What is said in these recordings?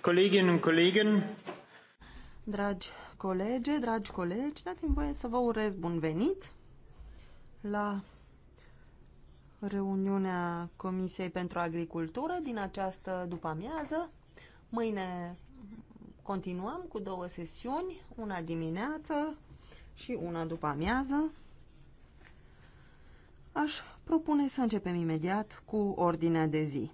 Dragi colegi, dragi colege, dragi colegi, dați-mi voie să vă urez bun venit la reuniunea Comisiei pentru Agricultură din această după-amiază. Mâine continuăm cu două sesiuni, una dimineață și una după-amiază. Aș propune să începem imediat cu ordinea de zi.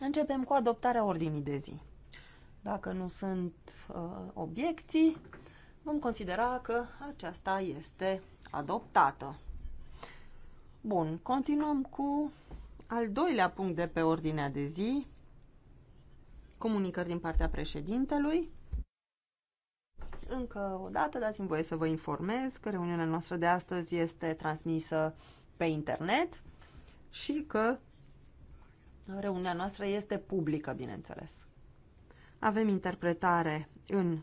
Începem cu adoptarea ordinii de zi. Dacă nu sunt uh, obiecții, vom considera că aceasta este adoptată. Bun, continuăm cu al doilea punct de pe ordinea de zi, comunicări din partea președintelui. Încă o dată dați-mi voie să vă informez că reuniunea noastră de astăzi este transmisă pe internet și că Reuniunea noastră este publică, bineînțeles. Avem interpretare în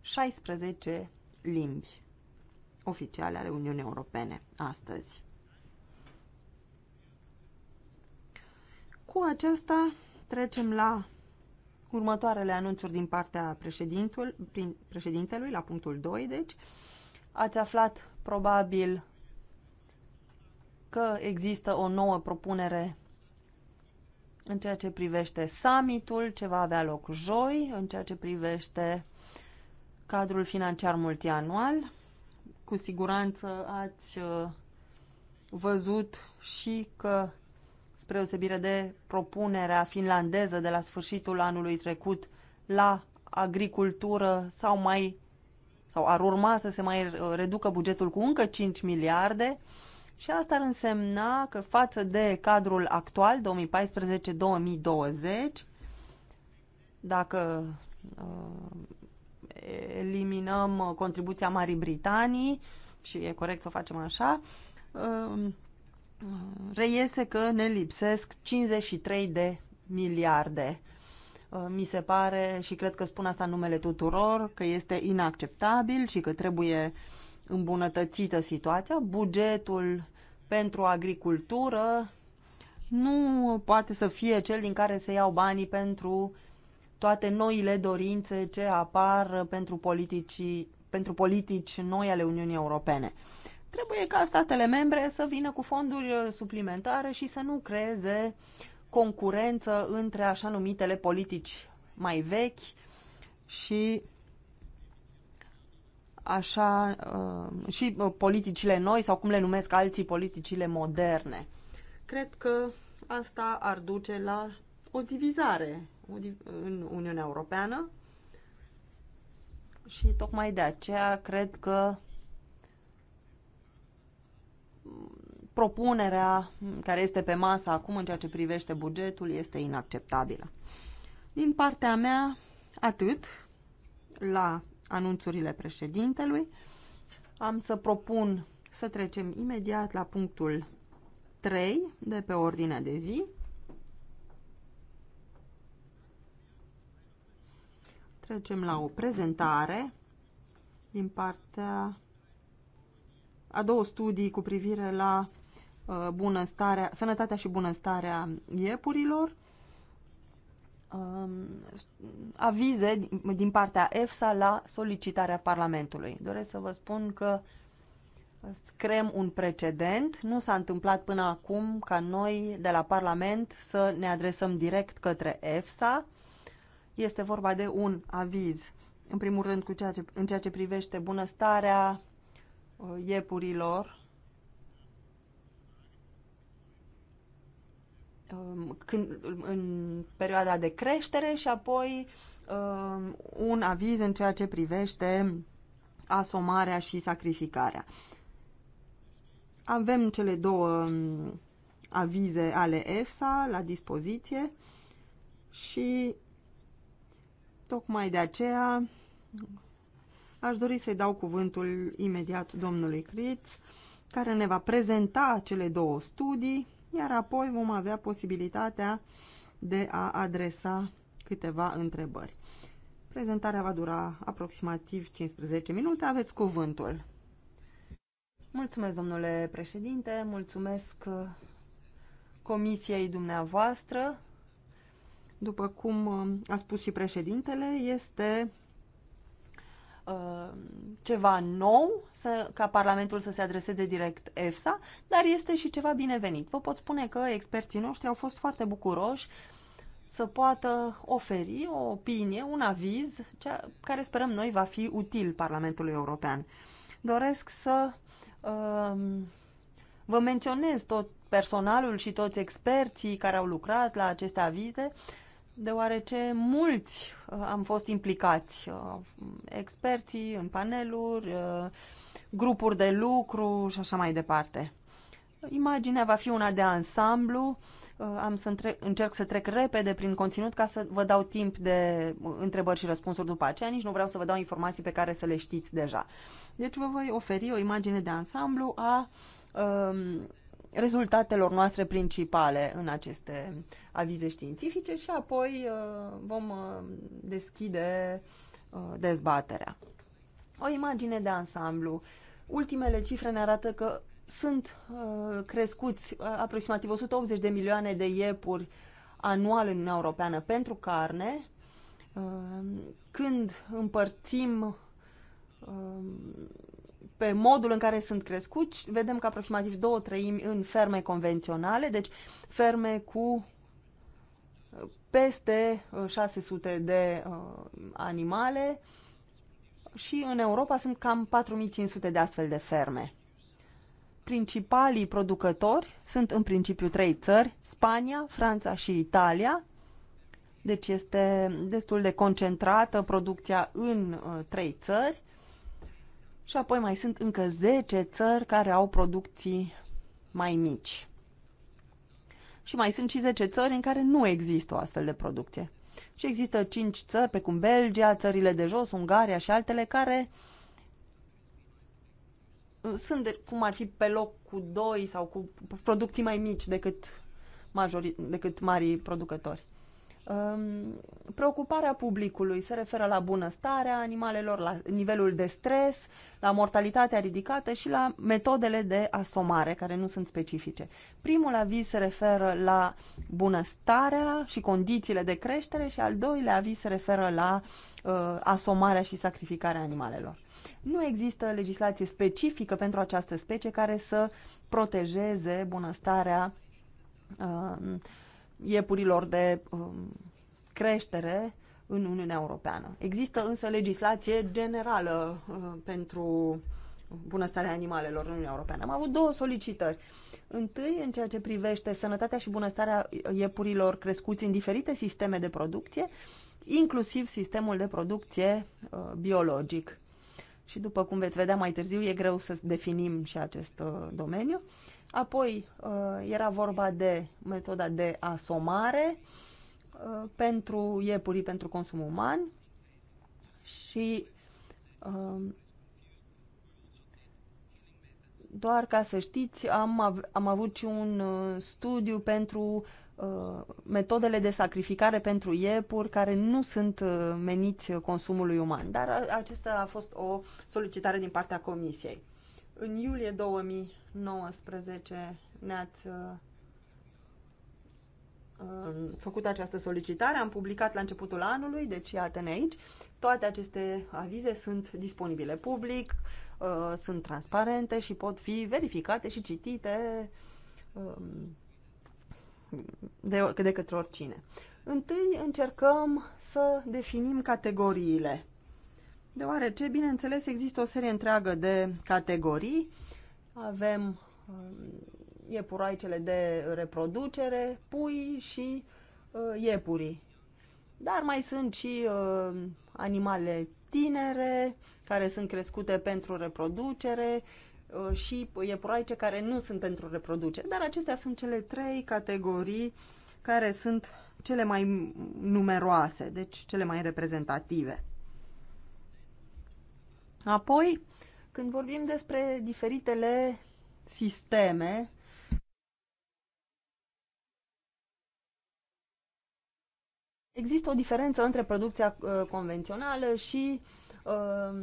16 limbi oficiale ale Uniunii Europene astăzi. Cu aceasta trecem la următoarele anunțuri din partea prin președintelui, la punctul 2, deci. Ați aflat probabil că există o nouă propunere în ceea ce privește summitul ce va avea loc joi, în ceea ce privește cadrul financiar multianual. Cu siguranță ați uh, văzut și că, spre osebire de propunerea finlandeză de la sfârșitul anului trecut, la agricultură sau mai sau ar urma să se mai uh, reducă bugetul cu încă 5 miliarde, și asta ar însemna că față de cadrul actual, 2014-2020, dacă uh, eliminăm contribuția Marii Britanii, și e corect să o facem așa, uh, reiese că ne lipsesc 53 de miliarde. Uh, mi se pare, și cred că spun asta în numele tuturor, că este inacceptabil și că trebuie uh, îmbunătățită situația. Bugetul pentru agricultură nu poate să fie cel din care se iau banii pentru toate noile dorințe ce apar pentru politici, pentru politici noi ale Uniunii Europene. Trebuie ca statele membre să vină cu fonduri suplimentare și să nu creeze concurență între așa numitele politici mai vechi și așa uh, și uh, politicile noi sau cum le numesc alții politicile moderne. Cred că asta ar duce la o divizare în Uniunea Europeană și tocmai de aceea cred că propunerea care este pe masă acum în ceea ce privește bugetul este inacceptabilă. Din partea mea, atât la anunțurile președintelui. Am să propun să trecem imediat la punctul 3 de pe ordinea de zi. Trecem la o prezentare din partea a două studii cu privire la uh, bunăstarea, sănătatea și bunăstarea iepurilor um, avize din partea EFSA la solicitarea Parlamentului. Doresc să vă spun că creăm un precedent. Nu s-a întâmplat până acum ca noi de la Parlament să ne adresăm direct către EFSA. Este vorba de un aviz, în primul rând cu ceea ce, în ceea ce privește bunăstarea uh, iepurilor Um, când, în perioada de creștere și apoi um, un aviz în ceea ce privește asomarea și sacrificarea. Avem cele două um, avize ale EFSA la dispoziție și tocmai de aceea aș dori să-i dau cuvântul imediat domnului Criț, care ne va prezenta cele două studii iar apoi vom avea posibilitatea de a adresa câteva întrebări. Prezentarea va dura aproximativ 15 minute. Aveți cuvântul. Mulțumesc, domnule președinte, mulțumesc uh, comisiei dumneavoastră. După cum uh, a spus și președintele, este Uh, ceva nou să, ca Parlamentul să se adreseze direct EFSA, dar este și ceva binevenit. Vă pot spune că experții noștri au fost foarte bucuroși să poată oferi o opinie, un aviz, cea, care sperăm noi va fi util Parlamentului European. Doresc să uh, vă menționez tot personalul și toți experții care au lucrat la aceste avize, deoarece mulți uh, am fost implicați, uh, experții în paneluri, uh, grupuri de lucru și așa mai departe. Imaginea va fi una de ansamblu, am să între- încerc să trec repede prin conținut ca să vă dau timp de întrebări și răspunsuri după aceea, nici nu vreau să vă dau informații pe care să le știți deja. Deci vă voi oferi o imagine de ansamblu a um, rezultatelor noastre principale în aceste avize științifice și apoi uh, vom uh, deschide uh, dezbaterea. O imagine de ansamblu. Ultimele cifre ne arată că sunt crescuți aproximativ 180 de milioane de iepuri anual în Uniunea Europeană pentru carne. Când împărțim pe modul în care sunt crescuți, vedem că aproximativ două treimi în ferme convenționale, deci ferme cu uh, peste 600 uh, de uh, animale și în Europa sunt cam 4500 de astfel de ferme. Principalii producători sunt în principiu trei țări, Spania, Franța și Italia, deci este destul de concentrată producția în uh, trei țări și apoi mai sunt încă 10 țări care au producții mai mici. Și mai sunt și 10 țări în care nu există o astfel de producție. Și există 5 țări, precum Belgia, țările de jos, Ungaria și altele, care uh, sunt de, cum ar fi pe loc cu 2 sau cu producții mai mici decât, majori, decât marii producători. Um, preocuparea publicului se referă la bunăstarea animalelor, la nivelul de stres, la mortalitatea ridicată și la metodele de asomare, care nu sunt specifice. Primul aviz se referă la bunăstarea și condițiile de creștere și al doilea aviz se referă la uh, asomarea și sacrificarea animalelor. Nu există legislație specifică pentru această specie care să protejeze bunăstarea uh, iepurilor de um, creștere în Uniunea Europeană. Există însă legislație generală uh, pentru bunăstarea animalelor în Uniunea Europeană. Am avut două solicitări. Întâi, în ceea ce privește sănătatea și bunăstarea iepurilor crescuți în diferite sisteme de producție, inclusiv sistemul de producție uh, biologic. Și după cum veți vedea mai târziu, e greu să definim și acest uh, domeniu. Uh, Apoi uh, era vorba de metoda de asomare uh, pentru iepurii pentru consum uman și uh, doar ca să știți, am, av- am avut și un uh, studiu pentru uh, metodele de sacrificare pentru iepuri care nu sunt uh, meniți consumului uman, dar acesta a fost o solicitare din partea comisiei. În iulie 2000 19 ne-ați uh, uh, făcut această solicitare, am publicat la începutul anului, deci iată-ne aici. Toate aceste avize sunt disponibile public, uh, sunt transparente și pot fi verificate și citite um, de, de către oricine. Întâi încercăm să definim categoriile, deoarece, bineînțeles, există o serie întreagă de categorii avem um, iepuraicele de reproducere, pui și uh, iepurii. Dar mai sunt și uh, animale tinere care sunt crescute pentru reproducere uh, și iepuraice care nu sunt pentru reproducere. Dar acestea sunt cele trei categorii care sunt cele mai numeroase, deci cele mai reprezentative. Apoi, când vorbim despre diferitele sisteme, există o diferență între producția uh, convențională și uh,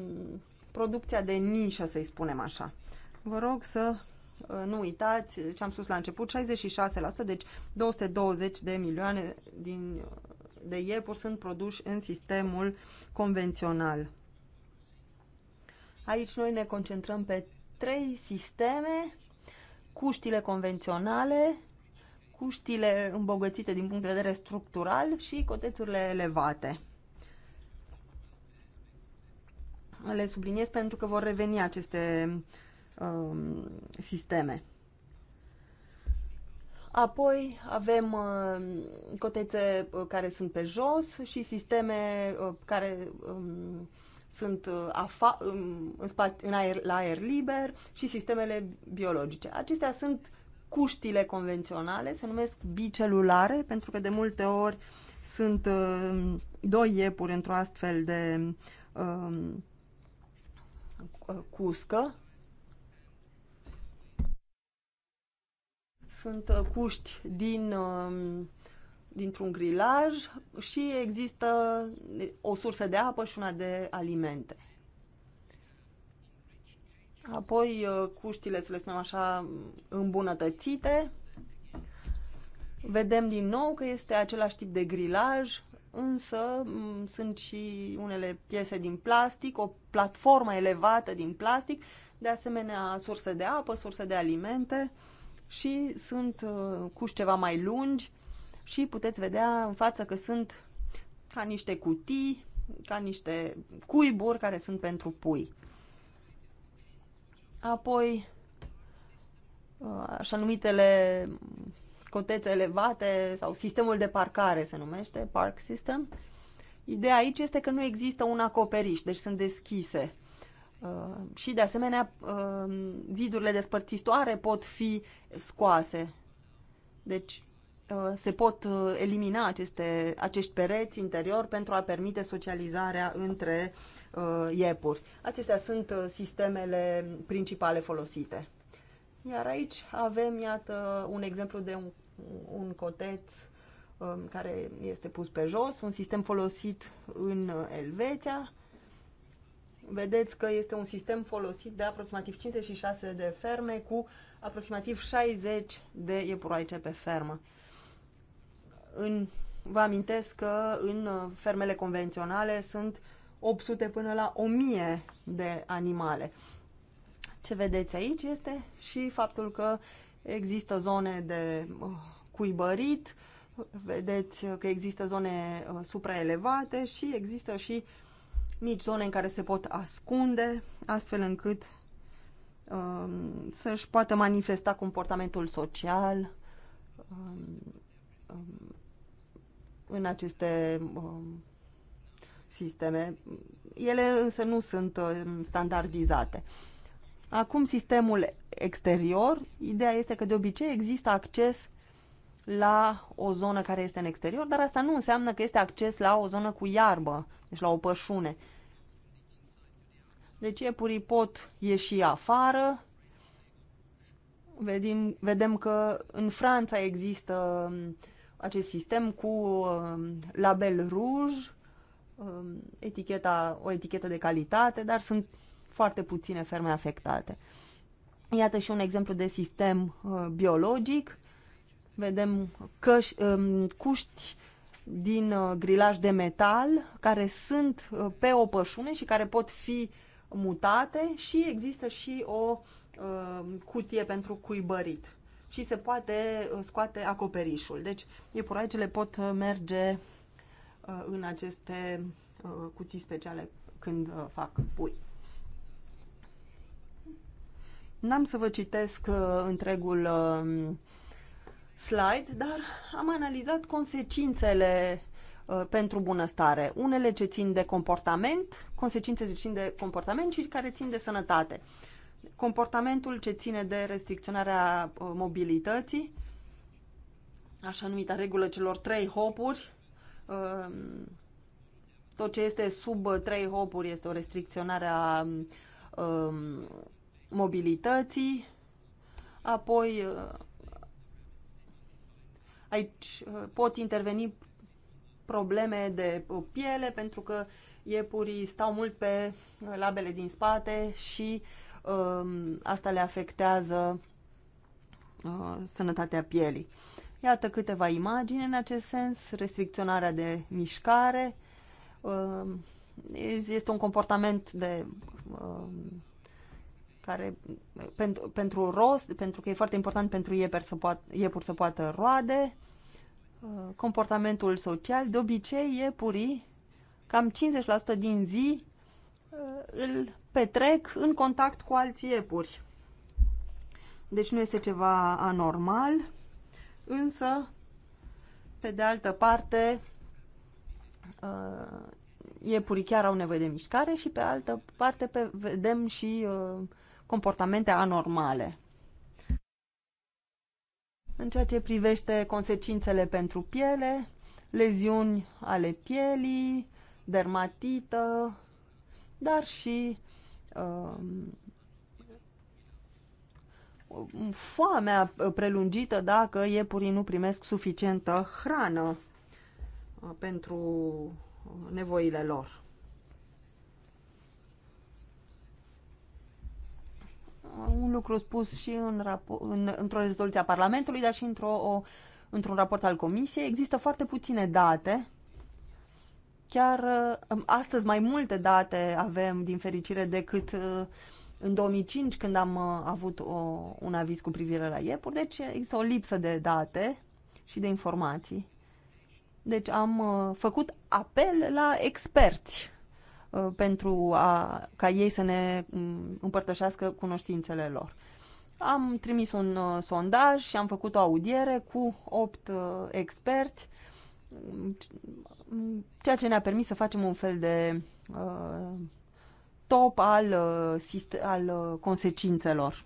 producția de nișă, să-i spunem așa. Vă rog să uh, nu uitați ce am spus la început, 66%, deci 220 de milioane din, de iepuri sunt produși în sistemul convențional. Aici noi ne concentrăm pe trei sisteme, cuștile convenționale, cuștile îmbogățite din punct de vedere structural și cotețurile elevate. Le subliniez pentru că vor reveni aceste um, sisteme. Apoi avem um, cotețe uh, care sunt pe jos și sisteme uh, care um, sunt uh, afa, în, spate, în aer, la aer liber și sistemele biologice. Acestea sunt cuștile convenționale, se numesc bicelulare, pentru că de multe ori sunt uh, doi iepuri într-o astfel de um, uh, cuscă. Sunt uh, cuști din uh, dintr-un grilaj și există o sursă de apă și una de alimente. Apoi uh, cuștile, să le spunem așa, îmbunătățite. Vedem din nou că este același tip de grilaj, însă mm, sunt și unele piese din plastic, o platformă elevată din plastic, de asemenea surse de apă, surse de alimente și sunt uh, cuși ceva mai lungi, și puteți vedea în față că sunt ca niște cutii, ca niște cuiburi care sunt pentru pui. Apoi, uh, așa numitele cotețe elevate sau sistemul de parcare se numește, park system. Ideea aici este că nu există un acoperiș, deci sunt deschise. Uh, și de asemenea, uh, zidurile despărțitoare pot fi scoase. Deci Uh, se pot uh, elimina aceste, acești pereți interior pentru a permite socializarea între uh, iepuri. Acestea sunt uh, sistemele principale folosite. Iar aici avem, iată, un exemplu de un, un coteț um, care este pus pe jos, un sistem folosit în Elveția. Vedeți că este un sistem folosit de aproximativ 56 de ferme cu aproximativ 60 de iepuroaice pe fermă. În, vă amintesc că în uh, fermele convenționale sunt 800 până la 1000 de animale. Ce vedeți aici este și faptul că există zone de uh, cuibărit, vedeți că există zone uh, supraelevate și există și mici zone în care se pot ascunde, astfel încât um, să-și poată manifesta comportamentul social, um, um, în aceste um, sisteme. Ele însă nu sunt um, standardizate. Acum sistemul exterior, ideea este că de obicei există acces la o zonă care este în exterior, dar asta nu înseamnă că este acces la o zonă cu iarbă, deci la o pășune. Deci iepurii pot ieși afară. Vedim, vedem că în Franța există uh, acest sistem cu um, label ruj, um, eticheta, o etichetă de calitate, dar sunt foarte puține ferme afectate. Iată și un exemplu de sistem uh, biologic. Vedem căș, um, cuști din uh, grilaj de metal care sunt uh, pe o pășune și care pot fi mutate și există și o cutie pentru cuibărit și se poate uh, scoate acoperișul. Deci iepuraicele pot uh, merge uh, în aceste cutii speciale când fac pui. N-am să vă citesc întregul um, slide, dar am analizat consecințele pentru bunăstare. Unele ce țin de comportament, consecințe ce țin de comportament și care țin de sănătate. Uh, comportamentul ce ține de restricționarea uh, mobilității, așa numită regulă celor trei hopuri, um, tot ce este sub uh, trei hopuri este o restricționare a um, mobilității, apoi uh, aici pot interveni probleme de piele pentru că iepurii stau mult pe labele din spate și uh, Um, asta le afectează uh, sănătatea pielii. Iată câteva imagini în acest sens, restricționarea de mișcare, um, este un comportament de um, care pentru, pentru rost, pentru că e foarte important pentru iepuri să poată, iepuri să poată roade, uh, comportamentul social, de obicei iepurii cam 50% din zi Uh, îl petrec în contact cu alți iepuri. Deci nu este ceva anormal, însă, pe de altă parte, uh, iepurii chiar au nevoie de mișcare și pe altă parte pe, vedem și uh, comportamente anormale. În ceea ce privește consecințele pentru piele, leziuni ale pielii, dermatită, dar și uh, foamea prelungită dacă iepurii nu primesc suficientă hrană uh, pentru uh, nevoile lor. Uh, un lucru spus și în în, într-o rezoluție a Parlamentului, dar și într-un într, -un raport al Comisiei, există foarte puține date Chiar uh, astăzi mai multe date avem, din fericire, decât uh, în 2005, când am uh, avut o, un aviz cu privire la iepuri, deci există o lipsă de date și de informații. Deci am făcut apel la experți pentru a, ca ei să ne mm, împărtășească cunoștințele lor. Am trimis un sondaj și am făcut o audiere cu opt experți ceea ce ne-a permis să facem un fel de uh, top al, uh, al uh, consecințelor.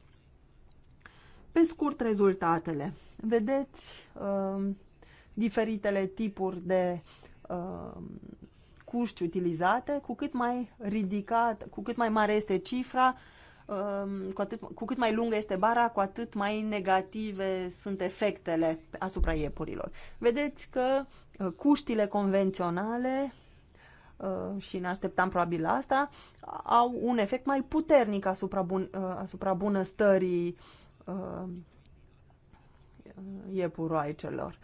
Pe scurt, rezultatele. Vedeți uh, diferitele tipuri de uh, cuști utilizate, cu cât mai ridicat, cu cât mai mare este cifra, uh, cu, atât, cu cât mai lungă este bara, cu atât mai negative sunt efectele asupra iepurilor. Vedeți că Uh, cuștile convenționale uh, și ne așteptam probabil la asta, au un efect mai puternic asupra, bun, uh, asupra bunăstării iepuroaicelor.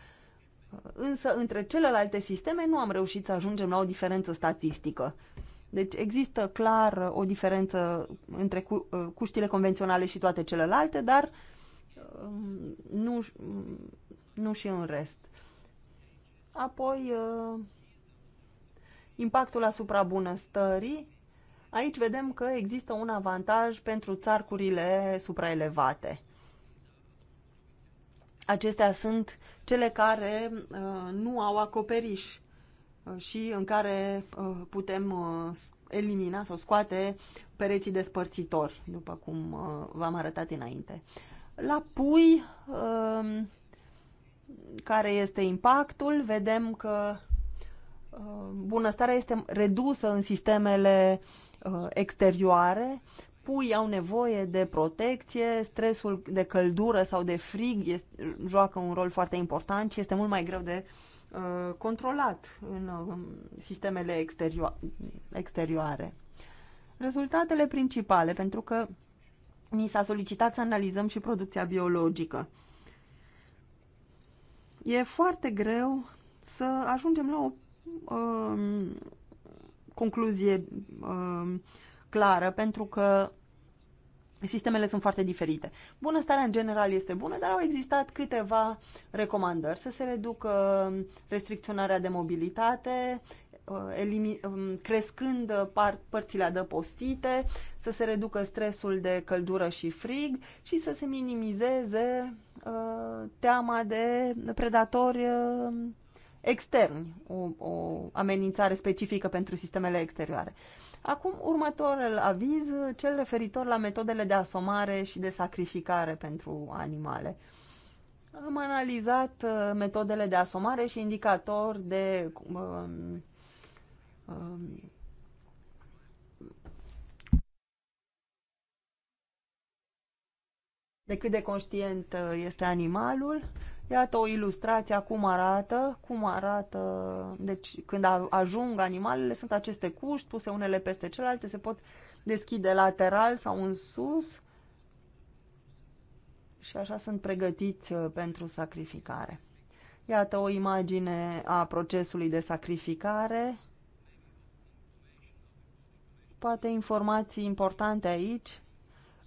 Însă, între celelalte sisteme nu am reușit să ajungem la o diferență statistică. Deci există clar o diferență între cu, cuștile convenționale și toate celelalte, dar nu, nu și în rest. Apoi, uh, impactul asupra bunăstării. Aici vedem că există un avantaj pentru țarcurile supraelevate. Acestea sunt cele care uh, nu au acoperiș uh, și în care putem elimina sau scoate pereții despărțitori, după cum v-am arătat înainte. La pui, care este impactul. Vedem că uh, bunăstarea este redusă în sistemele uh, exterioare. Pui au nevoie de protecție, stresul de căldură sau de frig este, joacă un rol foarte important și este mult mai greu de uh, controlat în uh, sistemele exterio exterioare. Rezultatele principale, pentru că ni s-a solicitat să analizăm și producția biologică. E foarte greu să ajungem la o uh, concluzie uh, clară, pentru că sistemele sunt foarte diferite. Bunăstarea în general este bună, dar au existat câteva recomandări să se reducă restricționarea de mobilitate, Uh, um, crescând uh, par, părțile adăpostite, să se reducă stresul de căldură și frig și să se minimizeze uh, teama de predatori uh, externi, o, o amenințare specifică pentru sistemele exterioare. Acum, următorul aviz, cel referitor la metodele de asomare și de sacrificare pentru animale. Am analizat uh, metodele de asomare și indicatori de um, Um, de cât de conștient uh, este animalul. Iată o ilustrație cum arată, cum arată, deci când ajung animalele sunt aceste cuști puse unele peste celelalte, se pot deschide lateral sau în sus și așa sunt pregătiți uh, pentru sacrificare. Iată o imagine a procesului de sacrificare poate informații importante aici,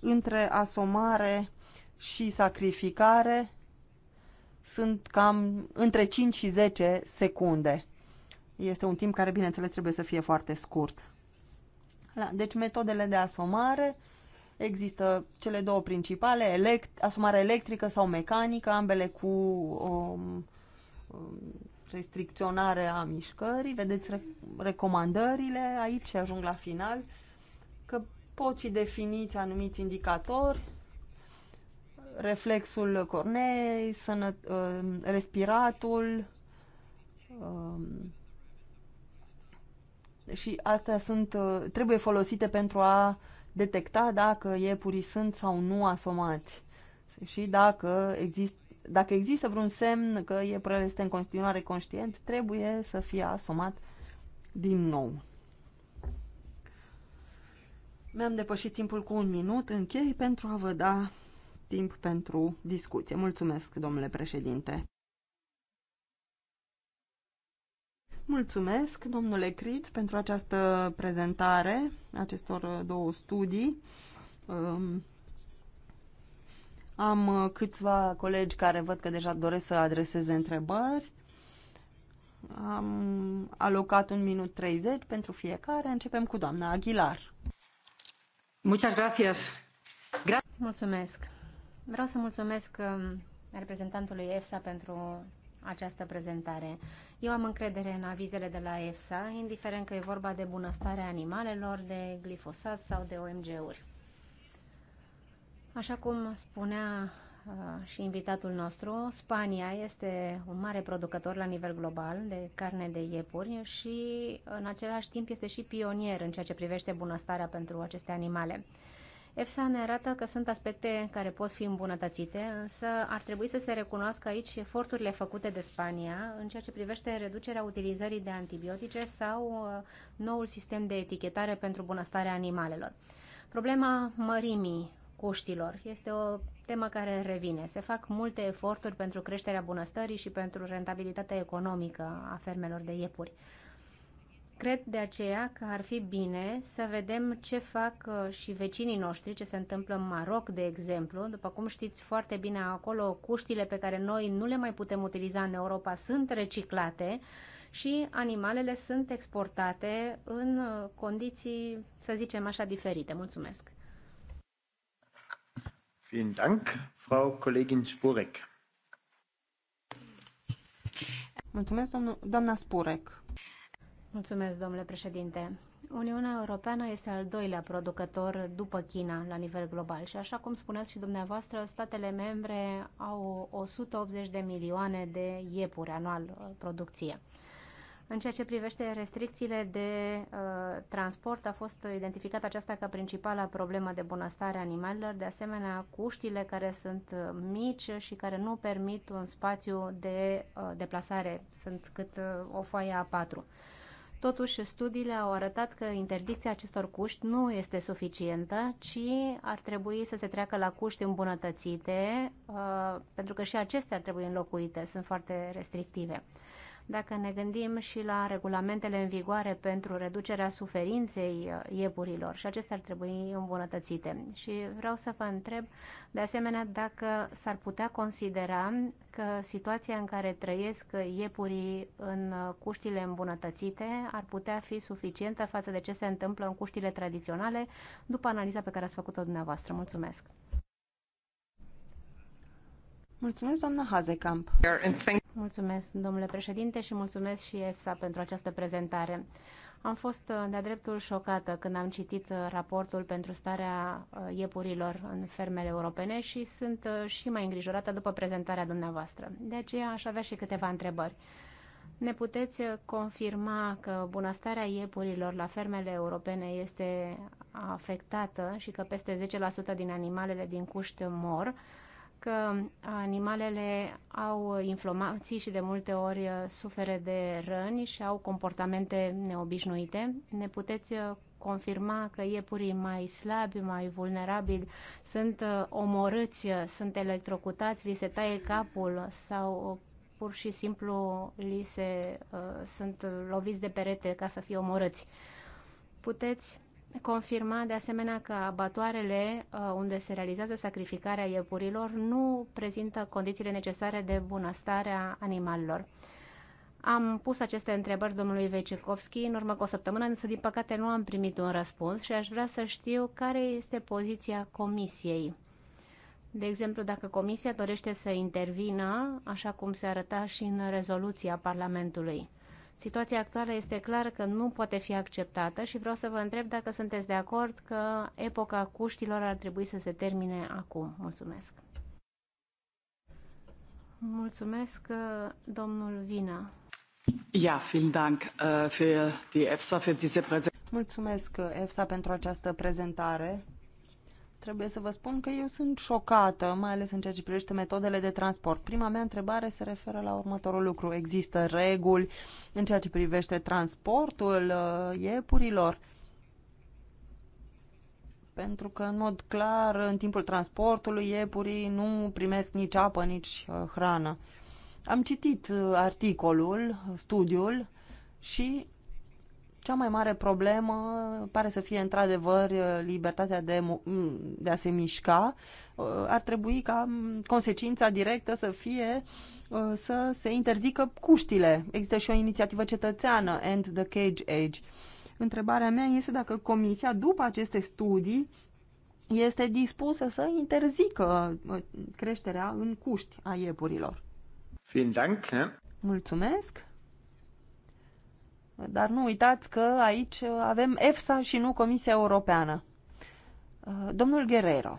între asomare și sacrificare sunt cam între 5 și 10 secunde. Este un timp care, bineînțeles, trebuie să fie foarte scurt. Deci, metodele de asomare există cele două principale, elect asomare electrică sau mecanică, ambele cu um, um, restricționare a mișcării, vedeți re recomandările aici și ajung la final, că pot fi definiți anumiți indicatori, reflexul cornei, sănă, ă, respiratul ă, și astea sunt, ă, trebuie folosite pentru a detecta dacă e sunt sau nu asomați și dacă există dacă există vreun semn că e prea este în continuare conștient, trebuie să fie asumat din nou. Mi-am depășit timpul cu un minut, închei pentru a vă da timp pentru discuție. Mulțumesc, domnule președinte. Mulțumesc, domnule Criț, pentru această prezentare acestor două studii. Um, am uh, câțiva colegi care văd că deja doresc să adreseze întrebări. Am alocat un minut 30 pentru fiecare. Începem cu doamna Aguilar. Muchas gracias. Gra mulțumesc. Vreau să mulțumesc um, reprezentantului EFSA pentru această prezentare. Eu am încredere în avizele de la EFSA, indiferent că e vorba de bunăstarea animalelor, de glifosat sau de OMG-uri. Așa cum spunea uh, și invitatul nostru, Spania este un mare producător la nivel global de carne de iepuri și în același timp este și pionier în ceea ce privește bunăstarea pentru aceste animale. EFSA ne arată că sunt aspecte care pot fi îmbunătățite, însă ar trebui să se recunoască aici eforturile făcute de Spania în ceea ce privește reducerea utilizării de antibiotice sau uh, noul sistem de etichetare pentru bunăstarea animalelor. Problema mărimii coștilor. Este o temă care revine. Se fac multe eforturi pentru creșterea bunăstării și pentru rentabilitatea economică a fermelor de iepuri. Cred de aceea că ar fi bine să vedem ce fac uh, și vecinii noștri, ce se întâmplă în Maroc, de exemplu. După cum știți foarte bine, acolo cuștile pe care noi nu le mai putem utiliza în Europa sunt reciclate și animalele sunt exportate în uh, condiții, să zicem așa, diferite. Mulțumesc! Mulțumesc, doamna Spurek. Mulțumesc, domnule președinte. Uniunea Europeană este al doilea producător după China la nivel global și așa cum spuneați și dumneavoastră, statele membre au 180 de milioane de iepuri anual uh, producție. În ceea ce privește restricțiile de uh, transport, a fost identificată aceasta ca principala problemă de bunăstare a animalelor, de asemenea cuștile care sunt uh, mici și care nu permit un spațiu de uh, deplasare, sunt cât uh, o foaie A4. Totuși, studiile au arătat că interdicția acestor cuști nu este suficientă, ci ar trebui să se treacă la cuști îmbunătățite, uh, pentru că și acestea ar trebui înlocuite, sunt foarte restrictive. Dacă ne gândim și la regulamentele în vigoare pentru reducerea suferinței uh, iepurilor și acestea ar trebui îmbunătățite. Și vreau să vă întreb de asemenea dacă s-ar putea considera că situația în care trăiesc iepurii în uh, cuștile îmbunătățite ar putea fi suficientă față de ce se întâmplă în cuștile tradiționale după analiza pe care ați făcut-o dumneavoastră. Mulțumesc! Mulțumesc, doamna Hazekamp. Mulțumesc, domnule președinte, și mulțumesc și EFSA pentru această prezentare. Am fost uh, de-a dreptul șocată când am citit uh, raportul pentru starea uh, iepurilor în fermele europene și sunt și mai îngrijorată după prezentarea dumneavoastră. De aceea aș avea și câteva întrebări. Ne puteți confirma că bunăstarea iepurilor la fermele europene este afectată și că peste 10% din animalele din cuște mor? că animalele au inflamații și de multe ori suferă de răni și au comportamente neobișnuite. Ne puteți uh, confirma că iepurii mai slabi, mai vulnerabili sunt uh, omorâți, uh, sunt electrocutați, li se taie capul sau pur și simplu li se, uh, sunt loviți de perete ca să fie omorâți. Puteți confirma de asemenea că abatoarele uh, unde se realizează sacrificarea iepurilor nu prezintă condițiile necesare de bunăstare a animalelor. Am pus aceste întrebări domnului Vecekovski în urmă cu o săptămână, însă din păcate nu am primit un răspuns și aș vrea să știu care este poziția comisiei. De exemplu, dacă comisia dorește să intervină, așa cum se arăta și în rezoluția Parlamentului. Situația actuală este clar că nu poate fi acceptată și vreau să vă întreb dacă sunteți de acord că epoca cuștilor ar trebui să se termine acum. Mulțumesc! Mulțumesc, domnul Vina. Ja, vielen Dank äh, für die EFSA, für diese Präsentation. Mulțumesc EFSA pentru această prezentare trebuie să vă spun că eu sunt șocată, mai ales în ceea ce privește metodele de transport. Prima mea întrebare se referă la următorul lucru. Există reguli în ceea ce privește transportul uh, iepurilor? Pentru că, în mod clar, în timpul transportului, iepurii nu primesc nici apă, nici uh, hrană. Am citit uh, articolul, studiul și cea mai mare problemă pare să fie într-adevăr libertatea de, de a se mișca. Uh, ar trebui ca mm, consecința directă să fie uh, să se interzică cuștile. Există și o inițiativă cetățeană, End the Cage Age. Întrebarea mea este dacă Comisia, după aceste studii, este dispusă să interzică uh, creșterea în cuști a iepurilor. Vielen Dank. Mulțumesc. Dar nu uitați că aici avem EFSA și nu Comisia Europeană. Uh, domnul Guerrero.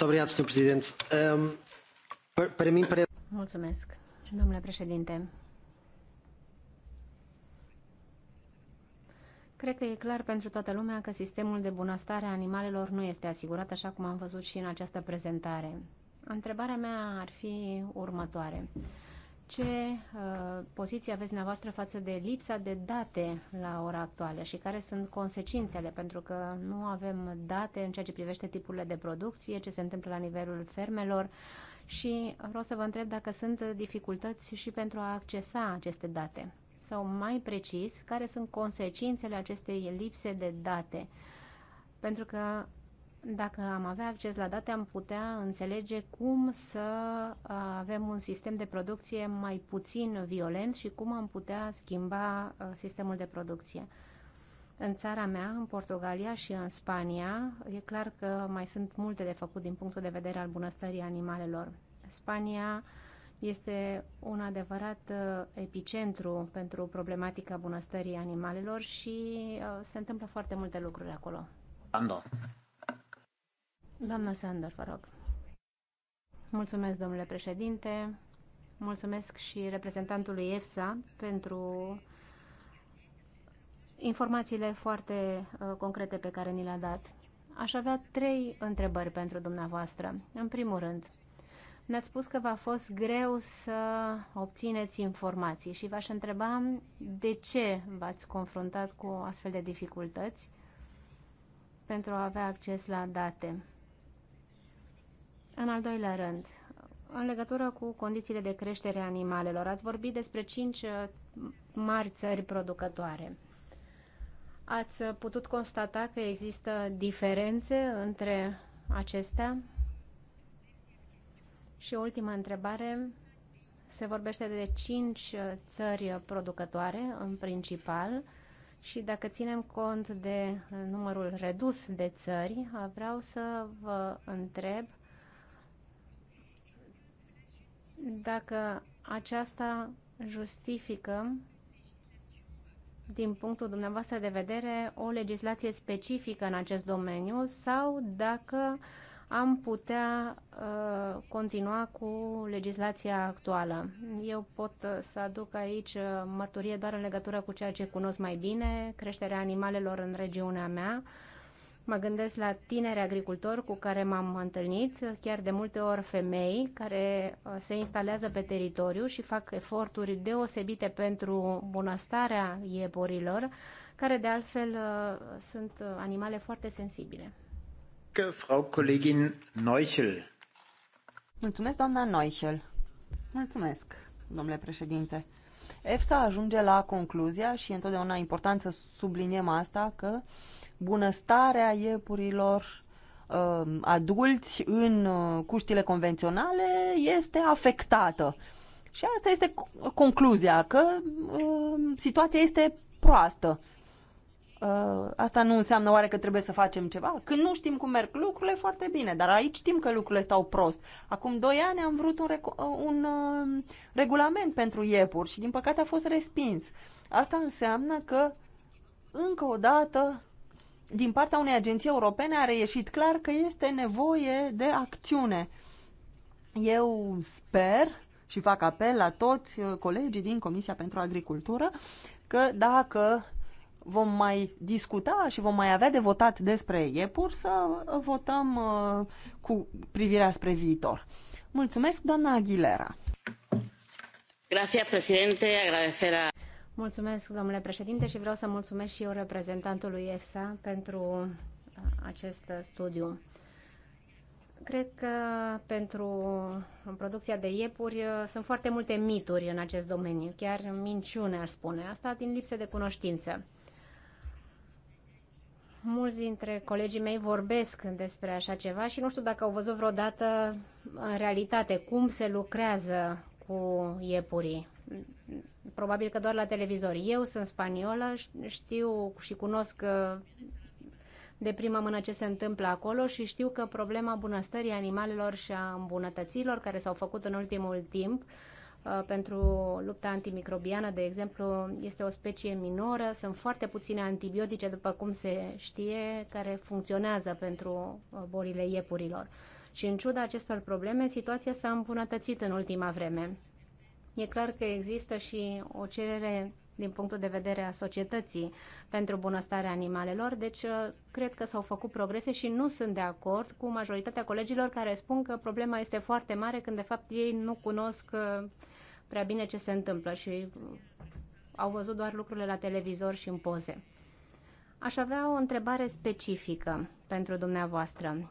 Um, Mulțumesc, domnule președinte. Cred că e clar pentru toată lumea că sistemul de bunăstare a animalelor nu este asigurat așa cum am văzut și în această prezentare. Întrebarea mea ar fi următoare ce uh, poziție aveți dumneavoastră față de lipsa de date la ora actuală și care sunt consecințele, pentru că nu avem date în ceea ce privește tipurile de producție, ce se întâmplă la nivelul fermelor și vreau să vă întreb dacă sunt dificultăți și pentru a accesa aceste date sau mai precis, care sunt consecințele acestei lipse de date. Pentru că dacă am avea acces la date, am putea înțelege cum să avem un sistem de producție mai puțin violent și cum am putea schimba uh, sistemul de producție. În țara mea, în Portugalia și în Spania, e clar că mai sunt multe de făcut din punctul de vedere al bunăstării animalelor. Spania este un adevărat uh, epicentru pentru problematica bunăstării animalelor și uh, se întâmplă foarte multe lucruri acolo. Ando. Doamna Sandor, vă rog. Mulțumesc, domnule președinte. Mulțumesc și reprezentantului EFSA pentru informațiile foarte uh, concrete pe care ni le-a dat. Aș avea trei întrebări pentru dumneavoastră. În primul rând, ne-ați spus că v-a fost greu să obțineți informații și v-aș întreba de ce v-ați confruntat cu astfel de dificultăți pentru a avea acces la date. În al doilea rând, în legătură cu condițiile de creștere a animalelor, ați vorbit despre cinci uh, mari țări producătoare. Ați uh, putut constata că există diferențe între acestea? Și ultima întrebare, se vorbește de cinci uh, țări producătoare în principal și dacă ținem cont de numărul redus de țări, vreau să vă întreb dacă aceasta justifică, din punctul dumneavoastră de vedere, o legislație specifică în acest domeniu sau dacă am putea uh, continua cu legislația actuală. Eu pot uh, să aduc aici uh, mărturie doar în legătură cu ceea ce cunosc mai bine, creșterea animalelor în regiunea mea, uh, Mă gândesc la tineri agricultori cu care m-am întâlnit, chiar de multe ori femei care uh, se instalează pe teritoriu și fac eforturi deosebite pentru bunăstarea ieborilor, care de altfel uh, sunt uh, animale foarte sensibile. Frau Kollegin Neuchel. Mulțumesc, doamna Neuchel. Mulțumesc, domnule președinte. EFSA ajunge la concluzia și întotdeauna important să subliniem asta că uh, bunăstarea iepurilor uh, adulți în uh, cuștile convenționale este afectată. Și asta este concluzia, că uh, situația este proastă. Uh, asta nu înseamnă oare că trebuie să facem ceva? Când nu știm cum merg lucrurile, foarte bine, dar aici știm că lucrurile stau prost. Acum doi ani am vrut un, uh, un uh, regulament pentru iepuri și din păcate a fost respins. Asta înseamnă că încă o dată din partea unei agenții europene a reieșit clar că este nevoie de acțiune. Eu sper și fac apel la toți uh, colegii din Comisia pentru Agricultură că dacă vom mai discuta și vom mai avea de votat despre iepur să uh, votăm uh, cu privirea spre viitor. Mulțumesc, doamna Aguilera. Gracias, presidente. Agradecer a... Mulțumesc, domnule președinte, și vreau să mulțumesc și eu reprezentantului EFSA pentru uh, acest studiu. Cred că pentru uh, producția de iepuri uh, sunt foarte multe mituri în acest domeniu, chiar minciune ar spune, asta din lipsă de cunoștință. Mulți dintre colegii mei vorbesc despre așa ceva și nu știu dacă au văzut vreodată în realitate cum se lucrează cu iepurii probabil că doar la televizor. Eu sunt spaniolă, știu și cunosc uh, de prima mână ce se întâmplă acolo și știu că problema bunăstării animalelor și a îmbunătăților care s-au făcut în ultimul timp uh, pentru lupta antimicrobiană, de exemplu, este o specie minoră. Sunt foarte puține antibiotice, după cum se știe, care funcționează pentru uh, bolile iepurilor. Și în ciuda acestor probleme, situația s-a îmbunătățit în ultima vreme. E clar că există și o cerere din punctul de vedere a societății pentru bunăstarea animalelor, deci uh, cred că s-au făcut progrese și nu sunt de acord cu majoritatea colegilor care spun că problema este foarte mare când de fapt ei nu cunosc uh, prea bine ce se întâmplă și uh, au văzut doar lucrurile la televizor și în poze. Aș avea o întrebare specifică pentru dumneavoastră.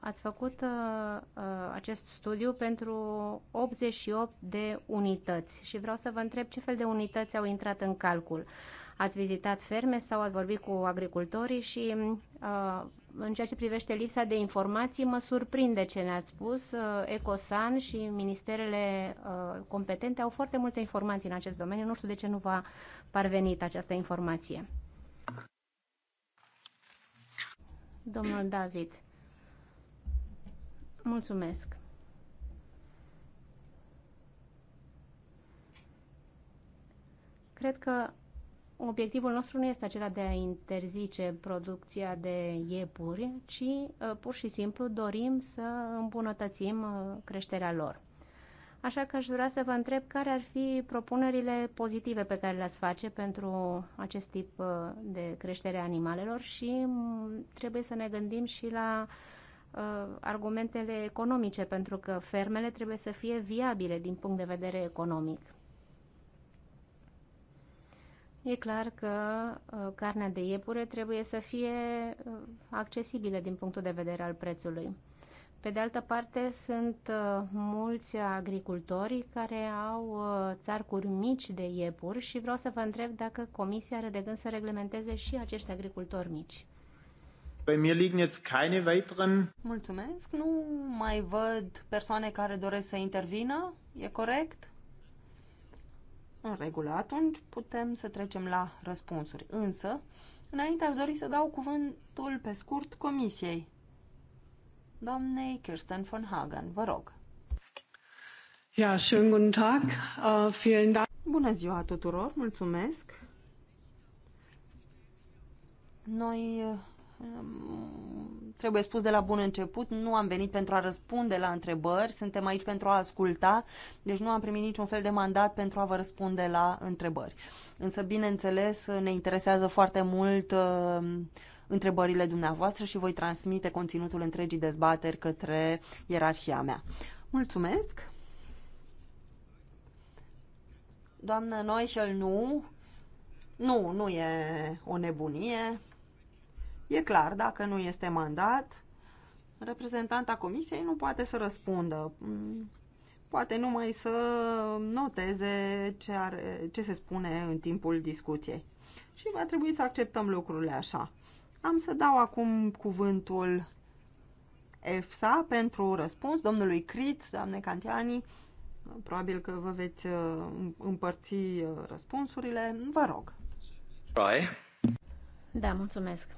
Ați făcut acest studiu pentru 88 de unități și vreau să vă întreb ce fel de unități au intrat în calcul. Ați vizitat ferme sau ați vorbit cu agricultorii și în ceea ce privește lipsa de informații, mă surprinde ce ne-ați spus. Ecosan și ministerele competente au foarte multe informații în acest domeniu. Nu știu de ce nu v-a parvenit această informație. domnul David. Mulțumesc. Cred că obiectivul nostru nu este acela de a interzice producția de iepuri, ci uh, pur și simplu dorim să îmbunătățim uh, creșterea lor. Așa că aș vrea să vă întreb care ar fi propunerile pozitive pe care le-ați face pentru acest tip uh, de creștere a animalelor și mm, trebuie să ne gândim și la uh, argumentele economice, pentru că fermele trebuie să fie viabile din punct de vedere economic. E clar că uh, carnea de iepure trebuie să fie uh, accesibilă din punctul de vedere al prețului. Pe de altă parte, sunt uh, mulți agricultori care au uh, țarcuri mici de iepuri și vreau să vă întreb dacă Comisia are de gând să reglementeze și acești agricultori mici. Bei mir liegen jetzt keine weiteren. Mulțumesc. Nu mai văd persoane care doresc să intervină. E corect? În regulă, atunci putem să trecem la răspunsuri. Însă, înainte aș dori să dau cuvântul pe scurt comisiei doamnei Kirsten von Hagen. Vă rog. Ja, schönen guten Tag. Uh, vielen Dank. Bună ziua tuturor, mulțumesc. Noi eh, trebuie spus de la bun început, nu am venit pentru a răspunde la întrebări, suntem aici pentru a asculta, deci nu am primit niciun fel de mandat pentru a vă răspunde la întrebări. Însă, bineînțeles, ne interesează foarte mult eh, întrebările dumneavoastră și voi transmite conținutul întregii dezbateri către ierarhia mea. Mulțumesc! Doamnă Noichel, nu. Nu, nu e o nebunie. E clar, dacă nu este mandat, reprezentanta comisiei nu poate să răspundă. Mm, poate numai să noteze ce, are, ce se spune în timpul discuției. Și va trebui să acceptăm lucrurile așa. Am să dau acum cuvântul EFSA pentru răspuns domnului Crit, doamne Cantiani. Probabil că vă veți uh, împărți uh, răspunsurile. Vă rog. Bye. Da, mulțumesc.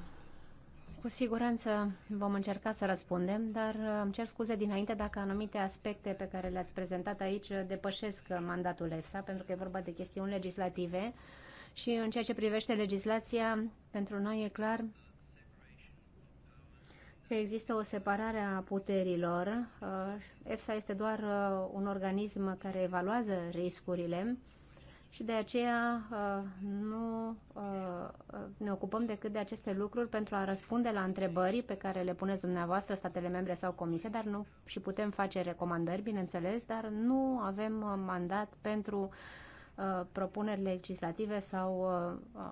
Cu siguranță vom încerca să răspundem, dar uh, îmi cer scuze dinainte dacă anumite aspecte pe care le-ați prezentat aici depășesc mandatul EFSA, pentru că e vorba de chestiuni legislative și în ceea ce privește legislația, pentru noi e clar că există o separare a puterilor. Uh, EFSA este doar uh, un organism care evaluează riscurile și de aceea uh, nu ne ocupăm decât de aceste lucruri pentru a răspunde la întrebări pe care le puneți dumneavoastră, statele membre sau comisie, dar nu și putem face recomandări, bineînțeles, dar nu avem mandat pentru propuneri legislative sau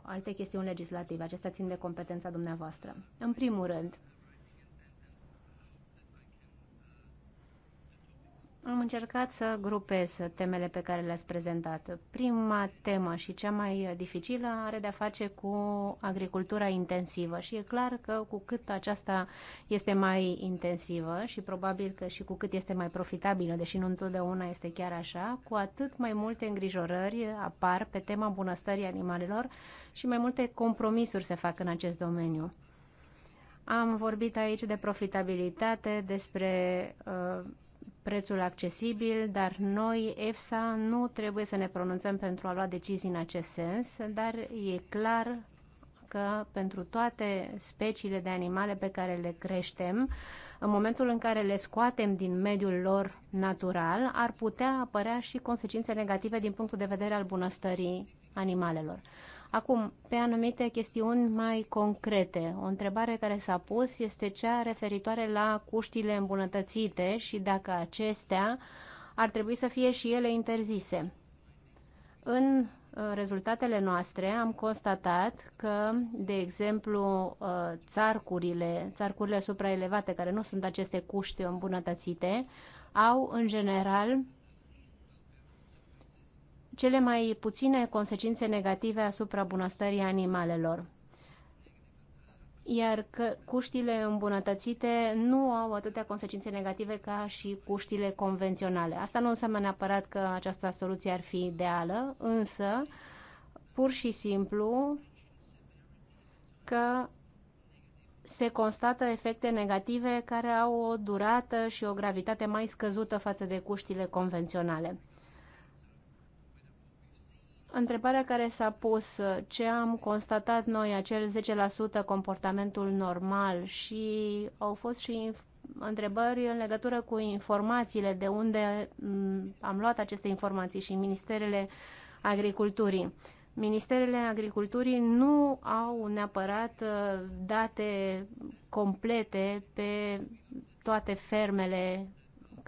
alte chestiuni legislative. Acestea țin de competența dumneavoastră. În primul rând, am încercat să grupez temele pe care le-ați prezentat. Prima temă și cea mai dificilă are de-a face cu agricultura intensivă și e clar că cu cât aceasta este mai intensivă și probabil că și cu cât este mai profitabilă, deși nu întotdeauna este chiar așa, cu atât mai multe îngrijorări apar pe tema bunăstării animalelor și mai multe compromisuri se fac în acest domeniu. Am vorbit aici de profitabilitate, despre uh, prețul accesibil, dar noi, EFSA, nu trebuie să ne pronunțăm pentru a lua decizii în acest sens, dar e clar că pentru toate speciile de animale pe care le creștem, în momentul în care le scoatem din mediul lor natural, ar putea apărea și consecințe negative din punctul de vedere al bunăstării animalelor. Acum, pe anumite chestiuni mai concrete, o întrebare care s-a pus este cea referitoare la cuștile îmbunătățite și dacă acestea ar trebui să fie și ele interzise. În uh, rezultatele noastre am constatat că, de exemplu, uh, țarcurile, țarcurile supraelevate, care nu sunt aceste cuști îmbunătățite, au, în general, cele mai puține consecințe negative asupra bunăstării animalelor. Iar că cuștile îmbunătățite nu au atâtea consecințe negative ca și cuștile convenționale. Asta nu înseamnă neapărat că această soluție ar fi ideală, însă pur și simplu că se constată efecte negative care au o durată și o gravitate mai scăzută față de cuștile convenționale. Întrebarea care s-a pus, ce am constatat noi, acel 10% comportamentul normal și au fost și întrebări în legătură cu informațiile, de unde mm, am luat aceste informații și ministerele agriculturii. Ministerele Agriculturii nu au neapărat uh, date complete pe toate fermele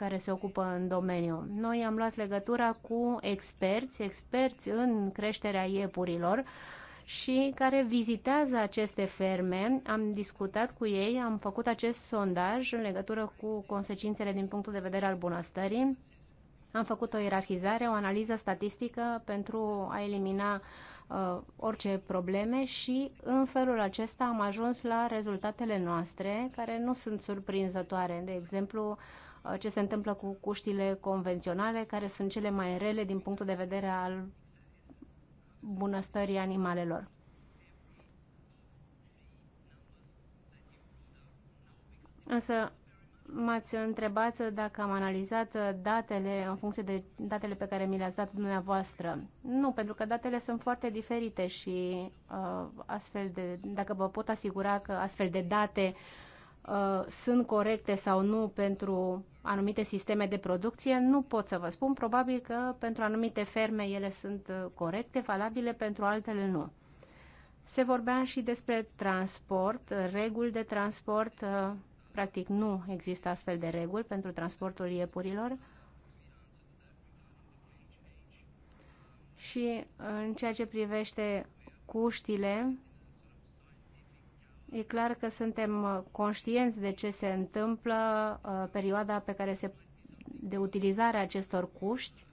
care se ocupă în domeniu. Noi am luat legătura cu experți, experți în creșterea iepurilor și care vizitează aceste ferme. Am discutat cu ei, am făcut acest sondaj în legătură cu consecințele din punctul de vedere al bunăstării. Am făcut o ierarhizare, o analiză statistică pentru a elimina uh, orice probleme și în felul acesta am ajuns la rezultatele noastre, care nu sunt surprinzătoare. De exemplu, Uh, ce se întâmplă cu cuștile convenționale, care sunt cele mai rele din punctul de vedere al bunăstării animalelor. Însă m-ați întrebat dacă am analizat datele în funcție de datele pe care mi le-ați dat dumneavoastră. Nu, pentru că datele sunt foarte diferite și uh, astfel de, dacă vă pot asigura că astfel de date uh, Uh, sunt corecte sau nu pentru anumite sisteme de producție, nu pot să vă spun. Probabil că pentru anumite ferme ele sunt uh, corecte, valabile, pentru altele nu. Se vorbea și despre transport, reguli de transport. Uh, practic nu există astfel de reguli pentru transportul iepurilor. Și în ceea ce privește cuștile, E clar că suntem uh, conștienți de ce se întâmplă uh, perioada pe care se de utilizare a acestor cuști.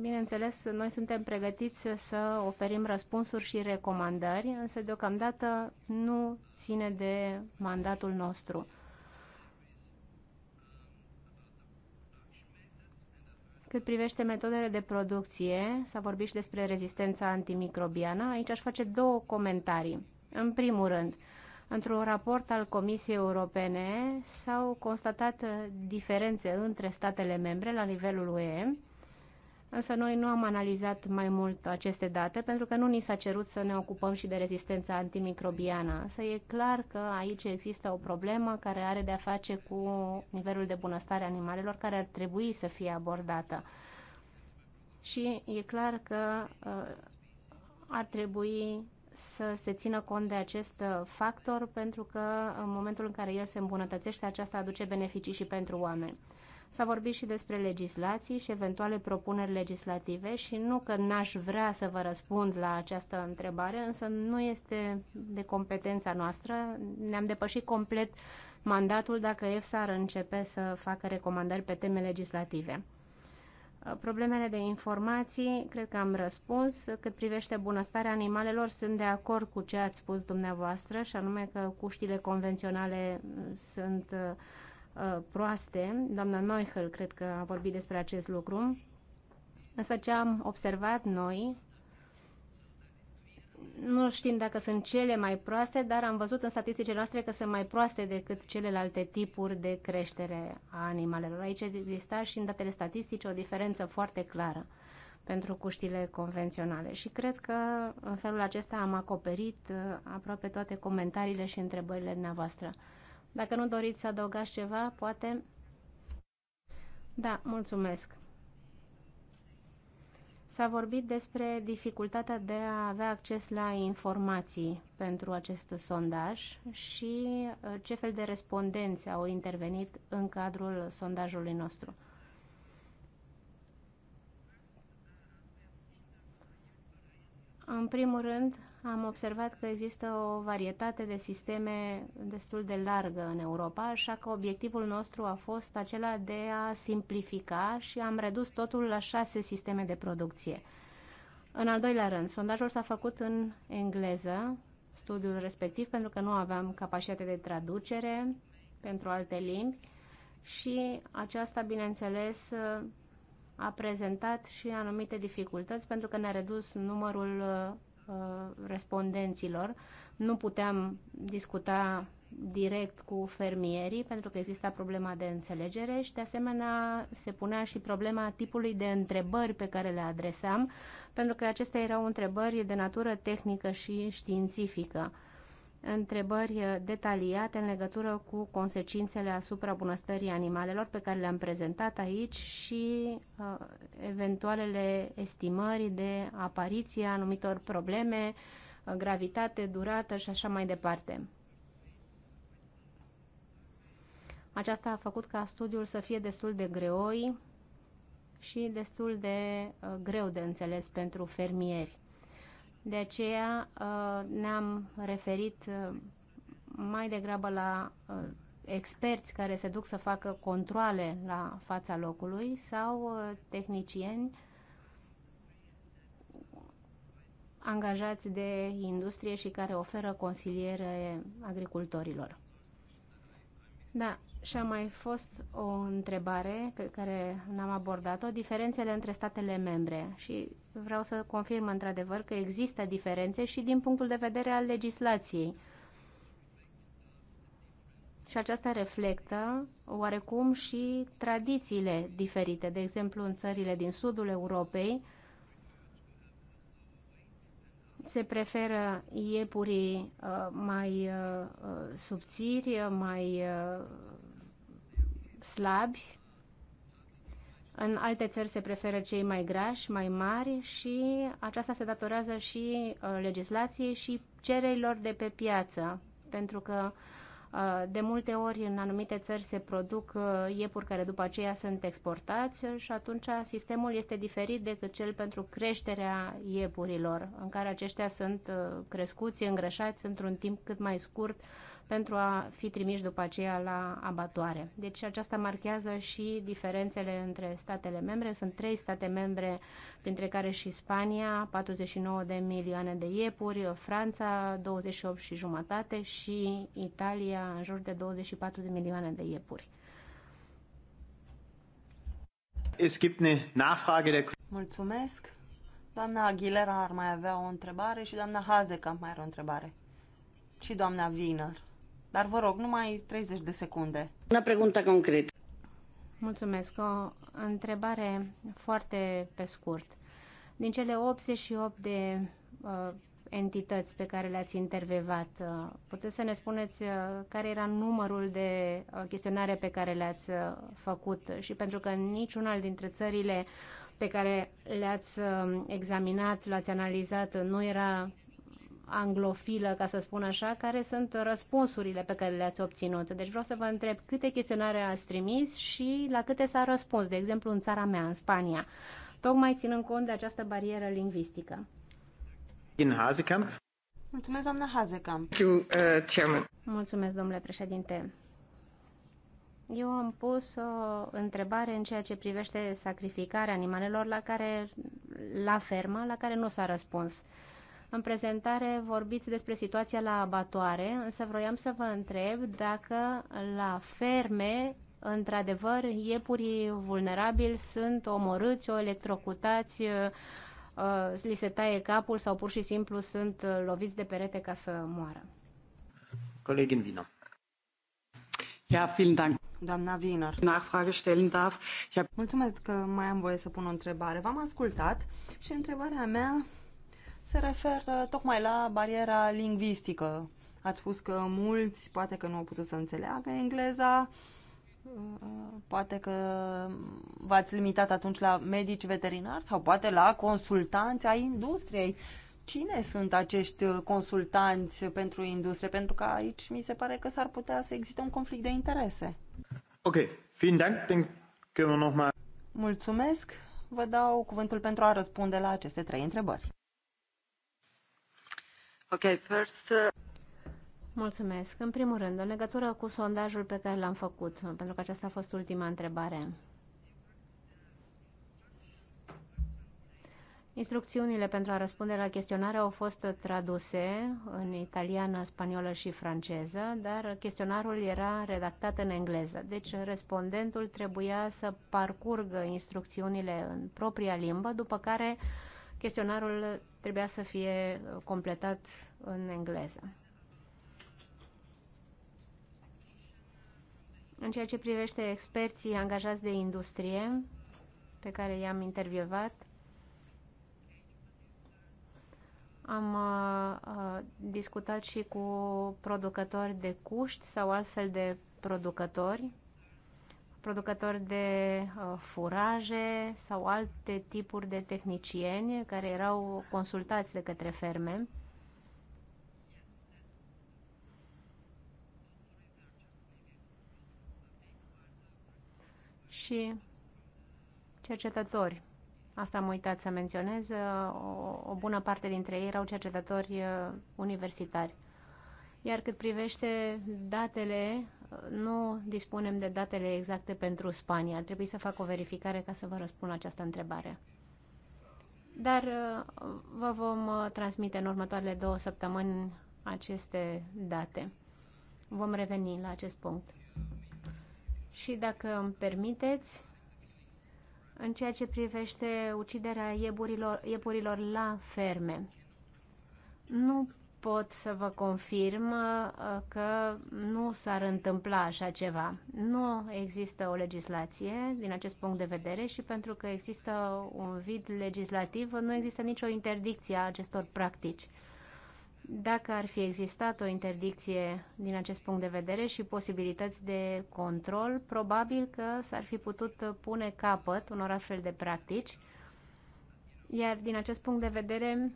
Bineînțeles, noi suntem pregătiți să oferim răspunsuri și recomandări, însă deocamdată nu ține de mandatul nostru. Cât privește metodele de producție, s-a vorbit și despre rezistența antimicrobiană. Aici aș face două comentarii. În primul rând, într-un raport al Comisiei Europene s-au constatat diferențe între statele membre la nivelul UE Însă noi nu am analizat mai mult aceste date pentru că nu ni s-a cerut să ne ocupăm și de rezistența antimicrobiană. Însă e clar că aici există o problemă care are de-a face cu nivelul de bunăstare a animalelor care ar trebui să fie abordată. Și e clar că uh, ar trebui să se țină cont de acest factor pentru că în momentul în care el se îmbunătățește, aceasta aduce beneficii și pentru oameni. S-a vorbit și despre legislații și eventuale propuneri legislative și nu că n-aș vrea să vă răspund la această întrebare, însă nu este de competența noastră. Ne-am depășit complet mandatul dacă EFSA ar începe să facă recomandări pe teme legislative. Problemele de informații, cred că am răspuns. Cât privește bunăstarea animalelor, sunt de acord cu ce ați spus dumneavoastră, și anume că cuștile convenționale sunt uh, Uh, proaste. Doamna Neuchel cred că a vorbit despre acest lucru. Însă ce am observat noi, nu știm dacă sunt cele mai proaste, dar am văzut în statisticile noastre că sunt mai proaste decât celelalte tipuri de creștere a animalelor. Aici exista și în datele statistice o diferență foarte clară pentru cuștile convenționale. Și cred că în felul acesta am acoperit uh, aproape toate comentariile și întrebările dumneavoastră. Dacă nu doriți să adăugați ceva, poate... Da, mulțumesc. S-a vorbit despre dificultatea de a avea acces la informații pentru acest sondaj și uh, ce fel de respondenți au intervenit în cadrul sondajului nostru. În primul rând, am observat că există o varietate de sisteme destul de largă în Europa, așa că obiectivul nostru a fost acela de a simplifica și am redus totul la șase sisteme de producție. În al doilea rând, sondajul s-a făcut în engleză, studiul respectiv, pentru că nu aveam capacitate de traducere pentru alte limbi și aceasta, bineînțeles, a prezentat și anumite dificultăți pentru că ne-a redus numărul Uh, respondenților. Nu puteam discuta direct cu fermierii pentru că exista problema de înțelegere și de asemenea se punea și problema tipului de întrebări pe care le adresam pentru că acestea erau întrebări de natură tehnică și științifică întrebări uh, detaliate în legătură cu consecințele asupra bunăstării animalelor pe care le-am prezentat aici și uh, eventualele estimări de apariție a anumitor probleme, uh, gravitate, durată și așa mai departe. Aceasta a făcut ca studiul să fie destul de greoi și destul de uh, greu de înțeles pentru fermieri. De aceea uh, ne-am referit uh, mai degrabă la uh, experți care se duc să facă controle la fața locului sau tehnicieni angajați de industrie și care oferă consiliere agricultorilor. Da, și a mai fost o întrebare pe care n-am abordat-o, diferențele între statele membre. Și vreau să confirm într-adevăr că există diferențe și din punctul de vedere al legislației. Și aceasta reflectă oarecum și tradițiile diferite. De exemplu, în țările din sudul Europei se preferă iepurii uh, mai uh, uh, subțiri, mai slabi, în alte țări se preferă cei mai grași, mai mari și aceasta se datorează și uh, legislației și cererilor de pe piață, pentru că uh, de multe ori în anumite țări se produc uh, iepuri care după aceea sunt exportați și atunci sistemul este diferit decât cel pentru creșterea iepurilor, în care aceștia sunt crescuți, îngrășați într-un timp cât mai scurt pentru a fi trimiși după aceea la abatoare. Deci aceasta marchează și diferențele între statele membre. Sunt trei state membre, printre care și Spania, 49 de milioane de iepuri, Franța, 28 și jumătate și Italia, în jur de 24 de milioane de iepuri. Es gibt eine Nachfrage der Mulțumesc. Doamna Aguilera ar mai avea o întrebare și doamna Hazeca mai are o întrebare. Și doamna Wiener. Dar vă rog, numai 30 de secunde. Una pregunta concretă. Mulțumesc. O întrebare foarte pe scurt. Din cele 88 de uh, entități pe care le-ați intervievat, uh, puteți să ne spuneți uh, care era numărul de uh, chestionare pe care le-ați uh, făcut și pentru că niciuna dintre țările pe care le-ați uh, examinat, le-ați analizat, nu era anglofilă, ca să spun așa, care sunt răspunsurile pe care le-ați obținut. Deci vreau să vă întreb câte chestionare ați trimis și la câte s-a răspuns, de exemplu în țara mea, în Spania, tocmai ținând cont de această barieră lingvistică. In Hazekamp. Mulțumesc, doamna Hazekamp. Thank you, uh, chairman. Mulțumesc, domnule președinte. Eu am pus o întrebare în ceea ce privește sacrificarea animalelor la care, la fermă, la care nu s-a răspuns. Uh, în prezentare vorbiți despre situația la abatoare, însă vroiam să vă întreb dacă la ferme, într-adevăr, iepurii vulnerabili sunt omorâți, o electrocutați, uh, li se taie capul sau pur și simplu sunt uh, loviți de perete ca să moară. Colegin Vino. Ja, vielen Dank. Doamna Wiener. Nachfrage stellen darf. Mulțumesc că mai am voie să pun o întrebare. V-am ascultat și întrebarea mea se referă tocmai la bariera lingvistică. Ați spus că mulți poate că nu au putut să înțeleagă engleza, poate că v-ați limitat atunci la medici veterinari sau poate la consultanți ai industriei. Cine sunt acești consultanți pentru industrie? Pentru că aici mi se pare că s-ar putea să existe un conflict de interese. Ok, vielen Dank, den können Mulțumesc, vă dau cuvântul pentru a răspunde la aceste trei întrebări first, uh, În primul rând, în legătură cu sondajul pe care l-am făcut, pentru că aceasta a fost ultima întrebare. Instrucțiunile pentru a răspunde la chestionare au fost traduse în italiană, spaniolă și franceză, dar chestionarul era redactat în engleză. Deci respondentul trebuia să parcurgă instrucțiunile în propria limbă, după care Chestionarul trebuia să fie completat în engleză. În ceea ce privește experții angajați de industrie pe care i-am intervievat, am uh, uh discutat și cu producători de cuști sau altfel de producători producători de uh, furaje sau alte tipuri de tehnicieni care erau consultați de către ferme. Și cercetători. Asta am uitat să menționez. O, o bună parte dintre ei erau cercetători uh, universitari. Iar cât privește datele, nu dispunem de datele exacte pentru Spania. Ar trebui să fac o verificare ca să vă răspund la această întrebare. Dar uh, vă vom uh, transmite în următoarele două săptămâni aceste date. Vom reveni la acest punct. Și dacă îmi permiteți, în ceea ce privește uciderea iepurilor, iepurilor la ferme, nu pot să vă confirm uh, că nu s-ar întâmpla așa ceva. Nu există o legislație din acest punct de vedere și pentru că există un vid legislativ, nu există nicio interdicție a acestor practici. Dacă ar fi existat o interdicție din acest punct de vedere și posibilități de control, probabil că s-ar fi putut pune capăt unor astfel de practici. Iar din acest punct de vedere,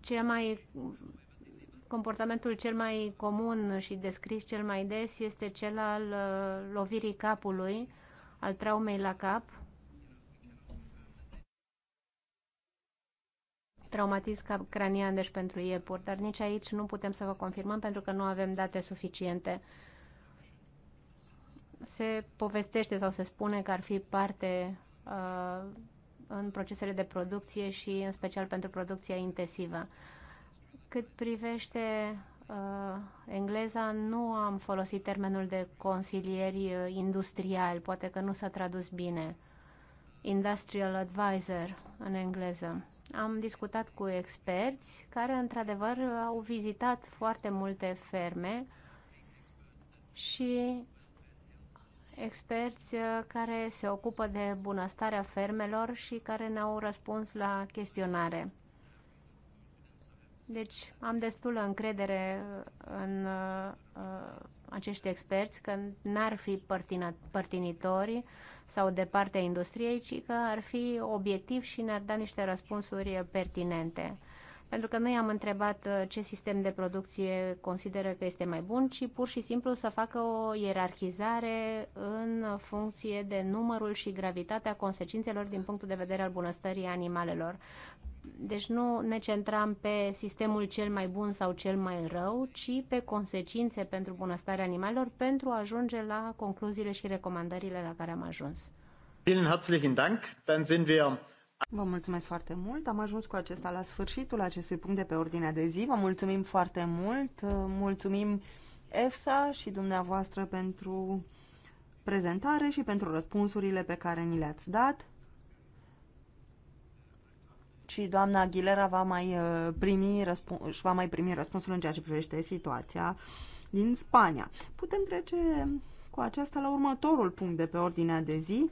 cel mai comportamentul cel mai comun și descris cel mai des este cel al uh, lovirii capului, al traumei la cap, traumatism cranian, deci pentru iepuri, dar nici aici nu putem să vă confirmăm pentru că nu avem date suficiente. Se povestește sau se spune că ar fi parte uh, în procesele de producție și în special pentru producția intensivă. Cât privește uh, engleza, nu am folosit termenul de consilieri uh, industriali, poate că nu s-a tradus bine. Industrial advisor în engleză. Am discutat cu experți care, într-adevăr, au vizitat foarte multe ferme și experți uh, care se ocupă de bunăstarea fermelor și care ne-au răspuns la chestionare. Deci am destulă încredere uh, în uh, uh, acești experți că n-ar fi părtinitori sau de partea industriei, ci că ar fi obiectiv și ne-ar da niște răspunsuri pertinente. Pentru că noi am întrebat uh, ce sistem de producție consideră că este mai bun, ci pur și simplu să facă o ierarhizare în funcție de numărul și gravitatea consecințelor din punctul de vedere al bunăstării animalelor. Deci nu ne centram pe sistemul cel mai bun sau cel mai rău, ci pe consecințe pentru bunăstarea animalelor pentru a ajunge la concluziile și recomandările la care am ajuns. Vielen herzlichen Dank. Dann sind wir Vă mulțumesc foarte mult. Am ajuns cu acesta la sfârșitul acestui punct de pe ordinea de zi. Vă mulțumim foarte mult. Mulțumim EFSA și dumneavoastră pentru prezentare și pentru răspunsurile pe care ni le-ați dat. Și doamna Aguilera va mai uh, primi răspuns, va mai primi răspunsul în ceea ce privește situația din Spania. Putem trece cu aceasta la următorul punct de pe ordinea de zi.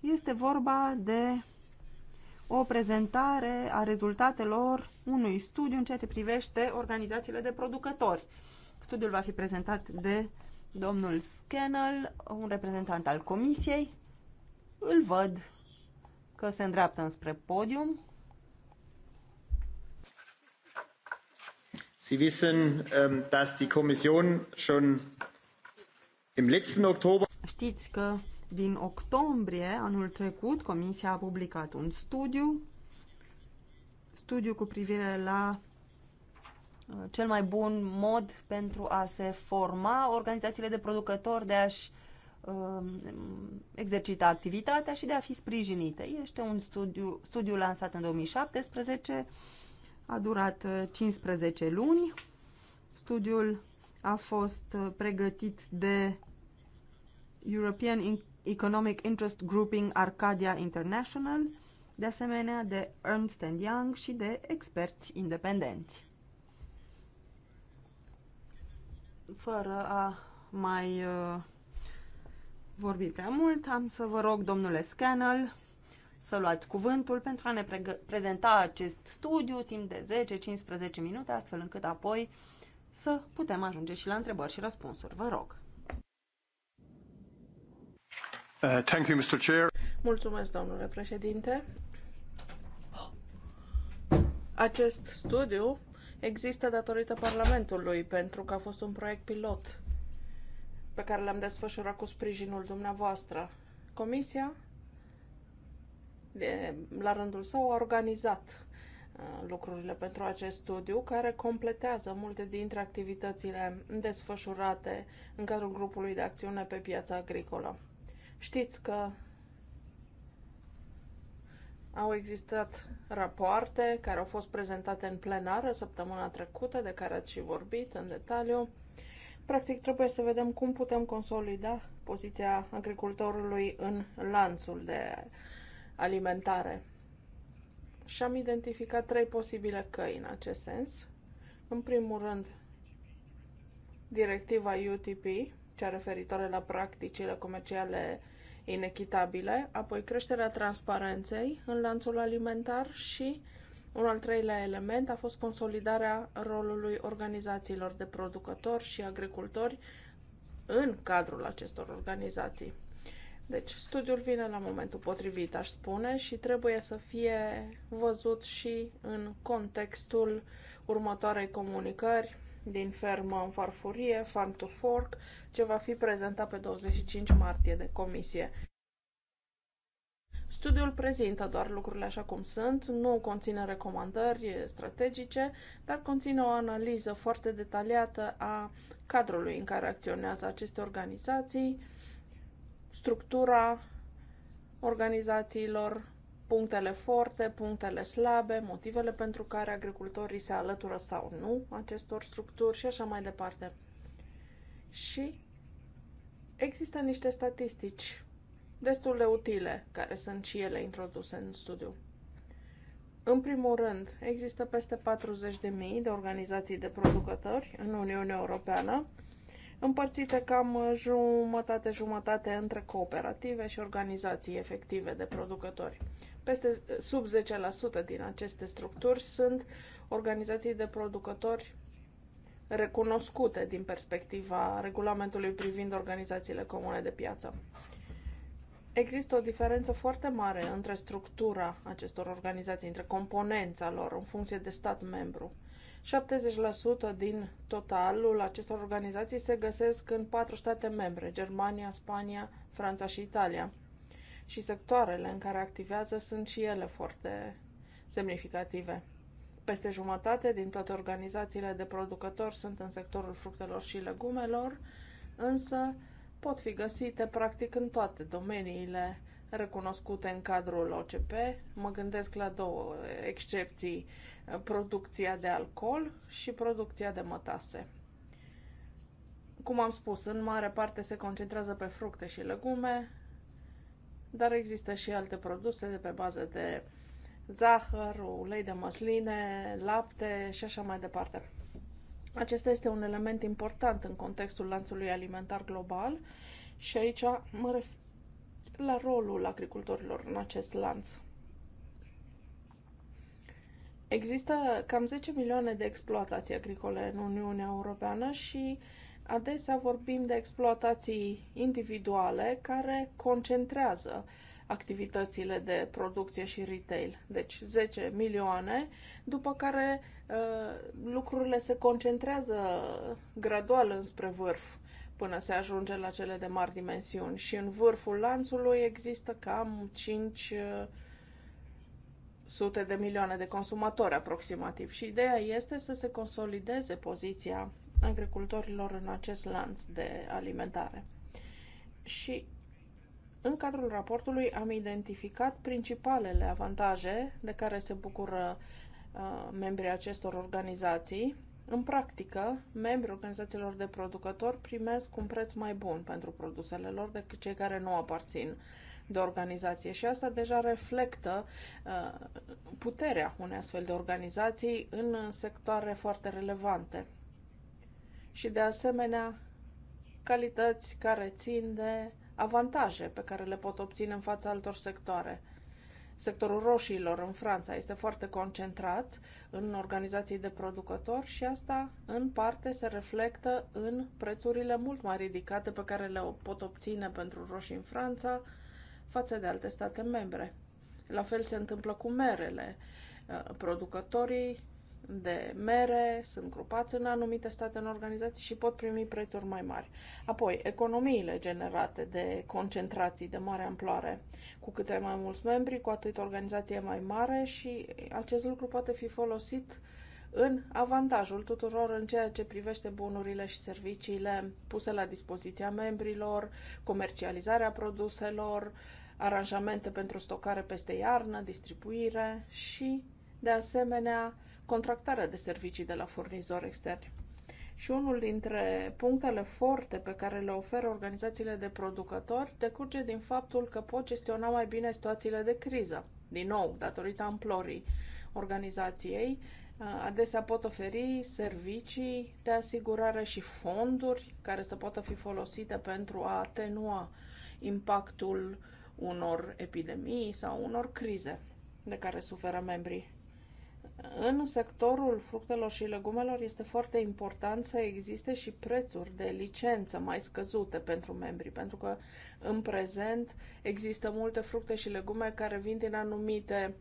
Este vorba de o prezentare a rezultatelor unui studiu în ceea ce privește organizațiile de producători. Studiul va fi prezentat de domnul Scannel, un reprezentant al comisiei. Îl văd că se îndreaptă înspre podium. Sie wissen, ähm, dass die Kommission schon im letzten Oktober Știți că din octombrie anul trecut, Comisia a publicat un studiu, studiu cu privire la uh, cel mai bun mod pentru a se forma organizațiile de producători, de a-și uh, exercita activitatea și de a fi sprijinite. Este un studiu, studiu lansat în 2017, a durat 15 uh, luni. Studiul a fost pregătit de European Economic Interest Grouping Arcadia International, de asemenea de Ernst Young și de experți independenți. Fără a mai uh, vorbi prea mult, am să vă rog, domnule Scannel, să luați cuvântul pentru a ne pre prezenta acest studiu timp de 10-15 minute, astfel încât apoi să putem ajunge și la întrebări și răspunsuri. Vă rog! Uh, thank you, Mr. Chair. Mulțumesc, domnule președinte. Acest studiu există datorită Parlamentului, pentru că a fost un proiect pilot pe care l-am desfășurat cu sprijinul dumneavoastră. Comisia, la rândul său, a organizat uh, lucrurile pentru acest studiu, care completează multe dintre activitățile desfășurate în cadrul grupului de acțiune pe piața agricolă. Știți că au existat rapoarte care au fost prezentate în plenară săptămâna trecută, de care ați și vorbit în detaliu. Practic, trebuie să vedem cum putem consolida poziția agricultorului în lanțul de alimentare. Și am identificat trei posibile căi în acest sens. În primul rând, directiva UTP, cea referitoare la practicile comerciale inechitabile, apoi creșterea transparenței în lanțul alimentar și un al treilea element a fost consolidarea rolului organizațiilor de producători și agricultori în cadrul acestor organizații. Deci, studiul vine la momentul potrivit, aș spune, și trebuie să fie văzut și în contextul următoarei comunicări din fermă în farfurie, Farm to Fork, ce va fi prezentat pe 25 martie de comisie. Studiul prezintă doar lucrurile așa cum sunt, nu conține recomandări strategice, dar conține o analiză foarte detaliată a cadrului în care acționează aceste organizații, structura organizațiilor, punctele forte, punctele slabe, motivele pentru care agricultorii se alătură sau nu acestor structuri și așa mai departe. Și există niște statistici destul de utile care sunt și ele introduse în studiu. În primul rând, există peste 40.000 de organizații de producători în Uniunea Europeană împărțite cam jumătate-jumătate între cooperative și organizații efective de producători. Peste sub 10% din aceste structuri sunt organizații de producători recunoscute din perspectiva regulamentului privind organizațiile comune de piață. Există o diferență foarte mare între structura acestor organizații, între componența lor, în funcție de stat membru. 70% din totalul acestor organizații se găsesc în patru state membre, Germania, Spania, Franța și Italia. Și sectoarele în care activează sunt și ele foarte semnificative. Peste jumătate din toate organizațiile de producători sunt în sectorul fructelor și legumelor, însă pot fi găsite practic în toate domeniile recunoscute în cadrul OCP. Mă gândesc la două excepții, producția de alcool și producția de mătase. Cum am spus, în mare parte se concentrează pe fructe și legume, dar există și alte produse de pe bază de zahăr, ulei de măsline, lapte și așa mai departe. Acesta este un element important în contextul lanțului alimentar global și aici mă refer la rolul agricultorilor în acest lanț. Există cam 10 milioane de exploatații agricole în Uniunea Europeană și adesea vorbim de exploatații individuale care concentrează activitățile de producție și retail. Deci 10 milioane, după care uh, lucrurile se concentrează gradual înspre vârf până se ajunge la cele de mari dimensiuni. Și în vârful lanțului există cam 5 uh, sute de milioane de consumatori aproximativ. Și ideea este să se consolideze poziția agricultorilor în acest lanț de alimentare. Și în cadrul raportului am identificat principalele avantaje de care se bucură uh, membrii acestor organizații în practică, membrii organizațiilor de producători primesc un preț mai bun pentru produsele lor decât cei care nu aparțin de organizație și asta deja reflectă uh, puterea unei astfel de organizații în sectoare foarte relevante. Și de asemenea, calități care țin de avantaje pe care le pot obține în fața altor sectoare sectorul roșiilor în Franța este foarte concentrat în organizații de producători și asta în parte se reflectă în prețurile mult mai ridicate pe care le pot obține pentru roșii în Franța față de alte state membre. La fel se întâmplă cu merele. Uh, producătorii de mere sunt grupați în anumite state în organizații și pot primi prețuri mai mari. Apoi, economiile generate de concentrații de mare amploare. Cu cât ai mai mulți membri, cu atât organizația e mai mare și acest lucru poate fi folosit în avantajul tuturor în ceea ce privește bunurile și serviciile puse la dispoziția membrilor, comercializarea produselor, aranjamente pentru stocare peste iarnă, distribuire și, de asemenea, contractarea de servicii de la furnizori externi. Și unul dintre punctele forte pe care le oferă organizațiile de producători decurge din faptul că pot gestiona mai bine situațiile de criză. Din nou, datorită amplorii organizației, adesea pot oferi servicii de asigurare și fonduri care să poată fi folosite pentru a atenua impactul unor epidemii sau unor crize de care suferă membrii. În sectorul fructelor și legumelor este foarte important să existe și prețuri de licență mai scăzute pentru membri, pentru că în prezent există multe fructe și legume care vin din anumite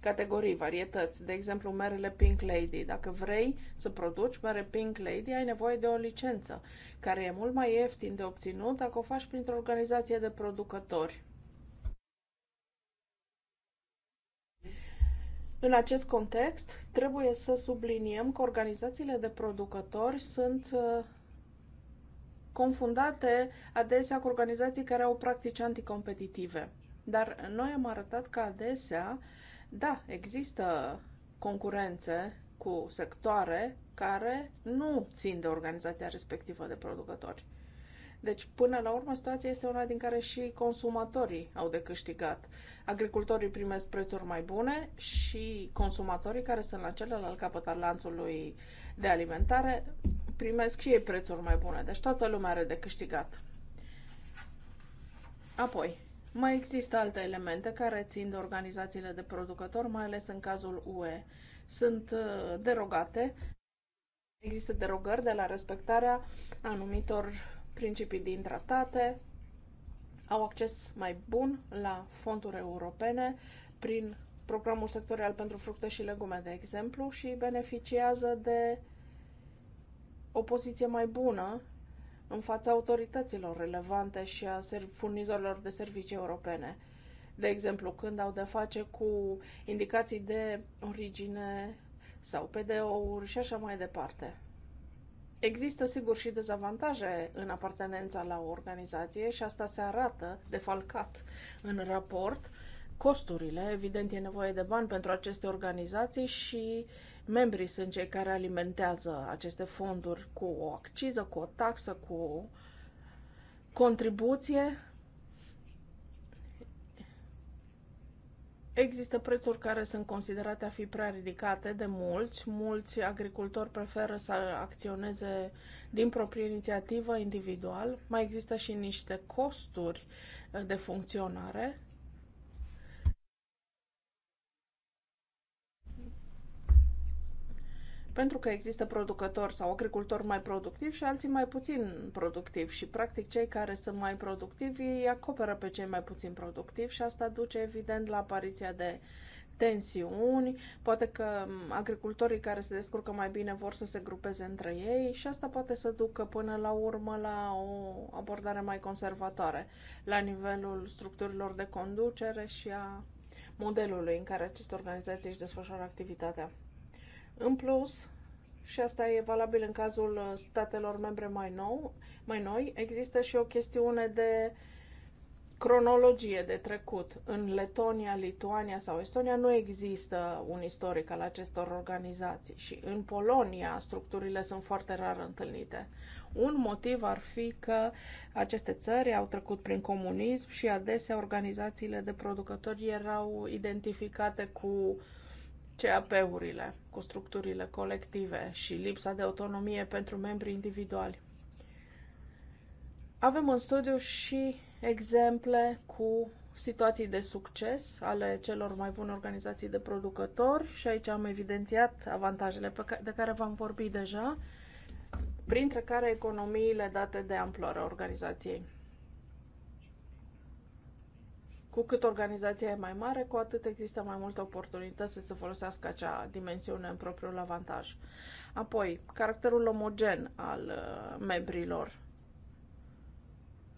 categorii, varietăți, de exemplu merele Pink Lady. Dacă vrei să produci mere Pink Lady, ai nevoie de o licență, care e mult mai ieftin de obținut dacă o faci printr-o organizație de producători. În acest context, trebuie să subliniem că organizațiile de producători sunt uh, confundate adesea cu organizații care au practici anticompetitive. Dar noi am arătat că adesea, da, există concurențe cu sectoare care nu țin de organizația respectivă de producători. Deci, până la urmă, situația este una din care și consumatorii au de câștigat. Agricultorii primesc prețuri mai bune și consumatorii care sunt la celălalt capăt al lanțului de alimentare primesc și ei prețuri mai bune. Deci toată lumea are de câștigat. Apoi, mai există alte elemente care țin de organizațiile de producători, mai ales în cazul UE. Sunt uh, derogate. Există derogări de la respectarea anumitor principii din tratate, au acces mai bun la fonduri europene prin programul sectorial pentru fructe și legume, de exemplu, și beneficiază de o poziție mai bună în fața autorităților relevante și a furnizorilor de servicii europene. De exemplu, când au de face cu indicații de origine sau PDO-uri și așa mai departe. Există sigur și dezavantaje în apartenența la o organizație și asta se arată defalcat în raport. Costurile, evident, e nevoie de bani pentru aceste organizații și membrii sunt cei care alimentează aceste fonduri cu o acciză, cu o taxă, cu o contribuție Există prețuri care sunt considerate a fi prea ridicate de mulți. Mulți agricultori preferă să acționeze din proprie inițiativă individual. Mai există și niște costuri eh, de funcționare pentru că există producători sau agricultori mai productivi și alții mai puțin productivi și practic cei care sunt mai productivi îi acoperă pe cei mai puțin productivi și asta duce evident la apariția de tensiuni, poate că agricultorii care se descurcă mai bine vor să se grupeze între ei și asta poate să ducă până la urmă la o abordare mai conservatoare la nivelul structurilor de conducere și a modelului în care aceste organizații își desfășoară activitatea. În plus, și asta e valabil în cazul uh, statelor membre mai, nou, mai noi, există și o chestiune de cronologie de trecut. În Letonia, Lituania sau Estonia nu există un istoric al acestor organizații și în Polonia structurile sunt foarte rar întâlnite. Un motiv ar fi că aceste țări au trecut prin comunism și adesea organizațiile de producători erau identificate cu uh, CAP-urile cu structurile colective și lipsa de autonomie pentru membrii individuali. Avem în studiu și exemple cu situații de succes ale celor mai bune organizații de producători și aici am evidențiat avantajele pe care, de care v-am vorbit deja, printre care economiile date de amploare organizației. Cu cât organizația e mai mare, cu atât există mai multe oportunități să se folosească acea dimensiune în propriul avantaj. Apoi, caracterul omogen al uh, membrilor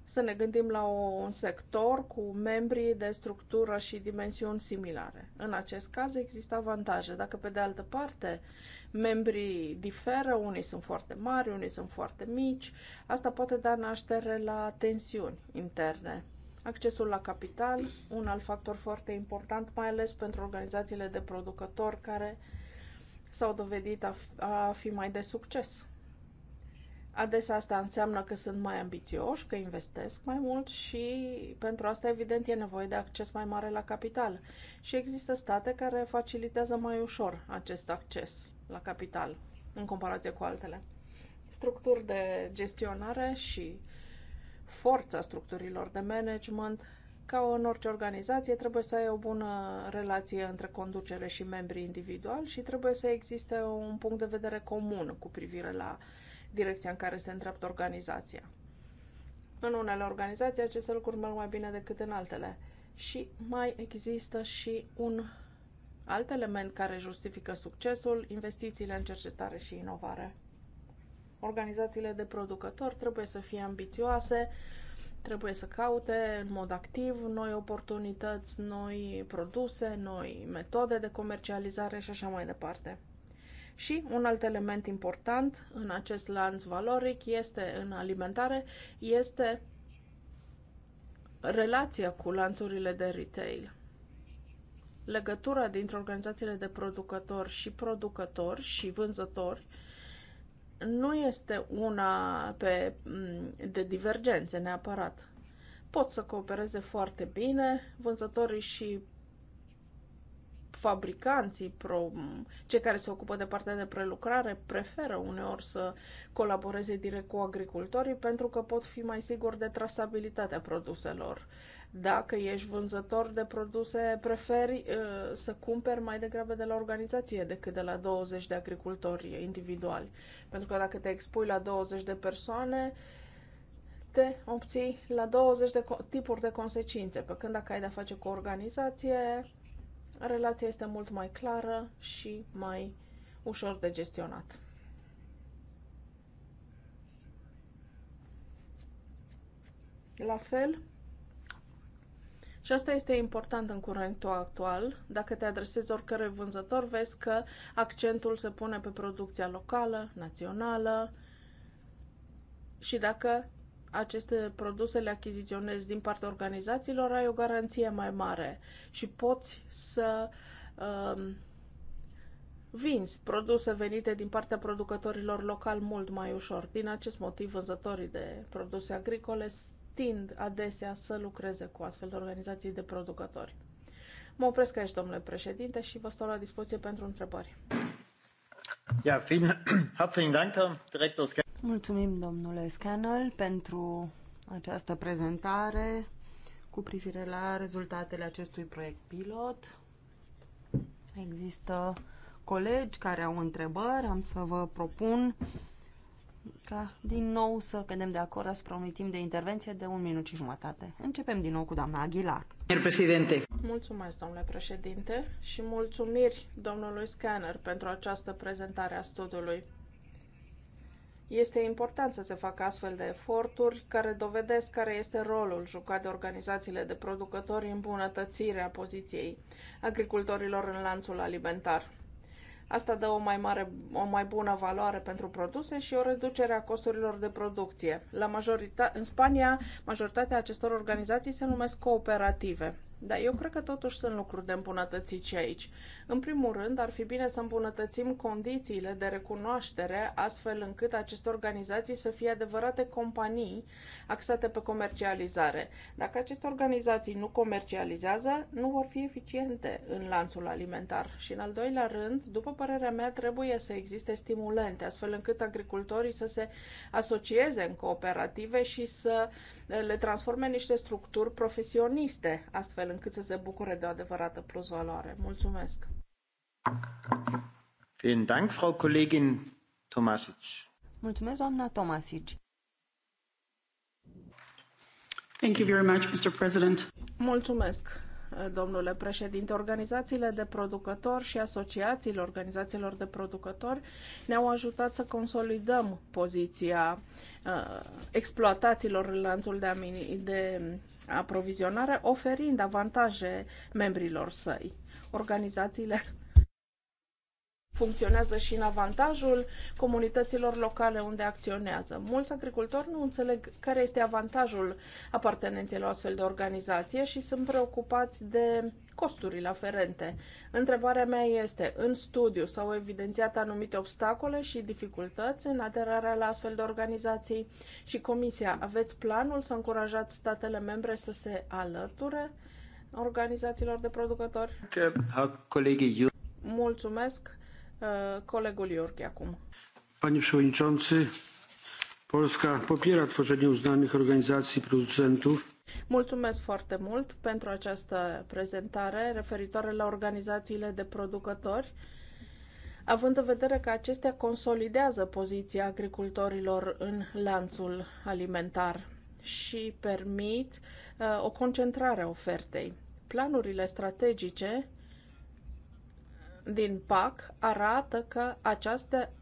să ne gândim la un sector cu membrii de structură și dimensiuni similare. În acest caz există avantaje. Dacă pe de altă parte membrii diferă, unii sunt foarte mari, unii sunt foarte mici, asta poate da naștere la tensiuni interne. Accesul la capital, un alt factor foarte important, mai ales pentru organizațiile de producători care s-au dovedit a, a fi mai de succes. Adesea asta înseamnă că sunt mai ambițioși, că investesc mai mult și pentru asta, evident, e nevoie de acces mai mare la capital. Și există state care facilitează mai ușor acest acces la capital în comparație cu altele. Structuri de gestionare și forța structurilor de management. Ca în orice organizație, trebuie să ai o bună relație între conducere și membrii individuali și trebuie să existe un punct de vedere comun cu privire la direcția în care se îndreaptă organizația. În unele organizații aceste lucruri merg mai bine decât în altele. Și mai există și un alt element care justifică succesul, investițiile în cercetare și inovare. Organizațiile de producători trebuie să fie ambițioase, trebuie să caute în mod activ noi oportunități, noi produse, noi metode de comercializare și așa mai departe. Și un alt element important în acest lanț valoric este în alimentare este relația cu lanțurile de retail. Legătura dintre organizațiile de producători și producători și vânzători uh, nu este una pe, mm, de divergențe neapărat. Pot să coopereze foarte bine vânzătorii și fabricanții, pro, cei care se ocupă de partea de prelucrare, preferă uneori să colaboreze direct cu agricultorii pentru că pot fi mai siguri de trasabilitatea produselor. Dacă ești vânzător de produse, preferi uh, să cumperi mai degrabă de la organizație decât de la 20 de agricultori individuali. Pentru că dacă te expui la 20 de persoane, te obții la 20 de tipuri de consecințe. Pe când dacă ai de-a face cu o organizație, relația este mult mai clară și mai ușor de gestionat. La fel, și asta este important în curentul actual. Dacă te adresezi oricărui vânzător, vezi că accentul se pune pe producția locală, națională și dacă aceste produse le achiziționezi din partea organizațiilor, ai o garanție mai mare și poți să um, vinzi produse venite din partea producătorilor local mult mai ușor. Din acest motiv, vânzătorii de produse agricole tind adesea să lucreze cu astfel de organizații de producători. Mă opresc aici, domnule președinte, și vă stau la dispoziție pentru întrebări. Ja, vielen herzlichen Dank, Direktor Mulțumim, domnule Scannel, pentru această prezentare cu privire la rezultatele acestui proiect pilot. Există colegi care au întrebări, am să vă propun ca din nou să cădem de acord asupra unui timp de intervenție de un minut și jumătate. Începem din nou cu doamna Aguilar. Președinte. Mulțumesc, domnule președinte, și mulțumiri domnului Scanner pentru această prezentare a studiului. Este important să se facă astfel de eforturi care dovedesc care este rolul jucat de organizațiile de producători în bunătățirea poziției agricultorilor în lanțul alimentar. Asta dă o mai, mare, o mai bună valoare pentru produse și o reducere a costurilor de producție. La majorita- în Spania, majoritatea acestor organizații se numesc cooperative. Dar eu cred că totuși sunt lucruri de îmbunătățit și aici. În primul rând, ar fi bine să îmbunătățim condițiile de recunoaștere, astfel încât aceste organizații să fie adevărate companii axate pe comercializare. Dacă aceste organizații nu comercializează, nu vor fi eficiente în lanțul alimentar. Și în al doilea rând, după părerea mea, trebuie să existe stimulente, astfel încât agricultorii să se asocieze în cooperative și să uh, le transforme în niște structuri profesioniste, astfel încât să se bucure de o adevărată plusvaloare. Mulțumesc! Vielen Dank, Frau Kollegin Tomasic. Mulțumesc, doamna Tomasic. Thank you very much, Mr. President. Mulțumesc, domnule președinte. Organizațiile de producători și asociațiile organizațiilor de producători ne-au ajutat să consolidăm poziția uh, exploatațiilor în lanțul de, de aprovizionare, oferind avantaje membrilor săi. Organizațiile funcționează și în avantajul comunităților locale unde acționează. Mulți agricultori nu înțeleg care este avantajul apartenenței la astfel de organizație și sunt preocupați de costurile aferente. Întrebarea mea este, în studiu s-au evidențiat anumite obstacole și dificultăți în aderarea la astfel de organizații și Comisia, aveți planul să încurajați statele membre să se alăture organizațiilor de producători? colegii, Mulțumesc! colegul Iorchi acum. Panie Przewodniczący, Polska popiera tworzenie uznanych organizacji producentów. Mulțumesc foarte mult pentru această prezentare referitoare la organizațiile de producători, având în vedere că acestea consolidează poziția agricultorilor în lanțul alimentar și permit uh, o concentrare a ofertei. Planurile strategice din PAC arată că aceste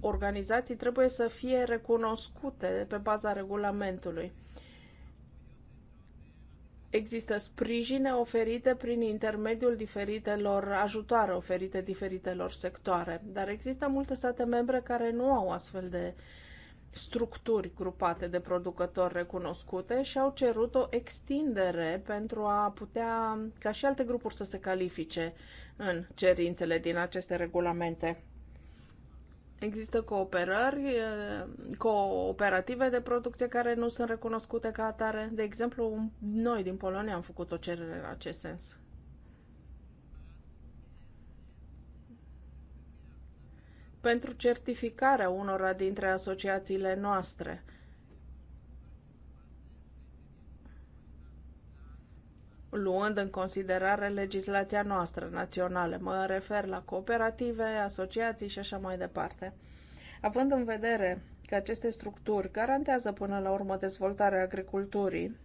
organizații trebuie să fie recunoscute pe baza regulamentului. Există sprijine oferite prin intermediul diferitelor ajutoare oferite diferitelor sectoare, dar există multe state membre care nu au astfel de structuri grupate de producători recunoscute și au cerut o extindere pentru a putea ca și alte grupuri să se califice în cerințele din aceste regulamente. Există cooperări cooperative de producție care nu sunt recunoscute ca atare. De exemplu, noi din Polonia am făcut o cerere în acest sens. Pentru certificarea unora dintre asociațiile noastre luând în considerare legislația noastră națională. Mă refer la cooperative, asociații și așa mai departe. Având în vedere că aceste structuri garantează până la urmă dezvoltarea agriculturii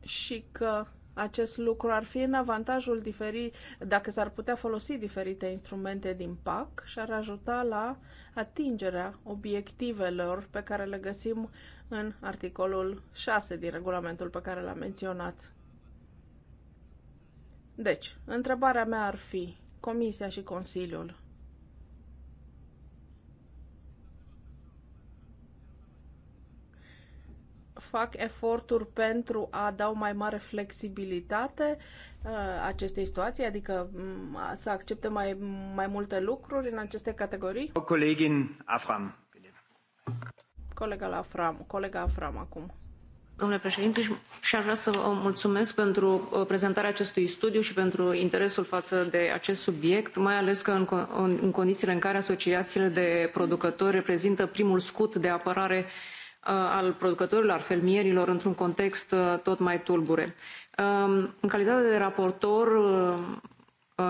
și că acest lucru ar fi în avantajul diferit, dacă s-ar putea folosi diferite instrumente din PAC și ar ajuta la atingerea obiectivelor pe care le găsim în articolul 6 din regulamentul pe care l-am menționat. Deci, întrebarea mea ar fi, Comisia și Consiliul fac eforturi pentru a da o mai mare flexibilitate uh, acestei situații, adică mm, să accepte mai, mai multe lucruri în aceste categorii? O colegin Afram. Colega la Fram, colega Afram acum. Domnule președinte, și aș vrea să vă mulțumesc pentru uh, prezentarea acestui studiu și pentru interesul față de acest subiect, mai ales că în, în, în condițiile în care asociațiile de producători reprezintă primul scut de apărare uh, al producătorilor, al fermierilor, într-un context uh, tot mai tulbure. Um, în calitate de raportor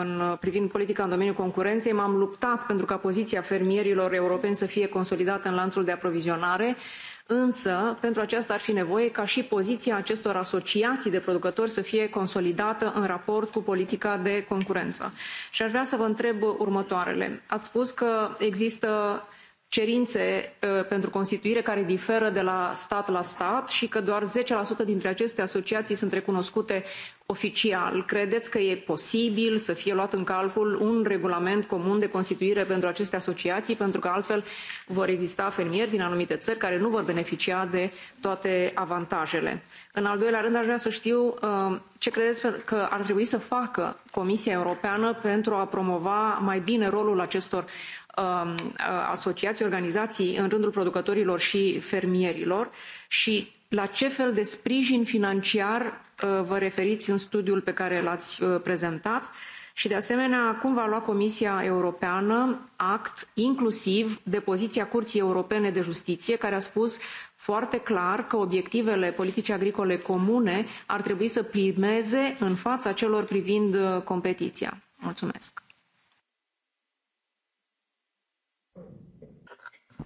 în, privind politica în domeniul concurenței, m-am luptat pentru ca poziția fermierilor europeni să fie consolidată în lanțul de aprovizionare, însă pentru aceasta ar fi nevoie ca și poziția acestor asociații de producători să fie consolidată în raport cu politica de concurență. Și aș vrea să vă întreb următoarele. Ați spus că există cerințe uh, pentru constituire care diferă de la stat la stat și că doar 10% dintre aceste asociații sunt recunoscute oficial. Credeți că e posibil să fie luat în calcul un regulament comun de constituire pentru aceste asociații, pentru că altfel vor exista fermieri din anumite țări care nu vor beneficia de toate avantajele. În al doilea rând, aș vrea să știu uh, ce credeți că ar trebui să facă Comisia Europeană pentru a promova mai bine rolul acestor Um, uh, asociații, organizații în rândul producătorilor și fermierilor și la ce fel de sprijin financiar uh, vă referiți în studiul pe care l-ați uh, prezentat și, de asemenea, cum va lua Comisia Europeană act inclusiv de poziția Curții Europene de Justiție, care a spus foarte clar că obiectivele politicii agricole comune ar trebui să primeze în fața celor privind competiția. Mulțumesc.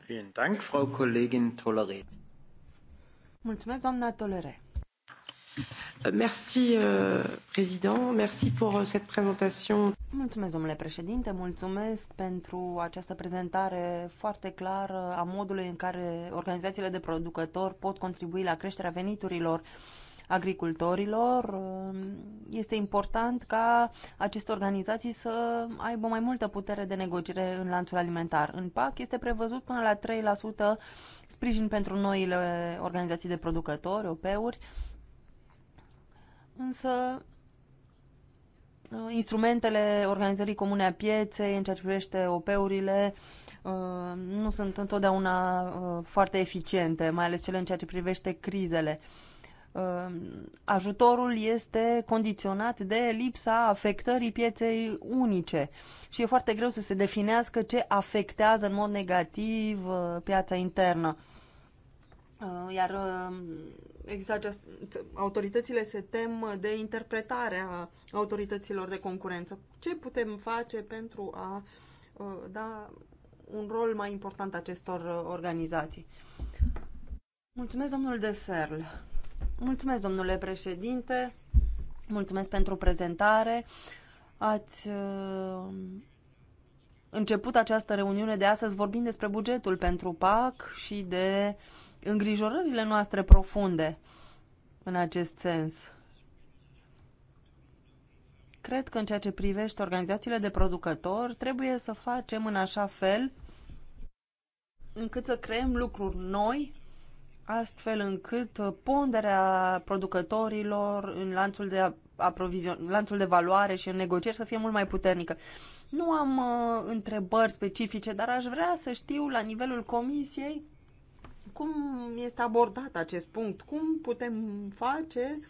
Vielen Dank, Frau Kollegin Tolere. Mulțumesc, doamna Tolere. Euh, merci, euh, président. Merci pour euh, cette présentation. Mulțumesc, domnule președinte. Mulțumesc pentru această prezentare foarte clară a modului în care organizațiile de producători pot contribui la creșterea veniturilor agricultorilor. Um, este important ca aceste organizații să aibă mai multă putere de negociere în lanțul alimentar. În PAC este prevăzut până la 3% sprijin pentru noile organizații de producători, OP-uri, însă uh, instrumentele organizării comune a pieței în ceea ce privește OP-urile uh, nu sunt întotdeauna uh, foarte eficiente, mai ales cele în ceea ce privește crizele. Ehm, ajutorul este condiționat de lipsa afectării pieței unice și e foarte greu să se definească ce afectează în mod negativ uh, piața internă. Uh, iar exact aceast... autoritățile se tem de interpretarea autorităților de concurență. Ce putem face pentru a uh, da un rol mai important acestor organizații? Mulțumesc, domnul Deserl. Mulțumesc, domnule președinte. Mulțumesc pentru prezentare. Ați uh, început această reuniune de astăzi vorbind despre bugetul pentru PAC și de îngrijorările noastre profunde în acest sens. Cred că în ceea ce privește organizațiile de producători trebuie să facem în așa fel încât să creăm lucruri noi astfel încât uh, ponderea producătorilor în lanțul de aprovizion, lanțul de valoare și în negocieri să fie mult mai puternică. Nu am uh, întrebări specifice, dar aș vrea să știu la nivelul comisiei cum este abordat acest punct, cum putem face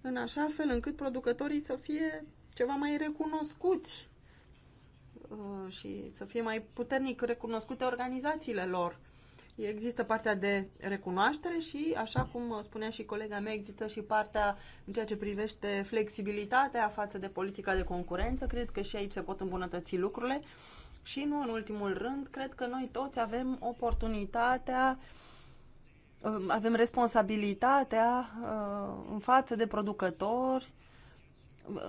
în așa fel încât producătorii să fie ceva mai recunoscuți uh, și să fie mai puternic recunoscute organizațiile lor. Există partea de recunoaștere și, așa cum spunea și colega mea, există și partea în ceea ce privește flexibilitatea față de politica de concurență. Cred că și aici se pot îmbunătăți lucrurile. Și nu în ultimul rând, cred că noi toți avem oportunitatea, um, avem responsabilitatea uh, în față de producători, um,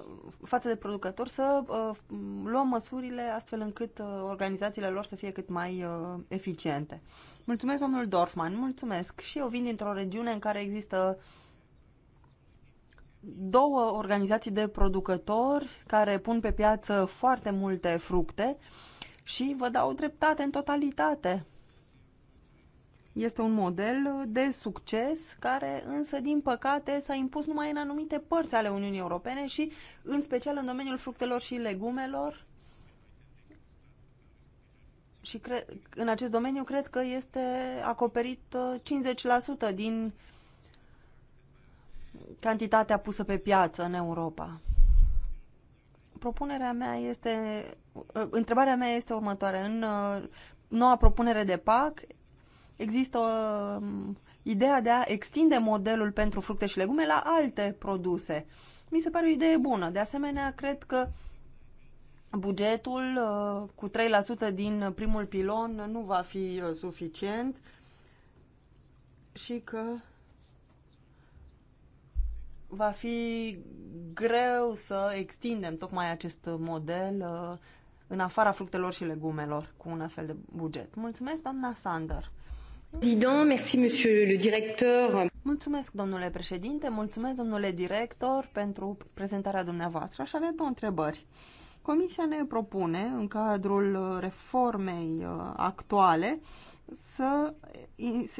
față de producători să uh, luăm măsurile astfel încât uh, organizațiile lor să fie cât mai eficiente. Mulțumesc, domnul Dorfman, mulțumesc. Și eu vin dintr-o regiune în care există două organizații de producători care pun pe piață foarte multe fructe și vă dau dreptate în totalitate. Este un model de succes care însă, din păcate, s-a impus numai în anumite părți ale Uniunii Europene și în special în domeniul fructelor și legumelor și cre- în acest domeniu cred că este acoperit 50% uh, din cantitatea pusă pe piață în Europa. Propunerea mea este, uh, întrebarea mea este următoarea. În uh, noua propunere de PAC există o, um, ideea de a extinde modelul pentru fructe și legume la alte produse. Mi se pare o idee bună. De asemenea, cred că uh, bugetul uh, cu 3% din primul pilon nu va fi uh, suficient și că va fi greu să extindem tocmai acest model uh, în afara fructelor și legumelor cu un astfel de buget. Mulțumesc, doamna Sander. Président, merci, monsieur le directeur. Mulțumesc, domnule președinte, mulțumesc, domnule director, pentru prezentarea dumneavoastră. Aș avea două întrebări. Comisia ne propune, în cadrul reformei uh, actuale, să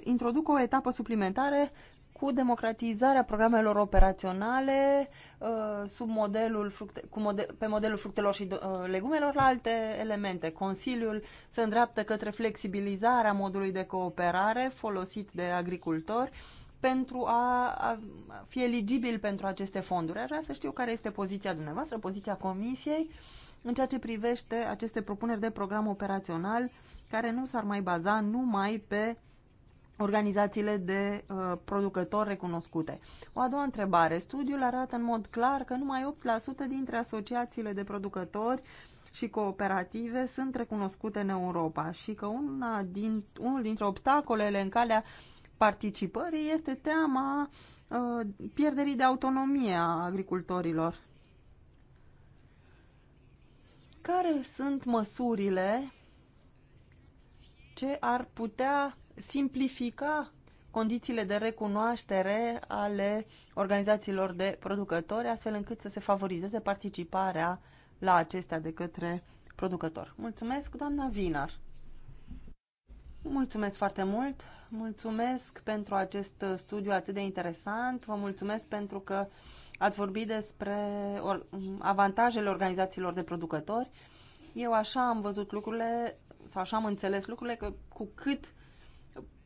introducă o etapă suplimentare cu democratizarea programelor operaționale uh, sub modelul fructe, cu mode, pe modelul fructelor și uh, legumelor la alte elemente. Consiliul se îndreaptă către flexibilizarea modului de cooperare folosit de agricultori pentru a fi eligibil pentru aceste fonduri. Aș vrea să știu care este poziția dumneavoastră, poziția Comisiei, în ceea ce privește aceste propuneri de program operațional care nu s-ar mai baza numai pe organizațiile de uh, producători recunoscute. O a doua întrebare. Studiul arată în mod clar că numai 8% dintre asociațiile de producători și cooperative sunt recunoscute în Europa și că una din, unul dintre obstacolele în calea uh, participării este teama uh, pierderii de autonomie a agricultorilor. Care sunt măsurile ce ar putea simplifica condițiile de recunoaștere ale organizațiilor de producători, astfel încât să se favorizeze participarea la acestea de către producător. Mulțumesc, doamna Vinar. Mulțumesc foarte mult, mulțumesc pentru acest studiu atât de interesant, vă mulțumesc pentru că ați vorbit despre avantajele organizațiilor de producători. Eu așa am văzut lucrurile, sau așa am înțeles lucrurile, că cu cât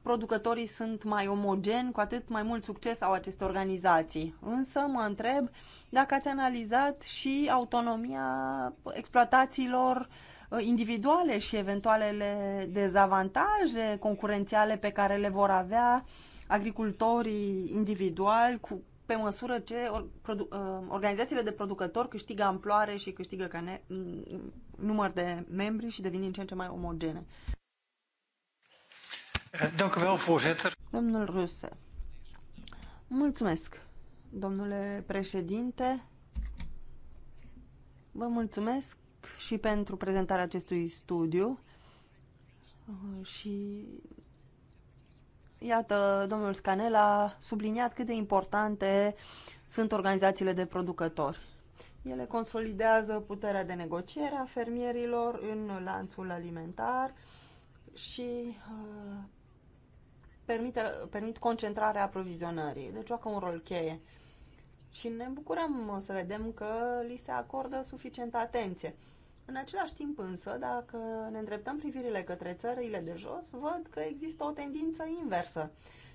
producătorii sunt mai omogeni, cu atât mai mult succes au aceste organizații. Însă mă întreb dacă ați analizat și autonomia exploatațiilor Uh, individuale și eventualele dezavantaje concurențiale pe care le vor avea agricultorii individuali cu, pe măsură ce or, produ, uh, organizațiile de producători câștigă amploare și câștigă cane, număr de membri și devin din ce în ce mai omogene. Eh, Domnul Ruse. Mulțumesc, domnule președinte. Vă mulțumesc și pentru prezentarea acestui studiu. Și iată, domnul Scanel a subliniat cât de importante sunt organizațiile de producători. Ele consolidează puterea de negociere a fermierilor în lanțul alimentar și uh, permit, permit concentrarea aprovizionării. Deci joacă un rol cheie. Și ne bucurăm să vedem că li se acordă suficientă atenție. În același timp însă, dacă ne îndreptăm privirile către țările de jos, văd că există o tendință inversă.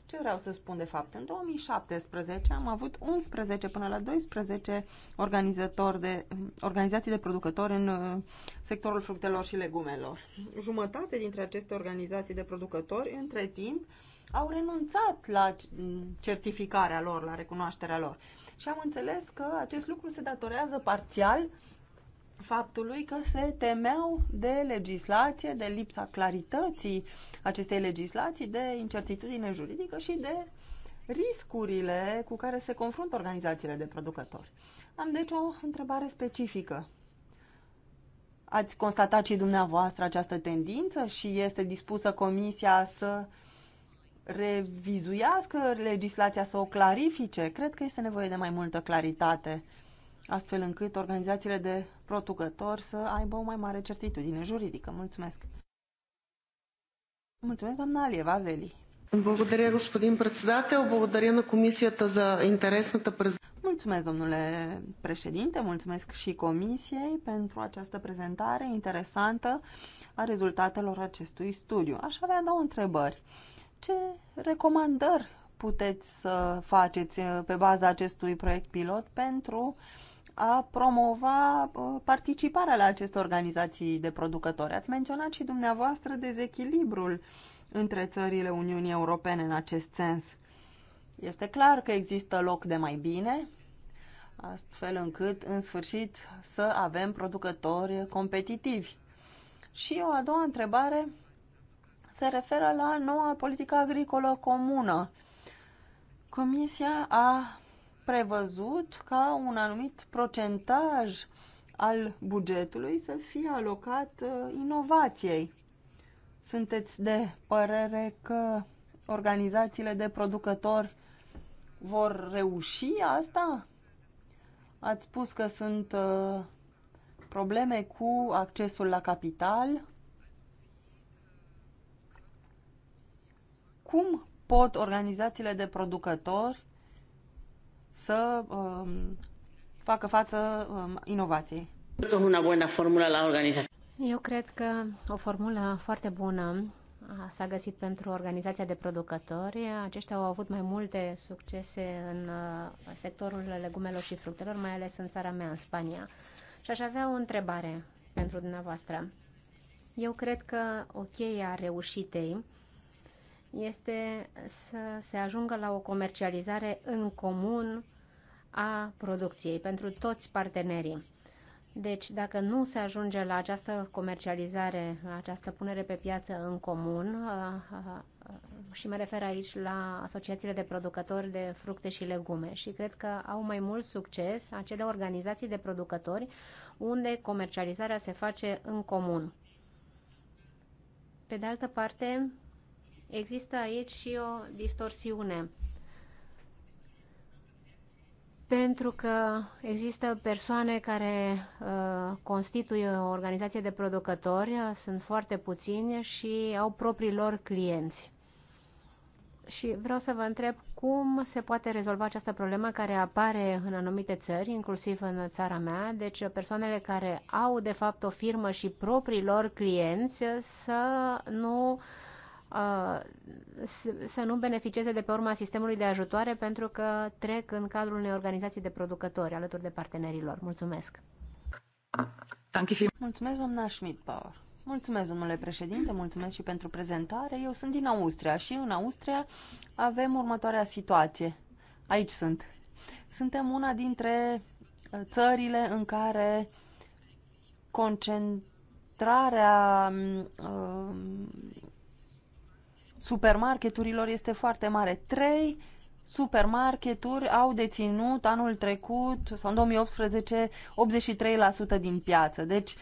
Ce vreau să spun de fapt? În 2017 am avut 11 până la 12 organizatori de, organizații de producători în uh, sectorul fructelor și legumelor. Jumătate dintre aceste organizații de producători, între timp, au renunțat la mm, certificarea lor, la recunoașterea lor. Și am înțeles că acest lucru se datorează parțial faptului că se temeau de legislație, de lipsa clarității acestei legislații, de incertitudine juridică și de riscurile cu care se confruntă organizațiile de producători. Am deci o întrebare specifică. Ați constatat și dumneavoastră această tendință și este dispusă Comisia să revizuiască legislația, să o clarifice? Cred că este nevoie de mai multă claritate, astfel încât organizațiile de producător să aibă o mai mare certitudine juridică. Mulțumesc! Mulțumesc, doamna Alieva Veli! Благодаря, господин председател. Благодаря на комисията за интересната Mulțumesc, domnule președinte, mulțumesc și comisiei pentru această prezentare interesantă a rezultatelor acestui studiu. Aș avea două întrebări. Ce recomandări puteți să faceți eh, pe baza acestui proiect pilot pentru uh, a promova uh, participarea la aceste organizații de producători. Ați menționat și dumneavoastră dezechilibrul între țările Uniunii Europene în acest sens. Este clar că există loc de mai bine, astfel încât, în sfârșit, să avem producători competitivi. Și o a doua întrebare se referă la noua politică agricolă comună. Comisia a prevăzut ca un anumit procentaj al bugetului să fie alocat uh, inovației. Sunteți de părere că organizațiile de producători vor reuși asta? Ați spus că sunt uh, probleme cu accesul la capital. Cum pot organizațiile de producători să um, facă față um, inovației. Una bună formulă la organizație. Eu cred că o formulă foarte bună s-a găsit pentru organizația de producători. Aceștia au avut mai multe succese în uh, sectorul legumelor și fructelor, mai ales în țara mea, în Spania. Și aș avea o întrebare pentru dumneavoastră. Eu cred că o cheie a reușitei este să se ajungă la o comercializare în comun a producției pentru toți partenerii. Deci, dacă nu se ajunge la această comercializare, la această punere pe piață în comun, uh, uh, și mă refer aici la asociațiile de producători de fructe și legume, și cred că au mai mult succes acele organizații de producători unde comercializarea se face în comun. Pe de altă parte, există aici și o distorsiune. Pentru că există persoane care uh, constituie o organizație de producători, uh, sunt foarte puțini și au proprii lor clienți. Și vreau să vă întreb cum se poate rezolva această problemă care apare în anumite țări, inclusiv în țara mea, deci persoanele care au de fapt o firmă și proprii lor clienți să nu uh, Uh, să nu beneficieze de pe urma sistemului de ajutoare pentru că trec în cadrul unei organizații de producători alături de partenerilor. Mulțumesc! Mulțumesc, doamna Schmidt-Power! Mulțumesc, domnule președinte, mulțumesc și pentru prezentare. Eu sunt din Austria și în Austria avem următoarea situație. Aici sunt. Suntem una dintre uh, țările în care concentrarea mm, uh, supermarketurilor este foarte mare. Trei supermarketuri au deținut anul trecut sau în 2018 83% din piață. Deci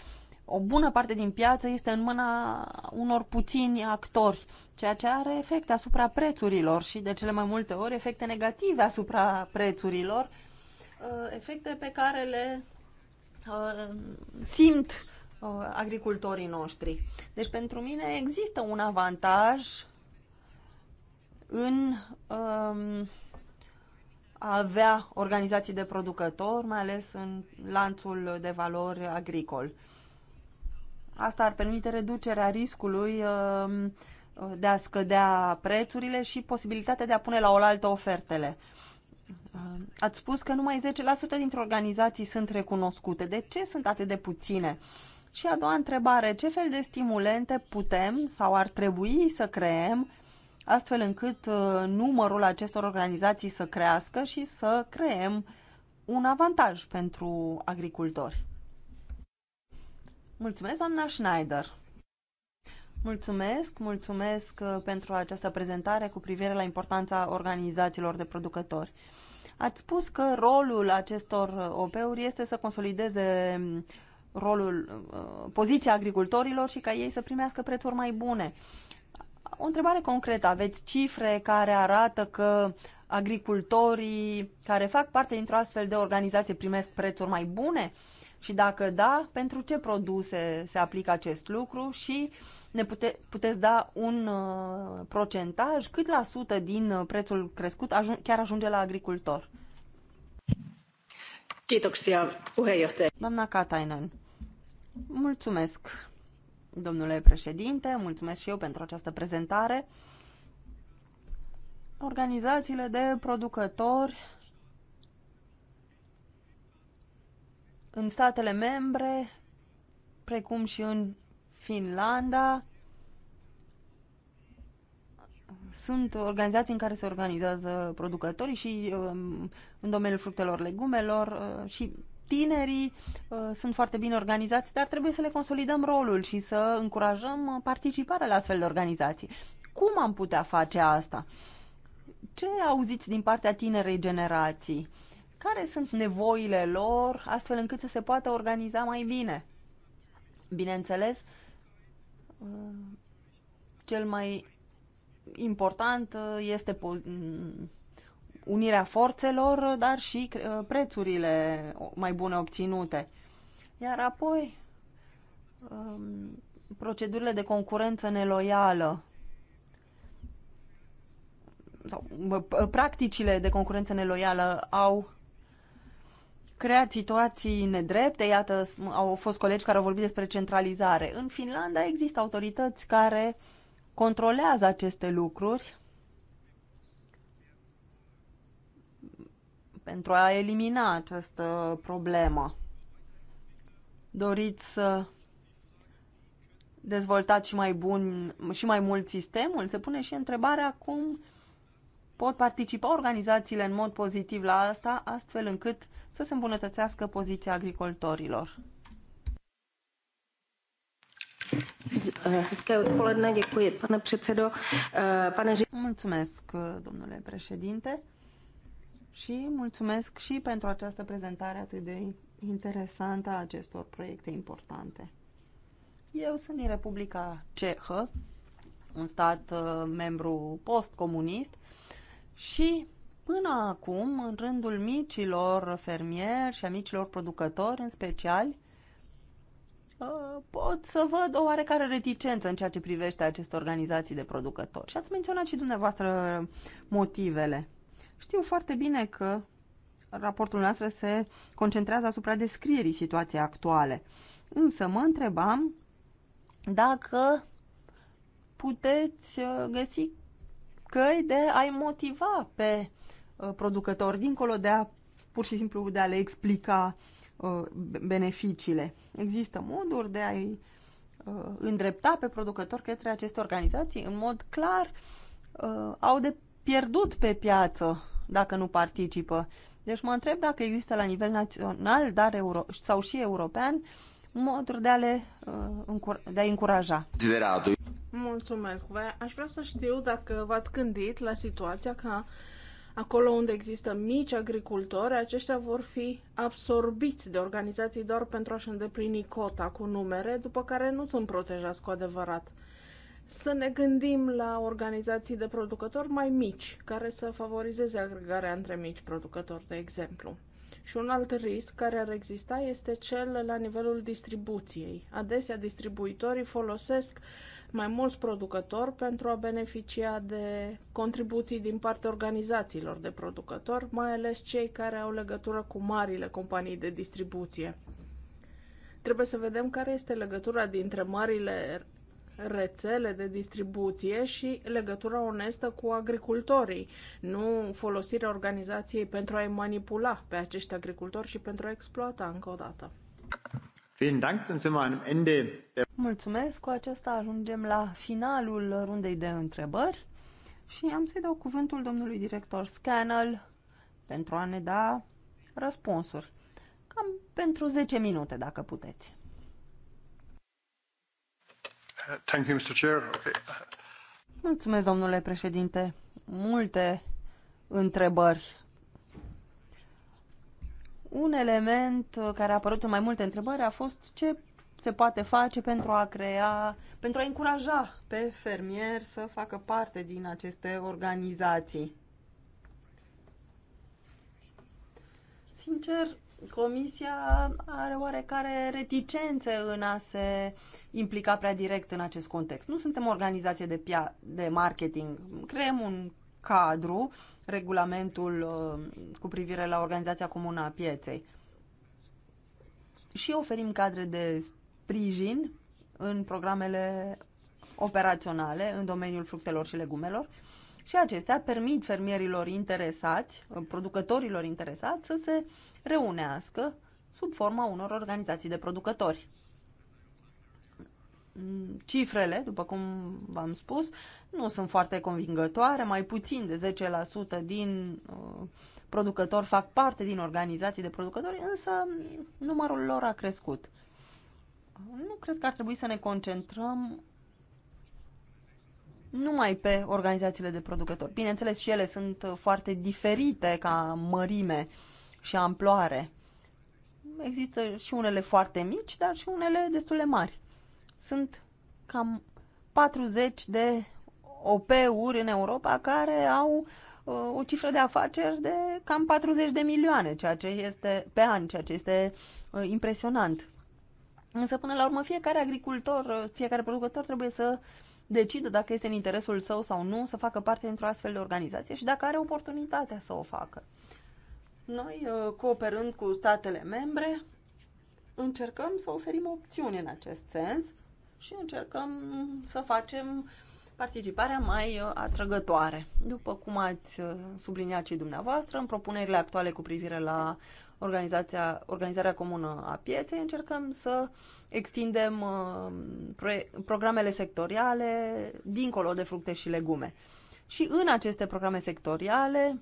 o bună parte din piață este în mâna unor puțini actori, ceea ce are efecte asupra prețurilor și de cele mai multe ori efecte negative asupra prețurilor, uh, efecte pe care le uh, simt uh, agricultorii noștri. Deci pentru mine există un avantaj în um, a avea organizații de producători, mai ales în lanțul de valori agricol. Asta ar permite reducerea riscului um, de a scădea prețurile și posibilitatea de a pune la oaltă ofertele. Um, ați spus că numai 10% dintre organizații sunt recunoscute. De ce sunt atât de puține? Și a doua întrebare, ce fel de stimulente putem sau ar trebui să creăm astfel încât uh, numărul acestor organizații să crească și să creăm un avantaj pentru agricultori. Mulțumesc, doamna Schneider! Mulțumesc, mulțumesc uh, pentru această prezentare cu privire la importanța organizațiilor de producători. Ați spus că rolul acestor uh, OP-uri este să consolideze um, rolul, poziția agricultorilor și ca ei să primească prețuri mai bune. O întrebare concretă. Aveți cifre care arată că agricultorii care fac parte dintr-o astfel de organizație primesc prețuri mai bune? Și dacă da, pentru ce produse se aplică acest lucru și ne pute, puteți da un uh, procentaj? Cât la sută din uh, prețul crescut ajun, chiar ajunge la agricultor? Kiitoksia, puheenjohtaja. Doamna Katainen, mulțumesc Domnule președinte, mulțumesc și eu pentru această prezentare. Organizațiile de producători în statele membre, precum și în Finlanda, sunt organizații în care se organizează producătorii și um, în domeniul fructelor, legumelor uh, și Tinerii uh, sunt foarte bine organizați, dar trebuie să le consolidăm rolul și să încurajăm uh, participarea la astfel de organizații. Cum am putea face asta? Ce auziți din partea tinerei generații? Care sunt nevoile lor astfel încât să se poată organiza mai bine? Bineînțeles, uh, cel mai important uh, este unirea forțelor, dar și uh, prețurile mai bune obținute. Iar apoi, um, procedurile de concurență neloială sau practicile de concurență neloială au creat situații nedrepte. Iată, au fost colegi care au vorbit despre centralizare. În Finlanda există autorități care controlează aceste lucruri pentru a elimina această problemă. Doriți să dezvoltați și mai bun și mai mult sistemul? Se pune și întrebarea cum pot participa organizațiile în mod pozitiv la asta, astfel încât să se îmbunătățească poziția agricultorilor. Hezké odpoledne, děkuji, pane předsedo. Eh, pane... Mulțumesc, domnule președinte și mulțumesc și pentru această prezentare atât de interesantă a acestor proiecte importante. Eu sunt din Republica Cehă, un stat uh, membru postcomunist și până acum, în rândul micilor fermieri și a micilor producători în special, uh, pot să văd o oarecare reticență în ceea ce privește aceste organizații de producători. Și ați menționat și dumneavoastră motivele. Știu foarte bine că raportul noastră se concentrează asupra descrierii situației actuale. Însă mă întrebam dacă puteți uh, găsi căi de a-i motiva pe uh, producători, dincolo de a pur și simplu de a le explica uh, beneficiile. Există moduri de a-i îndrepta pe producători către aceste organizații în mod clar, au de pierdut pe piață dacă nu participă. Deci mă întreb dacă există la nivel național dar euro, sau și european moduri de a, le, uh, de a încuraja. Mulțumesc. Aș vrea să știu dacă v-ați gândit la situația ca acolo unde există mici agricultori, aceștia vor fi absorbiți de organizații doar pentru a-și îndeplini cota cu numere, după care nu sunt protejați cu adevărat să ne gândim la organizații de producători mai mici, care să favorizeze agregarea între mici producători, de exemplu. Și un alt risc care ar exista este cel la nivelul distribuției. Adesea distribuitorii folosesc mai mulți producători pentru a beneficia de contribuții din partea organizațiilor de producători, mai ales cei care au legătură cu marile companii de distribuție. Trebuie să vedem care este legătura dintre marile rețele de distribuție și legătura onestă cu agricultorii, nu folosirea organizației pentru a-i manipula pe acești agricultori și pentru a exploata încă o dată. Mulțumesc, cu aceasta ajungem la finalul rundei de întrebări și am să-i dau cuvântul domnului director Scannel pentru a ne da răspunsuri. Cam pentru 10 minute, dacă puteți. Thank you, Mr. Chair. Okay. Mulțumesc, domnule președinte. Multe întrebări. Un element care a apărut în mai multe întrebări a fost ce se poate face pentru a crea, pentru a încuraja pe fermieri să facă parte din aceste organizații. Sincer, Comisia are oarecare reticențe în a se implica prea direct în acest context. Nu suntem o organizație de, pia- de marketing. Creăm un cadru, regulamentul uh, cu privire la Organizația Comună a Pieței. Și oferim cadre de sprijin în programele operaționale în domeniul fructelor și legumelor. Uh, și acestea permit fermierilor interesați, producătorilor interesați să se reunească sub forma unor organizații de producători. Cifrele, după cum v-am spus, nu sunt foarte convingătoare, mai puțin de 10% din uh, producători fac parte din organizații de producători, însă numărul lor a crescut. Nu cred că ar trebui să ne concentrăm numai pe organizațiile de producători. Bineînțeles, și ele sunt uh, foarte diferite ca mărime și amploare. Există și unele foarte mici, dar și unele destul de mari. Sunt cam 40 de OP-uri în Europa care au uh, o cifră de afaceri de cam 40 de milioane ceea ce este pe an, ceea ce este uh, impresionant. Însă, până la urmă, fiecare agricultor, uh, fiecare producător trebuie să uh, decidă dacă este în interesul său sau nu să facă parte dintr-o astfel de organizație și dacă are oportunitatea să o facă. Noi, uh, cooperând cu statele membre, încercăm să oferim opțiuni în acest sens și încercăm să facem participarea mai uh, atrăgătoare. După cum ați uh, subliniat și dumneavoastră, în propunerile actuale cu privire la organizația, organizarea comună a pieței, încercăm să extindem uh, programele sectoriale dincolo de fructe și legume. Și în aceste programe sectoriale,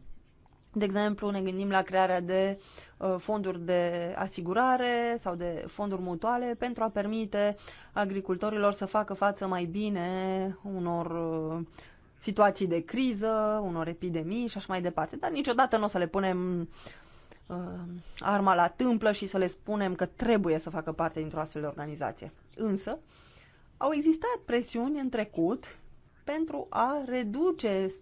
de exemplu, ne gândim la crearea de uh, fonduri de asigurare sau de fonduri mutuale pentru a permite agricultorilor să facă față mai bine unor uh, situații de criză, unor epidemii și așa mai departe. Dar niciodată nu o să le punem uh, arma la tâmplă și să le spunem că trebuie să facă parte dintr-o astfel de organizație. Însă, au existat presiuni în trecut pentru a reduce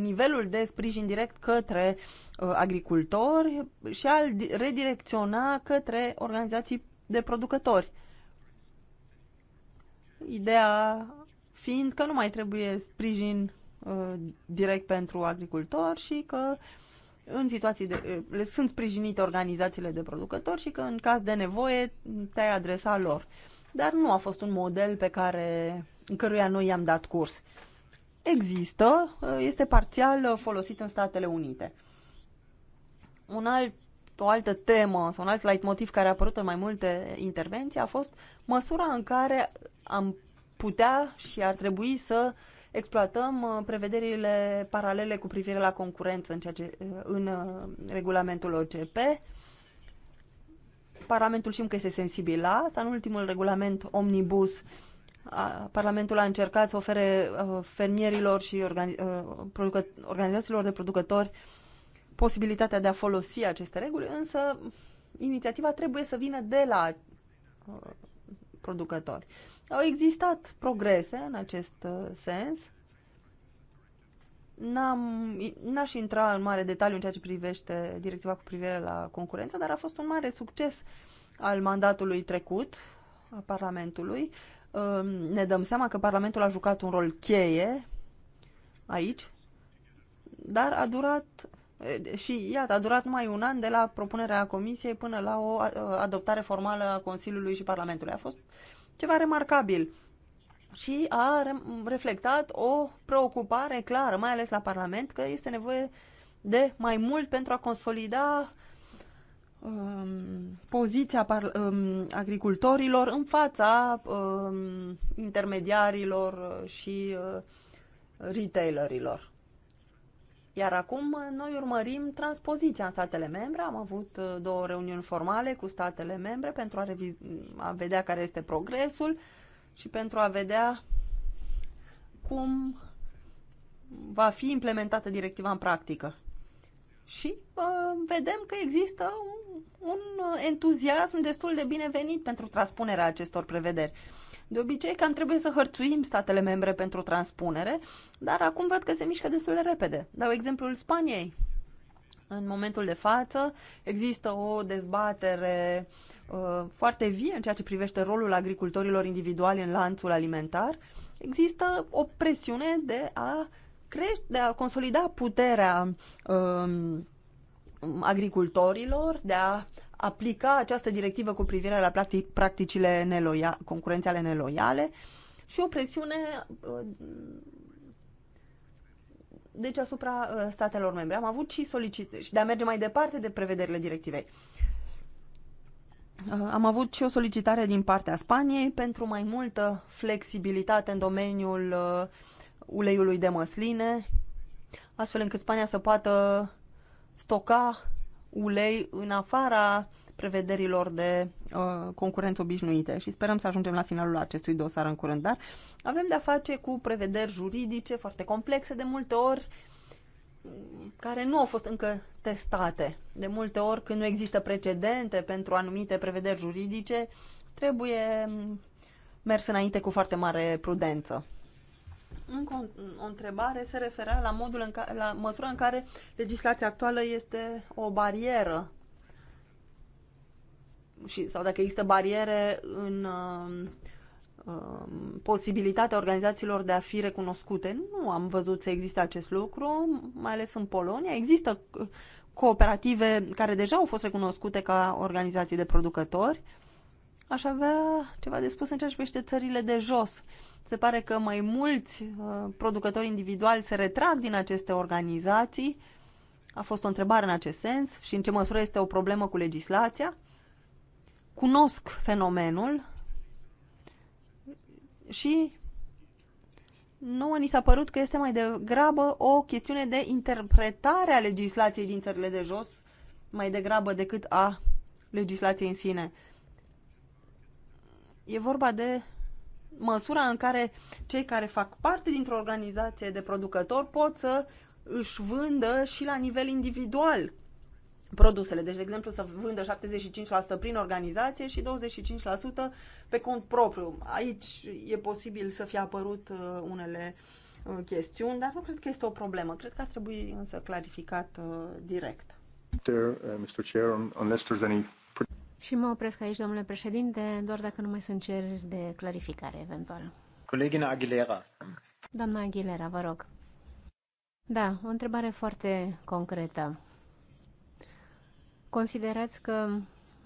nivelul de sprijin direct către uh, agricultori și a redirecționa către organizații de producători. Ideea fiind că nu mai trebuie sprijin uh, direct pentru agricultori și că uh, în situații de, eh, le sunt sprijinite organizațiile de producători și că în caz de nevoie te-ai adresa lor. Dar nu a fost un model pe care, în căruia noi i-am dat curs. Există, eh, este parțial eh, folosit în Statele Unite. Un alt, o altă temă sau un alt leitmotiv care a apărut în mai multe intervenții a fost măsura în care am putea și ar trebui să uh, exploatăm uh, prevederile paralele cu privire la concurență în, ceea ce, uh, în uh, regulamentul OCP. Parlamentul știm că este sensibil la asta. În ultimul regulament omnibus, Parlamentul a încercat să ofere fermierilor și organizațiilor de producători posibilitatea de a folosi aceste reguli, însă inițiativa trebuie să vină de la producători. Au existat progrese în acest uh, sens. N-am, n-aș intra în mare detaliu în ceea ce privește directiva cu privire la concurență, dar a fost un mare succes al mandatului trecut a Parlamentului. Um, ne dăm seama că Parlamentul a jucat un rol cheie aici, dar a durat și iată, a durat numai un an de la propunerea Comisiei până la o adoptare formală a Consiliului și Parlamentului. A fost ceva remarcabil și a re reflectat o preocupare clară, mai ales la Parlament, că este nevoie de mai mult pentru a consolida um, poziția um, agricultorilor în fața um, intermediarilor și uh, retailerilor. Iar acum uh, noi urmărim transpoziția în statele membre. Am avut uh, două reuniuni formale cu statele membre pentru a, a vedea care este progresul și pentru a vedea cum va fi implementată directiva în practică. Și uh, vedem că există un, un uh, entuziasm destul de binevenit pentru transpunerea acestor prevederi. Uh, de obicei, cam trebuie să hărțuim statele membre pentru transpunere, dar acum văd că se mișcă destul de repede. Dau exemplul Spaniei. În momentul de față există o dezbatere uh, foarte vie în ceea ce privește rolul agricultorilor individuali în lanțul alimentar. Există o presiune de a crește, de a consolida puterea uh, agricultorilor, de a aplica această directivă cu privire la practic, practicile neloia, concurențiale neloiale și o presiune uh, deci asupra uh, statelor membre. Am avut și solicitări și de a merge mai departe de prevederile directivei. Uh, am avut și o solicitare din partea Spaniei pentru mai multă flexibilitate în domeniul uleiului de măsline, astfel încât Spania să poată stoca ulei în afara prevederilor de uh, concurență obișnuite și sperăm să ajungem la finalul acestui dosar în curând. Dar avem de-a face cu prevederi juridice foarte complexe de multe ori care nu au fost încă testate. De multe ori când nu există precedente pentru anumite prevederi juridice, trebuie mm, mers înainte cu foarte mare prudență. Încă o, o întrebare se referea la, modul în care, la măsura în care legislația actuală este o barieră și, sau dacă există bariere în uh, uh, posibilitatea organizațiilor de a fi recunoscute. Nu am văzut să existe acest lucru, mai ales în Polonia. Există uh, cooperative care deja au fost recunoscute ca organizații de producători, aș avea ceva de spus în ceea ce privește țările de jos. Se pare că mai mulți uh, producători individuali se retrag din aceste organizații. A fost o întrebare în acest sens și în ce măsură este o problemă cu legislația. Cunosc fenomenul și nouă ni s-a părut că este mai degrabă o chestiune de interpretare a legislației din țările de jos mai degrabă decât a legislației în sine E vorba de măsura în care cei care fac parte dintr-o organizație de producători pot să își vândă și la nivel individual produsele. Deci, de exemplu, să vândă 75% prin organizație și 25% pe cont propriu. Aici e posibil să fie apărut uh, unele uh, chestiuni, dar nu cred că este o problemă. Cred că ar trebui însă clarificat uh, direct. There, uh, Mr. Chair, unless there's any și mă opresc aici, domnule președinte, doar dacă nu mai sunt cereri de clarificare eventual. Colegina Aguilera. Doamna Aguilera, vă rog. Da, o întrebare foarte concretă. Considerați că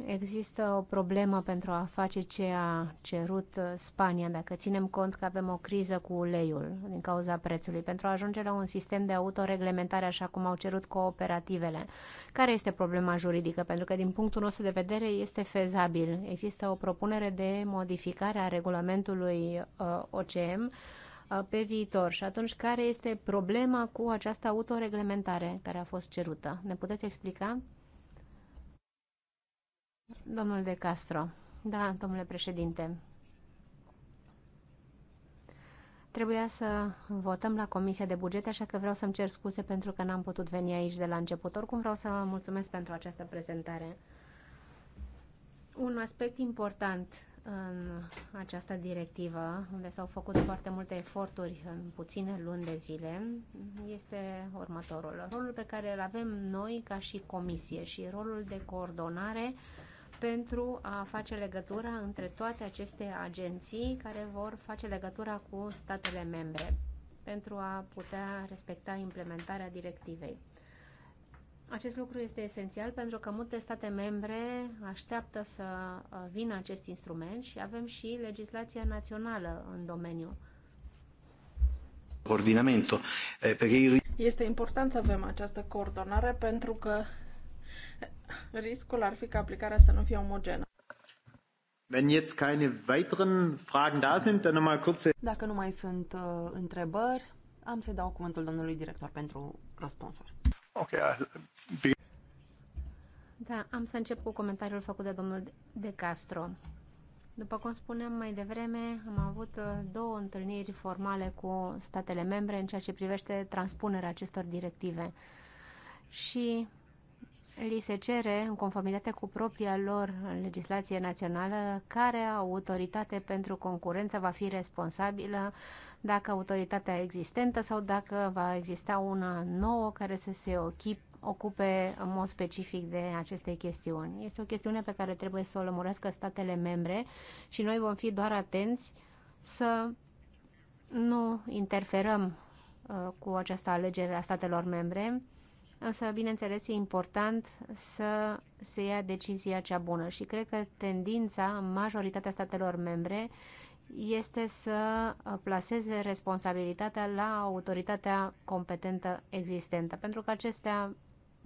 există o problemă pentru a face ce a cerut Spania, dacă ținem cont că avem o criză cu uleiul din cauza prețului, pentru a ajunge la un sistem de autoreglementare așa cum au cerut cooperativele. Care este problema juridică? Pentru că din punctul nostru de vedere este fezabil. Există o propunere de modificare a regulamentului uh, OCM uh, pe viitor și atunci care este problema cu această autoreglementare care a fost cerută? Ne puteți explica? Domnul De Castro. Da, domnule președinte. Trebuia să votăm la Comisia de buget, așa că vreau să-mi cer scuze pentru că n-am putut veni aici de la început. Oricum vreau să mulțumesc pentru această prezentare. Un aspect important în această directivă, unde s-au făcut foarte multe eforturi în puține luni de zile, este următorul. Rolul pe care îl avem noi ca și comisie și rolul de coordonare uh, pentru a face legătura între toate aceste agenții care vor face legătura cu statele membre pentru a putea respecta implementarea directivei. Acest lucru este esențial pentru că multe state membre așteaptă să uh, vină acest instrument și avem și legislația națională în domeniu. Eh, este important să avem această coordonare pentru că riscul ar fi ca aplicarea să nu fie omogenă. Wenn jetzt keine weiteren Fragen da sind, dann nochmal kurze... Dacă nu mai sunt uh, întrebări, am să-i dau cuvântul domnului director pentru răspunsuri. Ok. Uh, da, am să încep cu comentariul făcut de domnul De Castro. După cum spuneam mai devreme, am avut uh, două întâlniri formale cu statele membre în ceea ce privește transpunerea acestor directive. Și li se cere, în conformitate cu propria lor legislație națională, care autoritate pentru concurență va fi responsabilă dacă autoritatea existentă sau dacă va exista una nouă care să se ochip, ocupe în mod specific de aceste chestiuni. Este o chestiune pe care trebuie să o lămurească statele membre și noi vom fi doar atenți să nu interferăm uh, cu această alegere a statelor membre Însă, bineînțeles, e important să se ia decizia cea bună și cred că tendința în majoritatea statelor membre este să plaseze responsabilitatea la autoritatea competentă existentă, pentru că acestea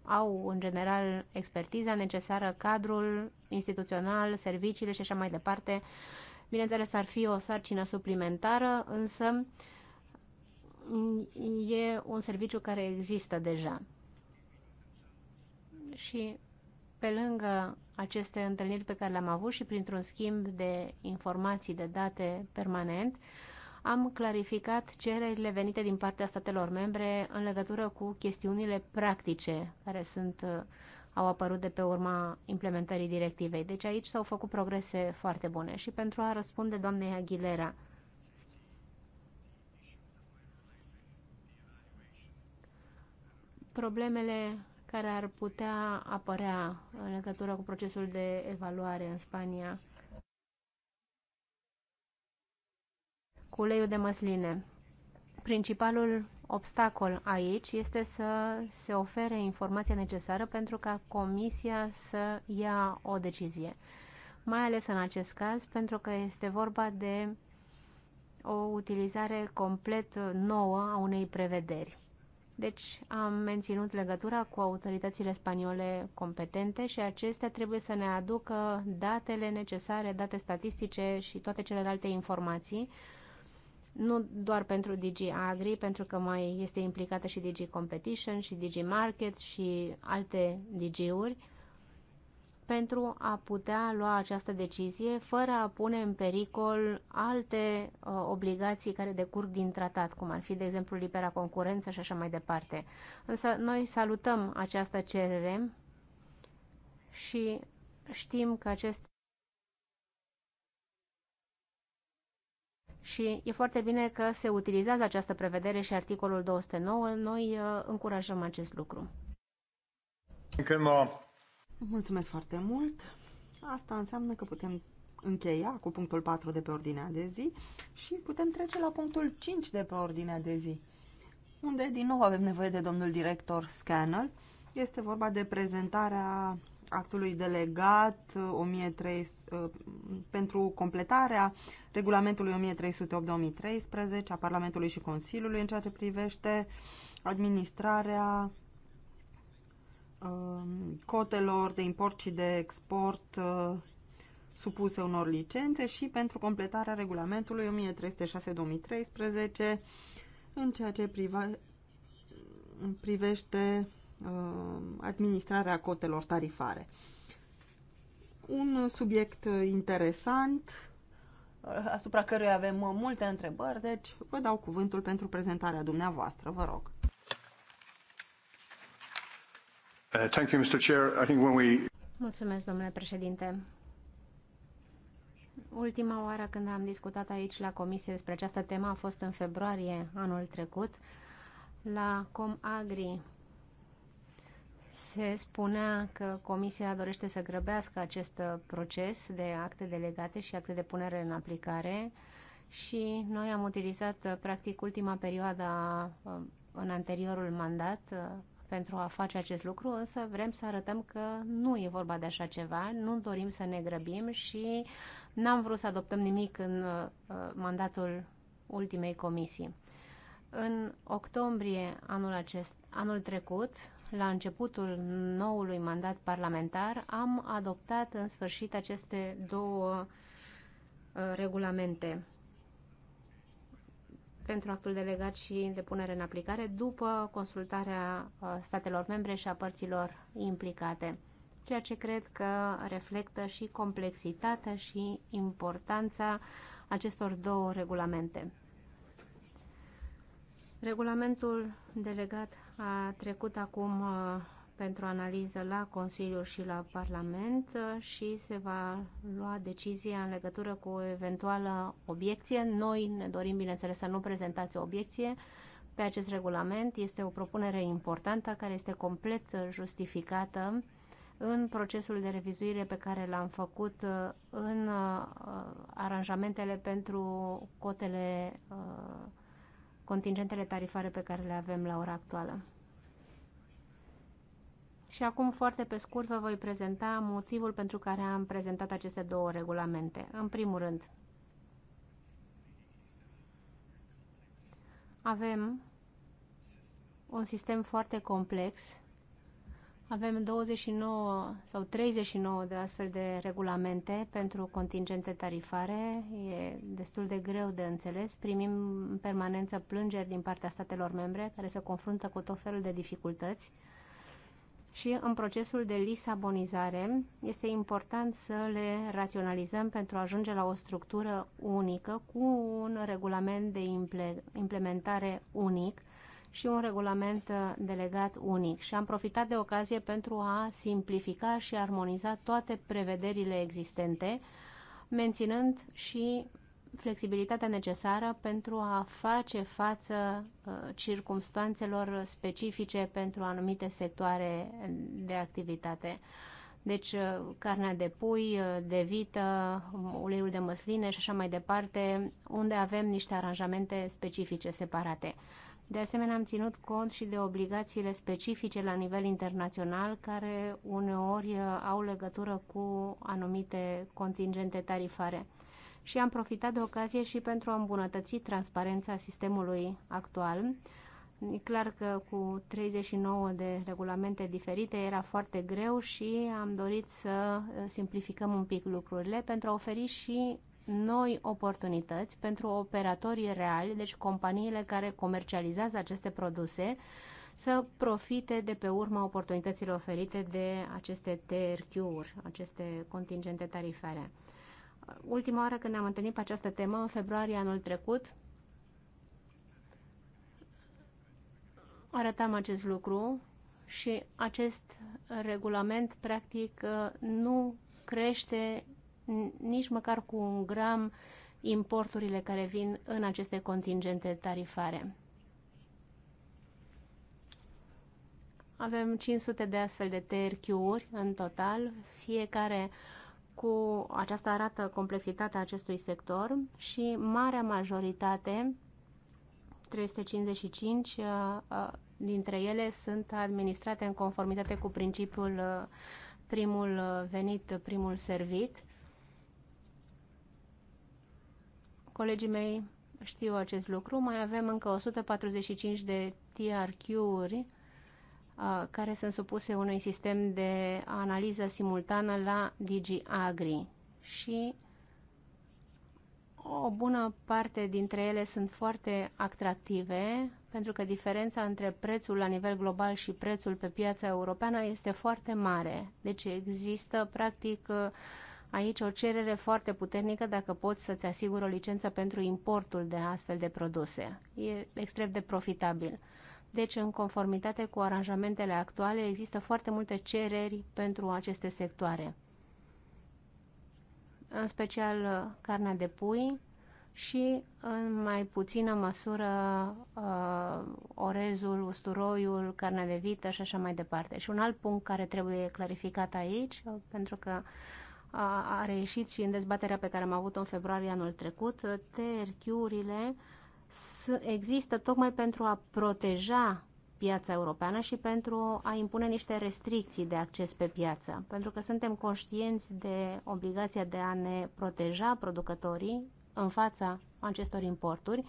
au, în general, expertiza necesară, cadrul instituțional, serviciile și așa mai departe. Bineînțeles, ar fi o sarcină suplimentară, însă e un serviciu care există deja și pe lângă aceste întâlniri pe care le-am avut și printr-un schimb de informații, de date permanent, am clarificat cererile venite din partea statelor membre în legătură cu chestiunile practice care sunt, uh, au apărut de pe urma implementării directivei. Deci aici s-au făcut progrese foarte bune. Și pentru a răspunde doamnei Aguilera, problemele care ar putea apărea în legătură cu procesul de evaluare în Spania cu uleiul de măsline. Principalul obstacol aici este să se ofere informația necesară pentru ca comisia să ia o decizie. Mai ales în acest caz, pentru că este vorba de o utilizare complet nouă a unei prevederi. Deci am menținut legătura cu autoritățile spaniole competente și acestea trebuie să ne aducă datele necesare, date statistice și toate celelalte informații, nu doar pentru Digi Agri, pentru că mai este implicată și Digi Competition și Digi Market și alte Digi-uri, pentru a putea lua această decizie fără a pune în pericol alte uh, obligații care decurg din tratat, cum ar fi, de exemplu, libera concurență și așa mai departe. Însă noi salutăm această cerere și știm că acest Și e foarte bine că se utilizează această prevedere și articolul 209. Noi uh, încurajăm acest lucru. Încă Mulțumesc foarte mult. Asta înseamnă că putem încheia cu punctul 4 de pe ordinea de zi și putem trece la punctul 5 de pe ordinea de zi, unde din nou avem nevoie de domnul director Scannel. Este vorba de prezentarea actului delegat 1300, uh, uh, pentru completarea regulamentului 1308-2013 a Parlamentului și Consiliului în ceea ce privește administrarea Um, cotelor de import și de export uh, supuse unor licențe și pentru completarea regulamentului 1306-2013 în ceea ce priva, privește um, administrarea cotelor tarifare. Un subiect interesant uh, asupra căruia avem multe întrebări, deci vă dau cuvântul pentru prezentarea dumneavoastră, vă rog. Uh, thank you, Mr. Chair. I think when we... Mulțumesc, domnule președinte. Ultima oară când am discutat aici la comisie despre această temă a fost în februarie anul trecut la ComAgri. Se spunea că Comisia dorește să grăbească acest proces de acte delegate și acte de punere în aplicare și noi am utilizat practic ultima perioadă în anteriorul mandat pentru a face acest lucru, însă vrem să arătăm că nu e vorba de așa ceva, nu dorim să ne grăbim și n-am vrut să adoptăm nimic în uh, mandatul ultimei comisii. În octombrie anul, acest, anul trecut, la începutul noului mandat parlamentar, am adoptat în sfârșit aceste două uh, regulamente pentru actul delegat și de punere în aplicare după consultarea uh, statelor membre și a părților implicate, ceea ce cred că reflectă și complexitatea și importanța acestor două regulamente. Regulamentul delegat a trecut acum uh, pentru analiză la Consiliu și la Parlament și se va lua decizia în legătură cu o eventuală obiecție. Noi ne dorim, bineînțeles, să nu prezentați o obiecție pe acest regulament. Este o propunere importantă care este complet justificată în procesul de revizuire pe care l-am făcut uh, în uh, aranjamentele pentru cotele, uh, contingentele tarifare pe care le avem la ora actuală. Și acum, foarte pe scurt, vă voi prezenta motivul pentru care am prezentat aceste două regulamente. În primul rând, avem un sistem foarte complex. Avem 29 sau 39 de astfel de regulamente pentru contingente tarifare. E destul de greu de înțeles. Primim în permanență plângeri din partea statelor membre care se confruntă cu tot felul de dificultăți și în procesul de lisabonizare este important să le raționalizăm pentru a ajunge la o structură unică cu un regulament de implementare unic și un regulament uh, delegat unic. Și am profitat de ocazie pentru a simplifica și armoniza toate prevederile existente, menținând și flexibilitatea necesară pentru a face față uh, circumstanțelor specifice pentru anumite sectoare de activitate. Deci, uh, carnea de pui, uh, de vită, uleiul de măsline și așa mai departe, unde avem niște aranjamente specifice separate. De asemenea, am ținut cont și de obligațiile specifice la nivel internațional, care uneori au legătură cu anumite contingente tarifare și am profitat de ocazie și pentru a îmbunătăți transparența sistemului actual. E clar că cu 39 de regulamente diferite era foarte greu și am dorit să simplificăm un pic lucrurile pentru a oferi și noi oportunități pentru operatorii reali, deci companiile care comercializează aceste produse, să profite de pe urma oportunităților oferite de aceste TRQ-uri, aceste contingente tarifare. Ultima oară când ne-am întâlnit pe această temă, în februarie anul trecut, arătam acest lucru și acest regulament, practic, nu crește nici măcar cu un gram importurile care vin în aceste contingente tarifare. Avem 500 de astfel de TRQ-uri în total, fiecare uh, cu aceasta arată complexitatea acestui sector și marea majoritate, 355 uh, uh, dintre ele sunt administrate în conformitate cu principiul uh, primul venit, primul servit. Colegii mei știu acest lucru. Mai avem încă 145 de TRQ-uri care sunt supuse unui sistem de analiză simultană la DigiAgri și o bună parte dintre ele sunt foarte atractive pentru că diferența între prețul la nivel global și prețul pe piața europeană este foarte mare. Deci există practic aici o cerere foarte puternică dacă poți să-ți asiguri o licență pentru importul de astfel de produse. E extrem de profitabil. Deci, în conformitate cu aranjamentele actuale, există foarte multe cereri pentru aceste sectoare, în special uh, carnea de pui și, în mai puțină măsură, uh, orezul, usturoiul, carnea de vită și așa mai departe. Și un alt punct care trebuie clarificat aici, uh, pentru că a reieșit și în dezbaterea pe care am avut-o în februarie anul trecut, TRQ-urile uh, există tocmai pentru a proteja piața europeană și pentru a impune niște restricții de acces pe piață, pentru că suntem conștienți de obligația de a ne proteja producătorii în fața acestor importuri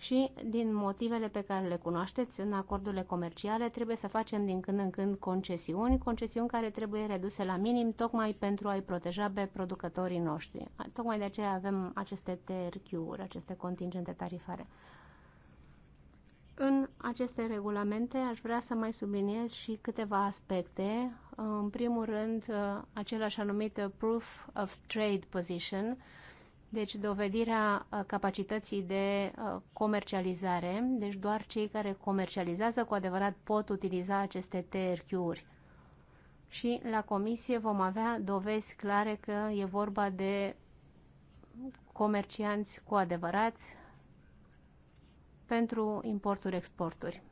și din motivele pe care le cunoașteți în acordurile comerciale trebuie să facem din când în când concesiuni, concesiuni care trebuie reduse la minim tocmai pentru a-i proteja pe producătorii noștri. Tocmai de aceea avem aceste TRQ-uri, aceste contingente tarifare. În aceste regulamente aș vrea să mai subliniez și câteva aspecte. În primul rând, același anumit Proof of Trade Position, deci dovedirea uh, capacității de uh, comercializare, deci doar cei care comercializează cu adevărat pot utiliza aceste TRQ-uri. Și la comisie vom avea dovezi clare că e vorba de comercianți cu adevărat pentru importuri-exporturi.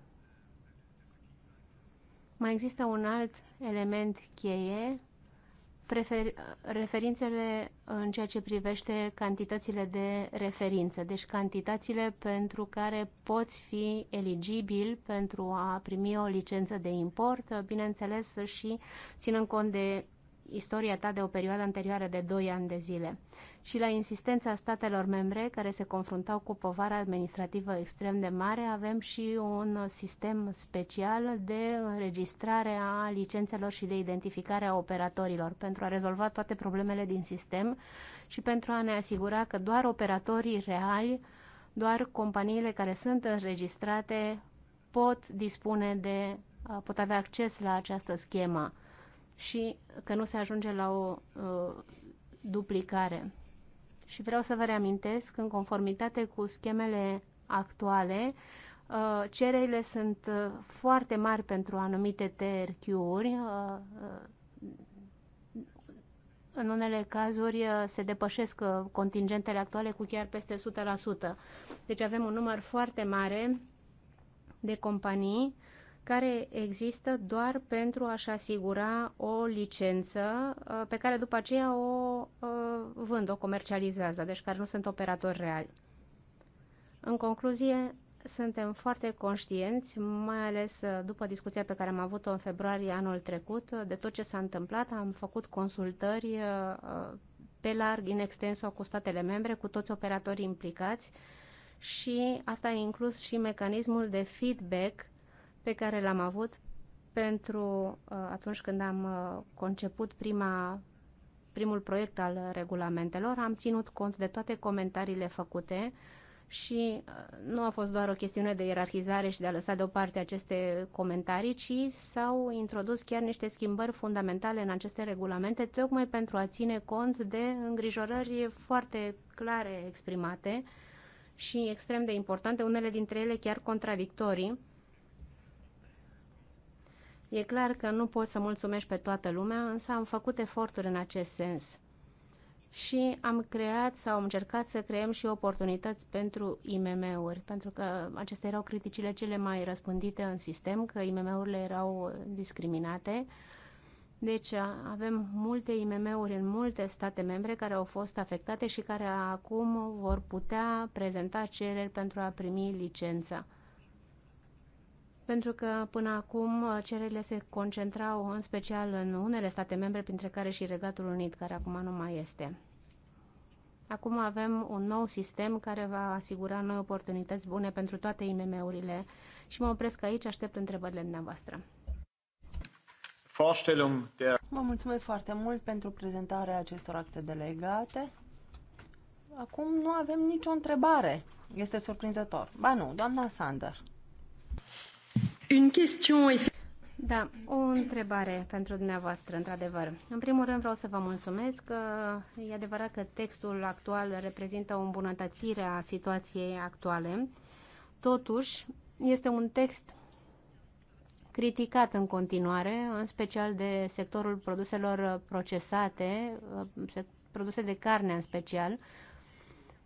Mai există un alt element cheie prefer, referințele în ceea ce privește cantitățile de referință, deci cantitățile pentru care poți fi eligibil pentru a primi o licență de import, bineînțeles și ținând cont de istoria ta de o perioadă anterioară de 2 ani de zile și la insistența statelor membre care se confruntau cu povara administrativă extrem de mare, avem și un sistem special de înregistrare a licențelor și de identificare a operatorilor pentru a rezolva toate problemele din sistem și pentru a ne asigura că doar operatorii reali, doar companiile care sunt înregistrate pot dispune de, pot avea acces la această schemă și că nu se ajunge la o uh, duplicare. Și vreau să vă reamintesc, în conformitate cu schemele actuale, uh, cererile sunt uh, foarte mari pentru anumite TRQ-uri. Uh, în unele cazuri se depășesc contingentele actuale cu chiar peste 100%. Deci avem un număr foarte mare de companii care există doar pentru a-și asigura o licență uh, pe care după aceea o uh, vând, o comercializează, deci care nu sunt operatori reali. În concluzie, suntem foarte conștienți, mai ales uh, după discuția pe care am avut-o în februarie anul trecut, de tot ce s-a întâmplat. Am făcut consultări pe larg, în extenso, cu statele membre, cu toți operatorii implicați și asta a inclus și mecanismul de feedback pe care l-am avut pentru uh, atunci când am uh, conceput prima, primul proiect al regulamentelor. Am ținut cont de toate comentariile făcute și uh, nu a fost doar o chestiune de ierarhizare și de a lăsa deoparte aceste comentarii, ci s-au introdus chiar niște schimbări fundamentale în aceste regulamente, tocmai pentru a ține cont de îngrijorări foarte clare exprimate și extrem de importante, unele dintre ele chiar contradictorii, E clar că nu pot să mulțumesc pe toată lumea, însă am făcut eforturi în acest sens. Și am creat sau am încercat să creăm și oportunități pentru IMM-uri, pentru că acestea erau criticile cele mai răspândite în sistem, că IMM-urile erau discriminate. Deci avem multe IMM-uri în multe state membre care au fost afectate și care acum vor putea prezenta cereri pentru a primi licența pentru că până acum uh, cererile se concentrau în special în unele state membre, printre care și Regatul Unit, care acum nu mai este. Acum avem un nou sistem care va asigura noi oportunități bune pentru toate IMM-urile și mă opresc aici, aștept întrebările dumneavoastră. Vă mulțumesc foarte mult pentru prezentarea acestor acte delegate. Acum nu avem nicio întrebare. Este surprinzător. Ba nu, doamna Sander. Une question da, o întrebare pentru dumneavoastră, într-adevăr. În primul rând vreau să vă mulțumesc. Că e adevărat că textul actual reprezintă o îmbunătățire a situației actuale. Totuși, este un text criticat în continuare, în special de sectorul produselor procesate, produse de carne în special,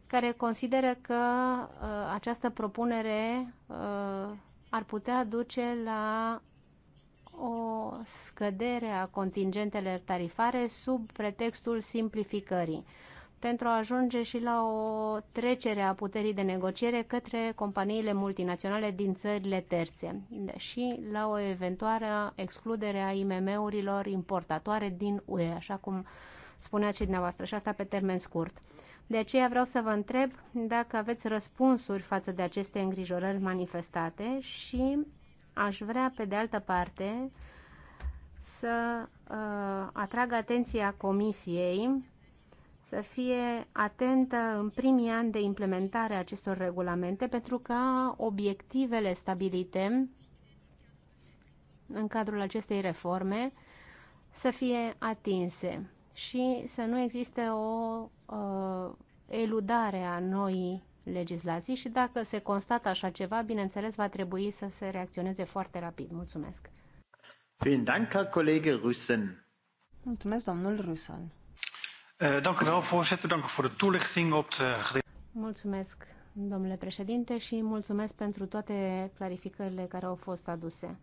care consideră că uh, această propunere uh, ar putea duce la o scădere a contingentelor tarifare sub pretextul simplificării pentru a ajunge și la o trecere a puterii de negociere către companiile multinaționale din țările terțe și la o eventuală excludere a IMM-urilor importatoare din UE, așa cum spuneați și dumneavoastră, și asta pe termen scurt. De aceea vreau să vă întreb dacă aveți răspunsuri față de aceste îngrijorări manifestate și aș vrea, pe de altă parte, să uh, atrag atenția Comisiei să fie atentă în primii ani de implementare a acestor regulamente pentru ca obiectivele stabilite în cadrul acestei reforme să fie atinse și să nu existe o uh, eludare a noii legislații și dacă se constată așa ceva, bineînțeles, va trebui să se reacționeze foarte rapid. Mulțumesc! Vielen Dank, Herr Kollege Rüssen. Mulțumesc, domnul Rusan. Eh, dank u wel, voorzitter. Dank u voor de toelichting op de... Mulțumesc, domnule președinte, și mulțumesc pentru toate clarificările care au fost aduse.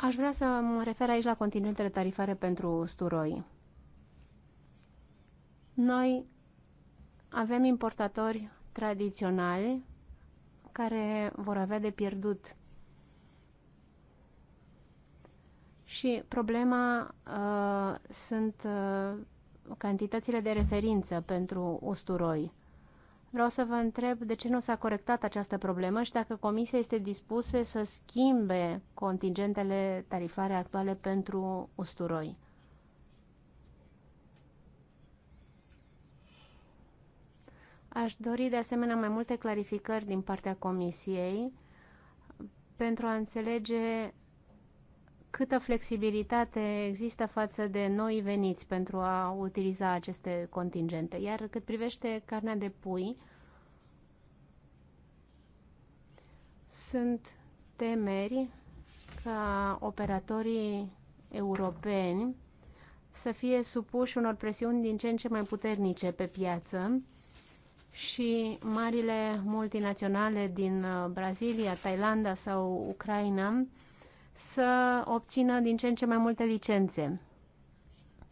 Aș vrea să mă refer aici la continentele tarifare pentru usturoi. Noi avem importatori tradiționali care vor avea de pierdut. Și problema uh, sunt uh, cantitățile de referință pentru usturoi. Vreau să vă întreb de ce nu s-a corectat această problemă și dacă Comisia este dispusă să schimbe contingentele tarifare actuale pentru usturoi. Aș dori de asemenea mai multe clarificări din partea Comisiei pentru a înțelege câtă flexibilitate există față de noi veniți pentru a utiliza aceste contingente. Iar cât privește carnea de pui, sunt temeri ca operatorii europeni să fie supuși unor presiuni din ce în ce mai puternice pe piață și marile multinaționale din uh, Brazilia, Thailanda sau Ucraina să obțină din ce în ce mai multe licențe.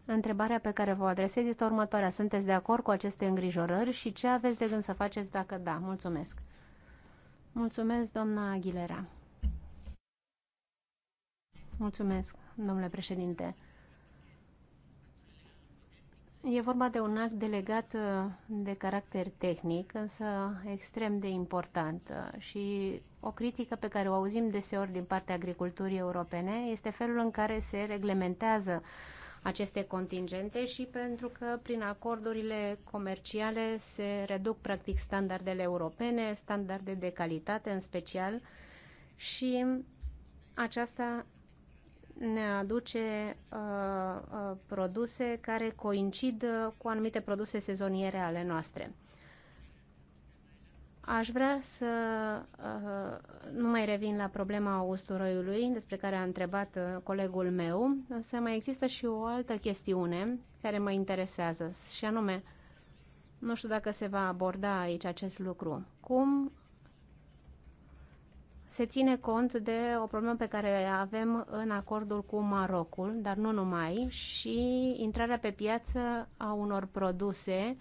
Întrebarea pe care vă o adresez este următoarea. Sunteți de acord cu aceste îngrijorări și ce aveți de gând să faceți dacă da? Mulțumesc. Mulțumesc, doamna Aguilera. Mulțumesc, domnule președinte. E vorba de un act delegat uh, de caracter tehnic, însă extrem de important uh, și o critică pe care o auzim deseori din partea agriculturii europene este felul în care se reglementează aceste contingente și pentru că prin acordurile comerciale se reduc practic standardele europene, standarde de calitate în special și aceasta ne aduce uh, uh, produse care coincid uh, cu anumite produse sezoniere ale noastre. Aș vrea să uh, nu mai revin la problema usturoiului, despre care a întrebat uh, colegul meu, însă mai există și o altă chestiune care mă interesează, și anume, nu știu dacă se va aborda aici acest lucru, cum se ține cont de o problemă pe care avem în acordul cu Marocul, dar nu numai, și intrarea pe piață a unor produse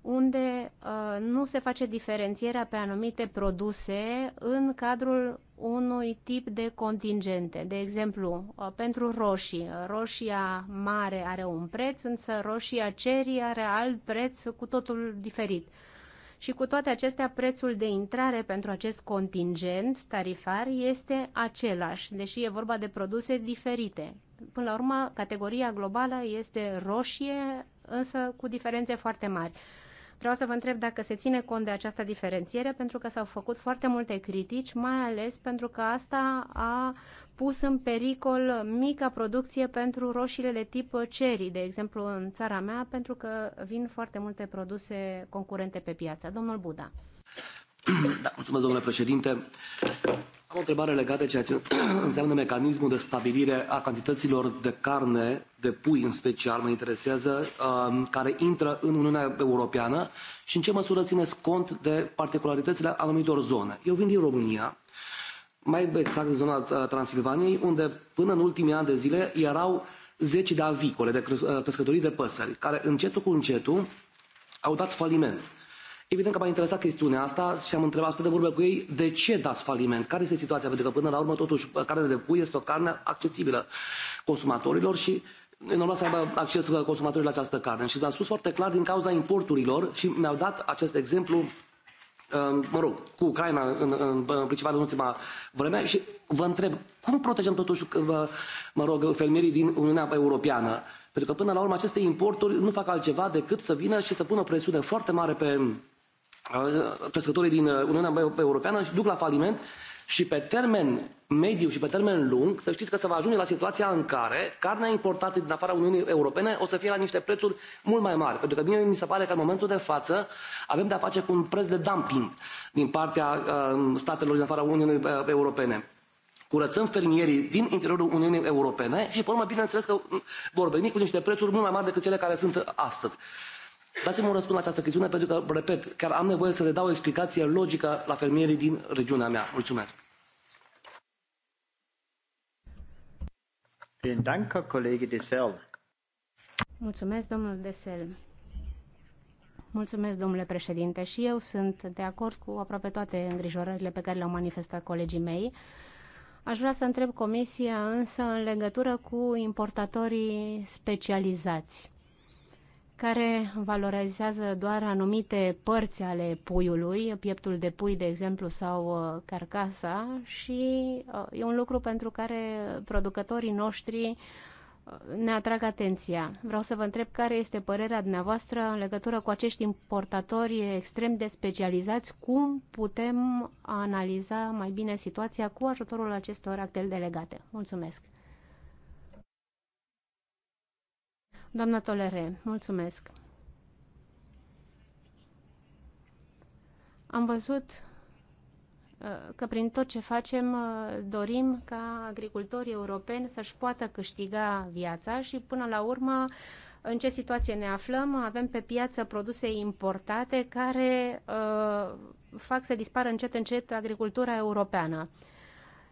unde uh, nu se face diferențierea pe anumite produse în cadrul unui tip de contingente. De exemplu, uh, pentru roșii, roșia mare are un preț, însă roșia cerii are alt preț cu totul diferit. Uh, și cu toate acestea, prețul de intrare pentru acest contingent tarifar este același, deși e vorba de produse diferite. Până la urmă, categoria globală este roșie, însă cu diferențe foarte mari. Vreau să vă întreb dacă se ține cont de această diferențiere, pentru că s-au făcut foarte multe critici, mai ales pentru că asta a pus în pericol mica producție pentru roșiile de tip cherry, de exemplu în țara mea, pentru că vin foarte multe produse concurente pe piață. Domnul Buda. Da, mulțumesc, domnule președinte. O întrebare legată de ceea ce înseamnă mecanismul de stabilire a cantităților de carne, de pui în special, mă interesează, um, care intră în Uniunea Europeană și în ce măsură țineți cont de particularitățile anumitor zone. Eu vin din România, mai exact din zona uh, Transilvaniei, unde până în ultimii ani de zile erau zeci de avicole, de uh, crescătorii de păsări, care încetul cu încetul au dat faliment. Evident că m-a interesat chestiunea asta și am întrebat, stând de vorbă cu ei, de ce dați faliment? Care este situația? Pentru că până la urmă, totuși, carnea de pui este o carne accesibilă consumatorilor și normal să aibă acces consumatorii la această carne. Și le-am spus foarte clar din cauza importurilor și mi-au dat acest exemplu um, mă rog, cu Ucraina în, în, în principal în ultima vreme și vă întreb, cum protejăm totuși, vă, mă rog, fermierii din Uniunea Europeană? Pentru că până la urmă aceste importuri nu fac altceva decât să vină și să pună presiune foarte mare pe crescătorii din uh, Uniunea Europeană duc la faliment și pe termen mediu și pe termen lung, să știți că se va ajunge la situația în care carnea importată din afara Uniunii Europene o să fie la niște prețuri mult mai mari. Pentru că mie mi se pare că în momentul de față avem de-a face cu un preț de dumping din partea uh, statelor din afara Uniunii uh, Europene curățăm fermierii din interiorul Uniunii Europene și, pe urmă, bineînțeles că mm, vor veni cu niște prețuri mult mai mari decât cele care sunt astăzi. Dați-mi un răspuns la această chestiune pentru că, repet, chiar am nevoie să le dau o explicație logică la fermierii din regiunea mea. Mulțumesc! Mulțumesc, domnul Desel. Mulțumesc, domnule președinte. Și eu sunt de acord cu aproape toate îngrijorările pe care le-au manifestat colegii mei. Aș vrea să întreb Comisia însă în legătură cu importatorii specializați care valorizează doar anumite părți ale puiului, pieptul de pui, de exemplu, sau uh, carcasa și uh, e un lucru pentru care producătorii noștri uh, ne atrag atenția. Vreau să vă întreb care este părerea dumneavoastră în legătură cu acești importatori extrem de specializați, cum putem analiza mai bine situația cu ajutorul acestor acte delegate. Mulțumesc! Doamna Tolere, mulțumesc. Am văzut uh, că prin tot ce facem uh, dorim ca agricultorii europeni să-și poată câștiga viața și până la urmă în ce situație ne aflăm. Avem pe piață produse importate care uh, fac să dispară încet încet agricultura europeană. Uh,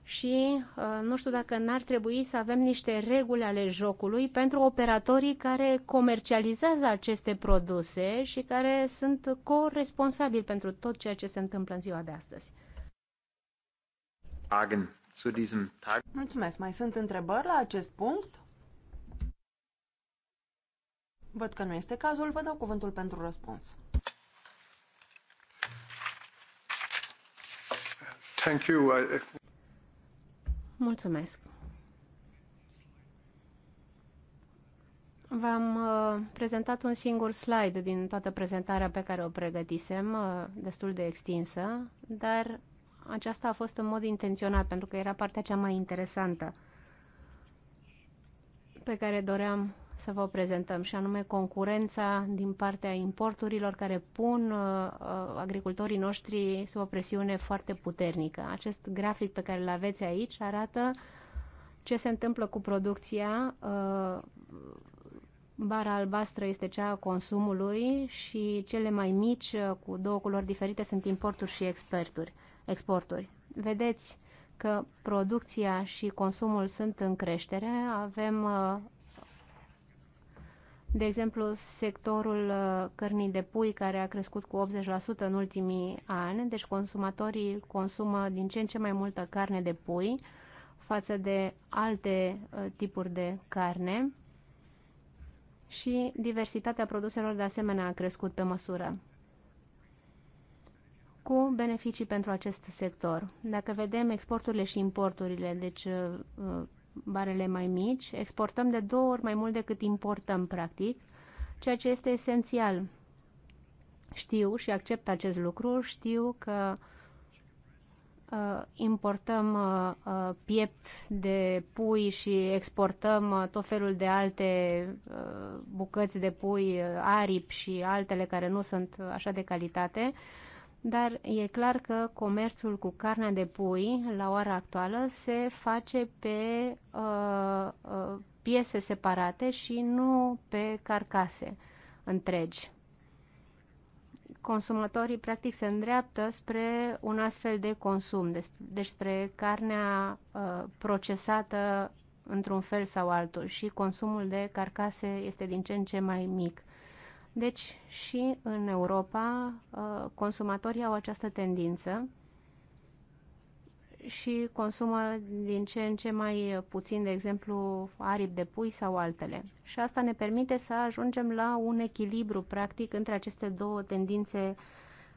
și uh, nu știu dacă n-ar trebui să avem niște reguli ale jocului pentru operatorii care comercializează aceste produse și care sunt corresponsabili pentru tot ceea ce se întâmplă în ziua de astăzi. Mulțumesc. Mai sunt întrebări la acest punct? Văd că nu este cazul, vă dau cuvântul pentru răspuns. Thank you. Mulțumesc! V-am uh, prezentat un singur slide din toată prezentarea pe care o pregătisem, uh, destul de extinsă, dar aceasta a fost în mod intenționat, pentru că era partea cea mai interesantă pe care doream să vă prezentăm, și anume concurența din partea importurilor care pun uh, uh, agricultorii noștri sub o presiune foarte puternică. Acest grafic pe care îl aveți aici arată ce se întâmplă cu producția. Uh, bara albastră este cea a consumului și cele mai mici, uh, cu două culori diferite, sunt importuri și experturi, exporturi. Vedeți că producția și consumul sunt în creștere. Avem uh, de exemplu, sectorul uh, cărnii de pui, care a crescut cu 80% în ultimii ani, deci consumatorii consumă din ce în ce mai multă carne de pui față de alte uh, tipuri de carne și diversitatea produselor de asemenea a crescut pe măsură cu beneficii pentru acest sector. Dacă vedem exporturile și importurile, deci uh, barele mai mici, exportăm de două ori mai mult decât importăm, practic, ceea ce este esențial. Știu și accept acest lucru, știu că uh, importăm uh, uh piept de pui și exportăm uh, tot felul de alte uh, bucăți de pui, uh, aripi și altele care nu sunt uh, așa de calitate, uh, dar e clar că comerțul cu carnea de pui la ora actuală se face pe uh, uh, piese separate și nu pe carcase întregi. Consumatorii practic se îndreaptă spre un astfel de consum, deci spre carnea uh, procesată într-un fel sau altul și consumul de carcase este din ce în ce mai mic. Deci și în Europa uh, consumatorii au această tendință și consumă din ce în ce mai puțin, de exemplu, aripi de pui sau altele. Și asta ne permite să ajungem la un echilibru, practic, între aceste două tendințe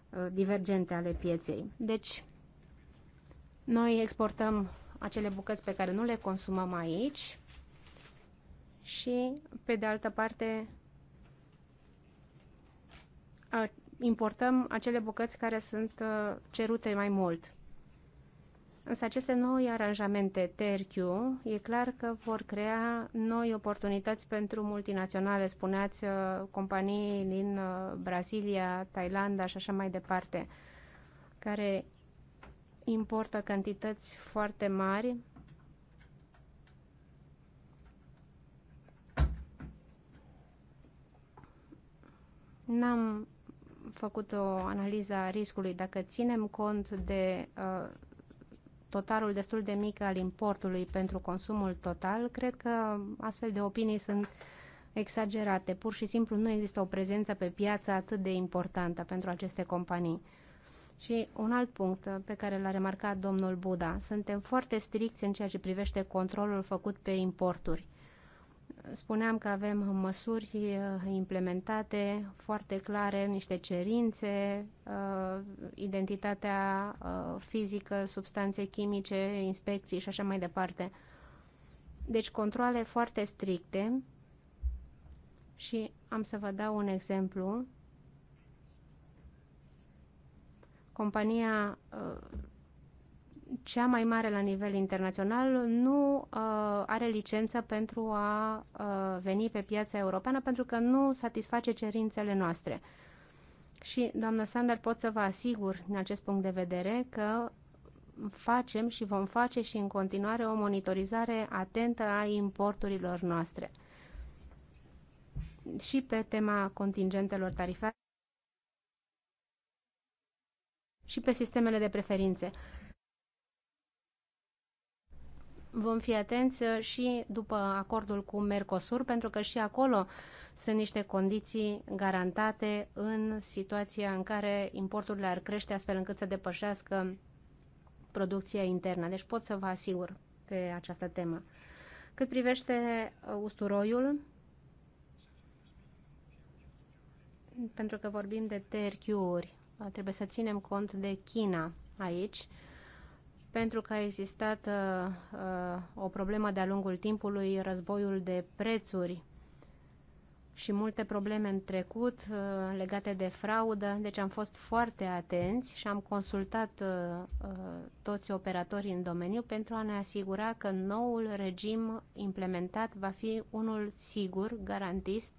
uh, divergente ale pieței. Deci, noi exportăm acele bucăți pe care nu le consumăm aici și, pe de altă parte, importăm acele bucăți care sunt uh, cerute mai mult. Însă aceste noi aranjamente TRQ e clar că vor crea noi oportunități pentru multinaționale, spuneați uh, companii din uh, Brazilia, Thailanda și așa mai departe, care importă cantități foarte mari N-am făcut o analiză a riscului. Dacă ținem cont de uh, totalul destul de mic al importului pentru consumul total, cred că astfel de opinii sunt exagerate. Pur și simplu nu există o prezență pe piață atât de importantă pentru aceste companii. Și un alt punct uh, pe care l-a remarcat domnul Buda, suntem foarte stricți în ceea ce privește controlul făcut pe importuri. Spuneam că avem măsuri uh, implementate foarte clare, niște cerințe, uh, identitatea uh, fizică, substanțe chimice, inspecții și așa mai departe. Deci controle foarte stricte și am să vă dau un exemplu. Compania cea mai mare la nivel internațional, nu uh, are licență pentru a uh, veni pe piața europeană pentru că nu satisface cerințele noastre. Și, doamnă Sander, pot să vă asigur în acest punct de vedere că facem și vom face și în continuare o monitorizare atentă a importurilor noastre. Și pe tema contingentelor tarifare și pe sistemele de preferințe vom fi atenți și după acordul cu Mercosur, pentru că și acolo sunt niște condiții garantate în situația în care importurile ar crește astfel încât să depășească producția internă. Deci pot să vă asigur pe această temă. Cât privește usturoiul, pentru că vorbim de TRQ-uri, trebuie să ținem cont de China aici pentru că a existat uh, uh, o problemă de-a lungul timpului, războiul de prețuri și multe probleme în trecut uh, legate de fraudă, deci am fost foarte atenți și am consultat uh, uh toți operatorii în domeniu pentru a ne asigura că noul regim implementat va fi unul sigur, garantist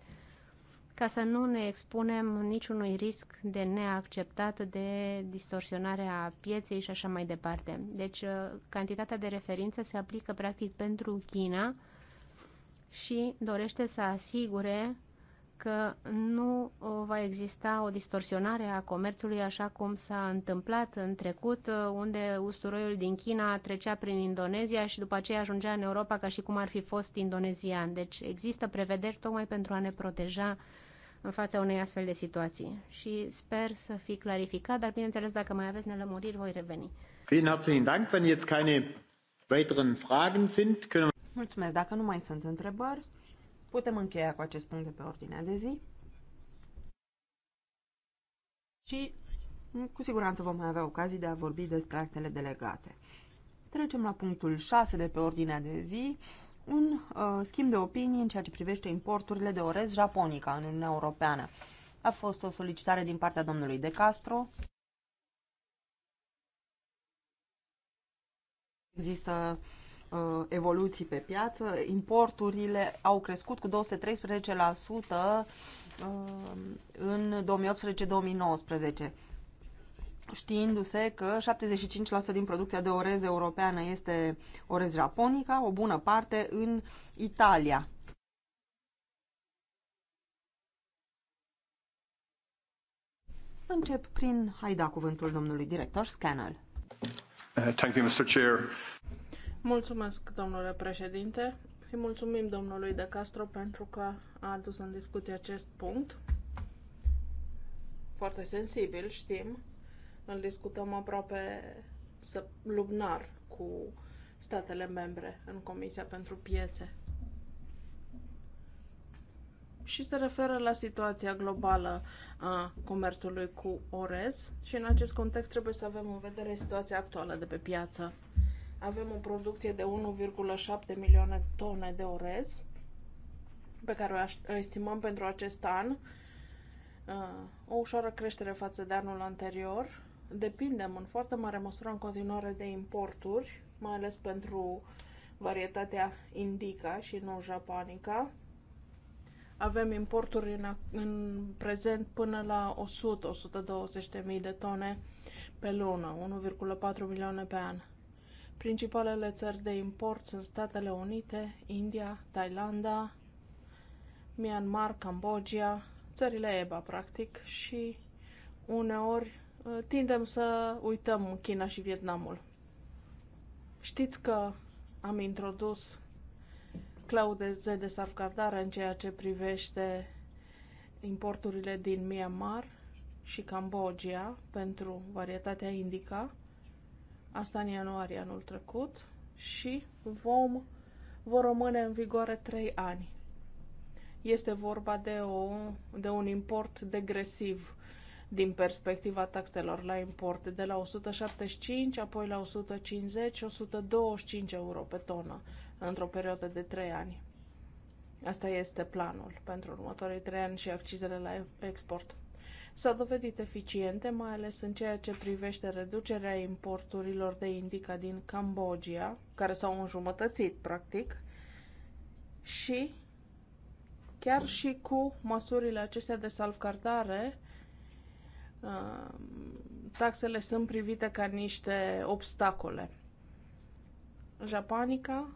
ca să nu ne expunem niciunui risc de neacceptat, de distorsionare a pieței și așa mai departe. Deci, uh, cantitatea de referință se aplică practic pentru China și dorește să asigure că nu uh, va exista o distorsionare a comerțului așa cum s-a întâmplat în trecut, uh, unde usturoiul din China trecea prin Indonezia și după aceea ajungea în Europa ca și cum ar fi fost indonezian. Deci există prevederi tocmai pentru a ne proteja uh, în fața unei astfel de situații. Și sper să fi clarificat, dar bineînțeles dacă mai aveți nelămuriri voi reveni. Vielen herzlichen Dank. Wenn jetzt keine weiteren Fragen sind, können Mulțumesc. Dacă nu mai sunt întrebări, putem încheia cu acest punct de pe ordinea de zi. Și mm, cu siguranță vom mai avea ocazii de a vorbi despre actele delegate. Trecem la punctul 6 de pe ordinea de zi, un uh, schimb de opinii în ceea ce privește importurile de orez japonica în Uniunea Europeană. A fost o solicitare din partea domnului De Castro. Există uh, evoluții pe piață. Importurile au crescut cu 213% uh, în 2018-2019 știindu-se că 75% din producția de orez europeană este orez japonica, o bună parte în Italia. Încep prin a-i da cuvântul domnului director Scannell. Uh, thank you, Mr. Chair. Mulțumesc, domnule președinte. și mulțumim domnului De Castro pentru că a adus în discuție acest punct. Foarte sensibil, știm îl discutăm aproape să, lubnar cu statele membre în Comisia pentru Piețe. Și se referă la situația globală a comerțului cu orez și în acest context trebuie să avem în vedere situația actuală de pe piață. Avem o producție de 1,7 milioane tone de orez pe care o estimăm pentru acest an, uh, o ușoară creștere față de anul anterior, depindem în foarte mare măsură în continuare de importuri, mai ales pentru varietatea indica și nu japonica. Avem importuri în, în prezent până la 100 120000 de de tone pe lună, 1,4 milioane pe an. Principalele țări de import sunt Statele Unite, India, Thailanda, Myanmar, Cambodgia, țările EBA, practic, și uneori Uh, tindem să uităm China și Vietnamul. Știți că am introdus Z de salvgardare în ceea ce privește importurile din Myanmar și Cambodgia pentru varietatea Indica, asta în ianuarie anul trecut, și vom, vor rămâne în vigoare 3 ani. Este vorba de, o, de un import degresiv din perspectiva taxelor la import, de la 175, apoi la 150 125 euro pe tonă într-o perioadă de 3 ani. Asta este planul pentru următorii 3 ani și accizele la export. S-a dovedit eficiente, mai ales în ceea ce privește reducerea importurilor de indica din Cambodgia, care s-au înjumătățit, practic, și chiar și cu măsurile acestea de salvgardare, Ehm, taxele sunt privite ca niște obstacole. Japanica,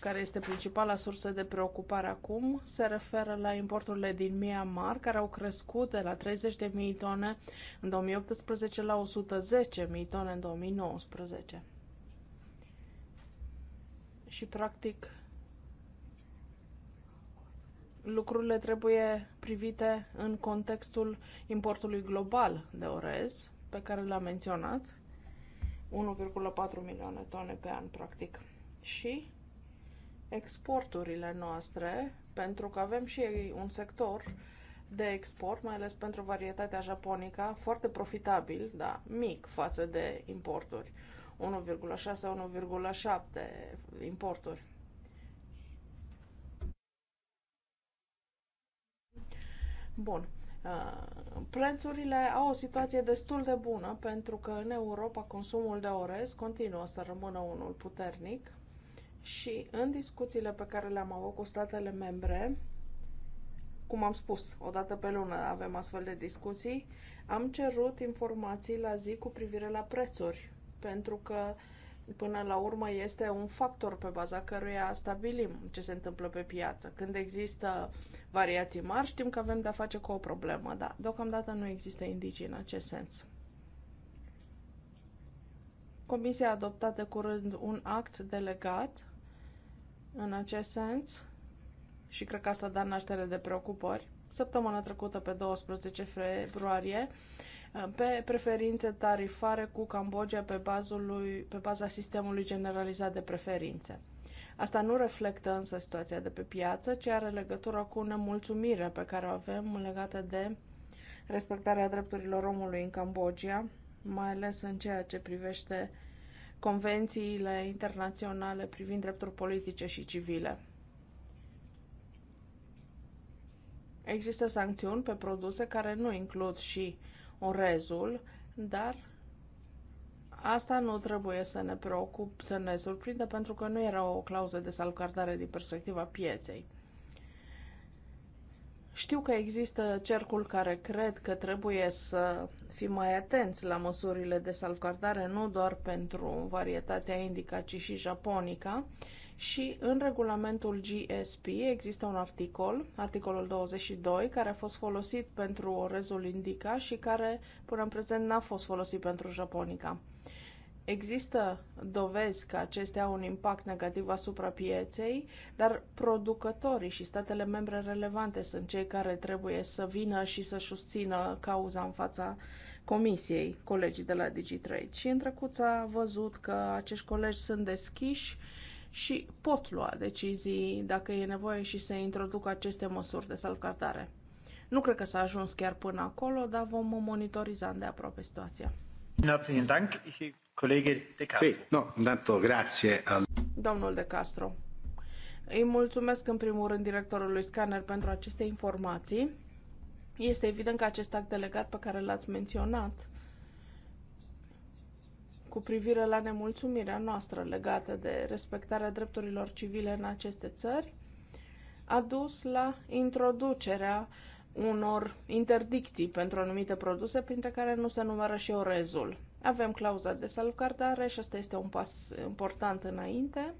care este principala sursă de preocupare acum, se referă la importurile din Myanmar, care au crescut de la 30.000 tone în 2018 la 110.000 tone în 2019. Și, practic, lucrurile trebuie privite în contextul importului global de orez, pe care l-am menționat, 1,4 milioane tone pe an, practic, și exporturile noastre, pentru că avem și un sector de export, mai ales pentru varietatea japonică, foarte profitabil, dar mic față de importuri. 1,6-1,7 importuri Bun. Uh, prețurile au o situație destul de bună pentru că în Europa consumul de orez continuă să rămână unul puternic și în discuțiile pe care le-am avut cu statele membre, cum am spus, o dată pe lună avem astfel de discuții, am cerut informații la zi cu privire la prețuri, pentru că până la urmă este un factor pe baza căruia stabilim ce se întâmplă pe piață. Când există uh, variații mari, știm că avem de-a face cu o problemă, dar deocamdată nu există indicii în acest sens. Comisia a adoptat de curând un act delegat în acest sens și cred că asta a dat naștere de preocupări. Săptămâna trecută, pe 12 februarie, pe preferințe tarifare cu Cambodgia pe, lui, pe baza sistemului generalizat de preferințe. Asta nu reflectă însă situația de pe piață, ci are legătură cu nemulțumirea pe care o avem legată de respectarea drepturilor omului în Cambodgia, mai ales în ceea ce privește convențiile internaționale privind drepturi politice și civile. Există sancțiuni pe produse care nu includ și orezul, dar Asta nu trebuie să ne preocup, să ne surprindă, pentru că nu era o clauză de salvgardare din perspectiva pieței. Știu că există cercul care cred că trebuie să fim mai atenți la măsurile de salvgardare, nu doar pentru varietatea indica, ci și japonica. Și în regulamentul GSP există un articol, articolul 22, care a fost folosit pentru orezul indica și care până în prezent n-a fost folosit pentru japonica. Există dovezi că acestea au un impact negativ asupra pieței, dar producătorii și statele membre relevante sunt cei care trebuie să vină și să susțină cauza în fața comisiei, colegii de la DigiTrade. Și în trecut s-a văzut că acești colegi sunt deschiși și pot lua decizii dacă e nevoie și să introducă aceste măsuri de salvgardare. Nu cred că s-a ajuns chiar până acolo, dar vom monitoriza de aproape situația. Herzlichen Dank. Colegii De Castro. Sì, no, intanto grazie al... Domnul De Castro. Îi mulțumesc în primul rând directorului Scanner pentru aceste informații. Este evident că acest act delegat pe care l-ați menționat cu privire la nemulțumirea noastră legată de respectarea drepturilor civile în aceste țări a dus la introducerea unor interdicții pentru anumite produse, printre care nu se numără și orezul. Avem clauza de salvgardare și asta este un pas important înainte.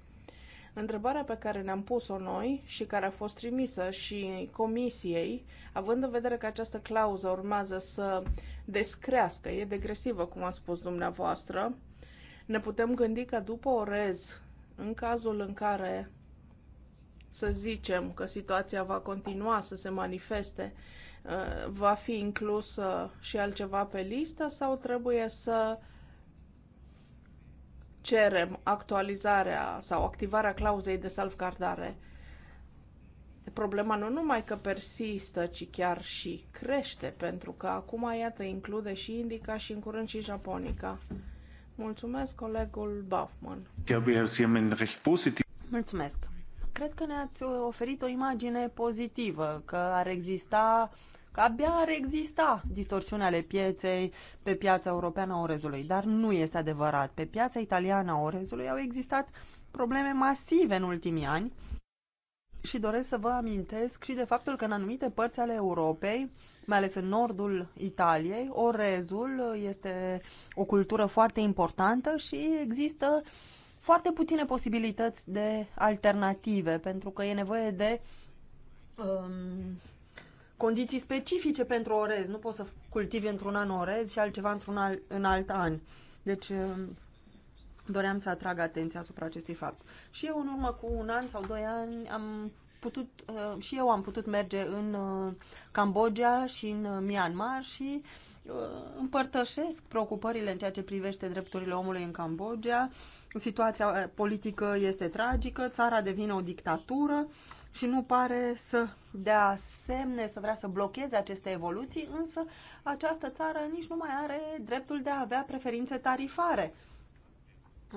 Întrebarea pe care ne-am pus-o noi și care a fost trimisă și comisiei, având în vedere că această clauză urmează să descrească, e degresivă, cum a spus dumneavoastră, ne putem gândi că după orez, în cazul în care să zicem că situația va continua să se manifeste Eh, va fi inclusă eh, și altceva pe listă sau trebuie să cerem actualizarea sau activarea clauzei de salvgardare? Problema nu numai că persistă, ci chiar și crește, pentru că acum, iată, include și indica și în curând și japonica. Mulțumesc, colegul Bafman. Mulțumesc. Cred că ne-ați oferit o imagine pozitivă, că ar exista că abia ar exista distorsiunea ale pieței pe piața europeană a orezului, dar nu este adevărat. Pe piața italiană a orezului au existat probleme masive în ultimii ani și doresc să vă amintesc și de faptul că în anumite părți ale Europei, mai ales în nordul Italiei, orezul este o cultură foarte importantă și există foarte puține posibilități de alternative, pentru că e nevoie de um, condiții specifice pentru orez. Nu poți să cultivi într-un an orez și altceva într-un al, în alt an. Deci um, doream să atrag atenția asupra acestui fapt. Și eu în urmă cu un an sau doi ani am putut, uh, și eu am putut merge în uh, Cambodgia și în uh, Myanmar și împărtășesc preocupările în ceea ce privește drepturile omului în Cambodgia. Situația politică este tragică, țara devine o dictatură și nu pare să dea semne să vrea să blocheze aceste evoluții, însă această țară nici nu mai are dreptul de a avea preferințe tarifare.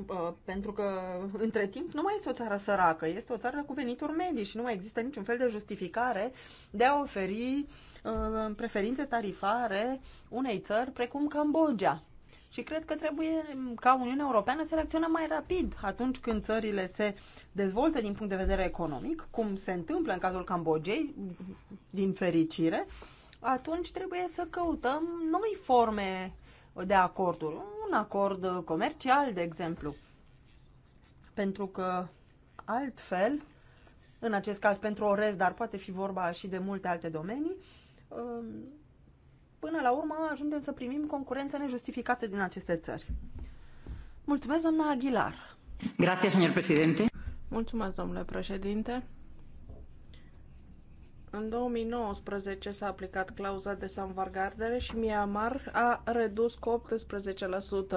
Uh, pentru că, între timp, nu mai este o țară săracă, este o țară cu venituri medii și nu mai există niciun fel de justificare de a oferi uh, preferințe tarifare unei țări precum Cambodgia și cred că trebuie ca Uniunea Europeană să reacționă mai rapid atunci când țările se dezvoltă din punct de vedere economic, cum se întâmplă în cazul Cambodgiei, din fericire, atunci trebuie să căutăm noi forme de acorduri. Un acord comercial, de exemplu. Pentru că altfel, în acest caz pentru orez, dar poate fi vorba și de multe alte domenii, um, până la urmă ajungem să primim concurență nejustificată din aceste țări. Mulțumesc, doamna Aguilar. Grație, domnule președinte. Mulțumesc, domnule președinte. În 2019 s-a aplicat clauza de salvagardere și Myanmar a redus cu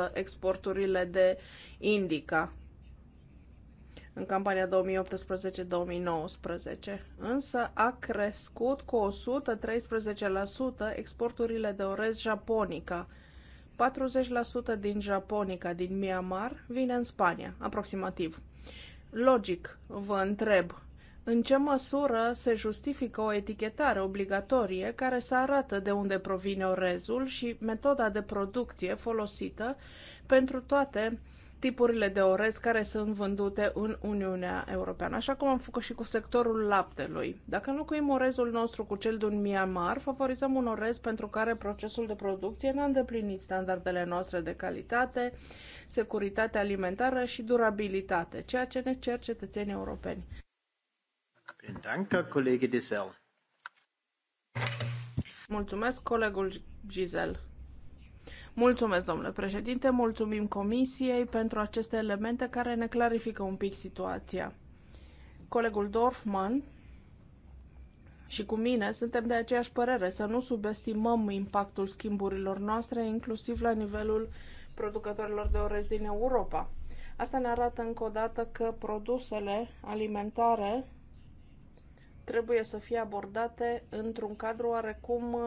18% exporturile de indica în campania 2018-2019, însă a crescut cu 113% exporturile de orez japonica. 40% din japonica din Myanmar vine în Spania, aproximativ. Logic, vă întreb, în ce măsură se justifică o etichetare obligatorie care să arată de unde provine orezul și metoda de producție folosită pentru toate tipurile de orez care sunt vândute în Uniunea Europeană, așa cum am făcut și cu sectorul laptelui. Dacă nu cuim orezul nostru cu cel din Myanmar, favorizăm un orez pentru care procesul de producție n-a îndeplinit standardele noastre de calitate, securitate alimentară și durabilitate, ceea ce ne cer cetățenii europeni. Mulțumesc, colegul Gisel. Mulțumesc, domnule președinte, mulțumim Comisiei pentru aceste elemente care ne clarifică un pic situația. Colegul Dorfman și cu mine suntem de aceeași părere să nu subestimăm impactul schimburilor noastre, inclusiv la nivelul producătorilor de orez din Europa. Asta ne arată încă o dată că produsele alimentare trebuie să fie abordate într-un cadru oarecum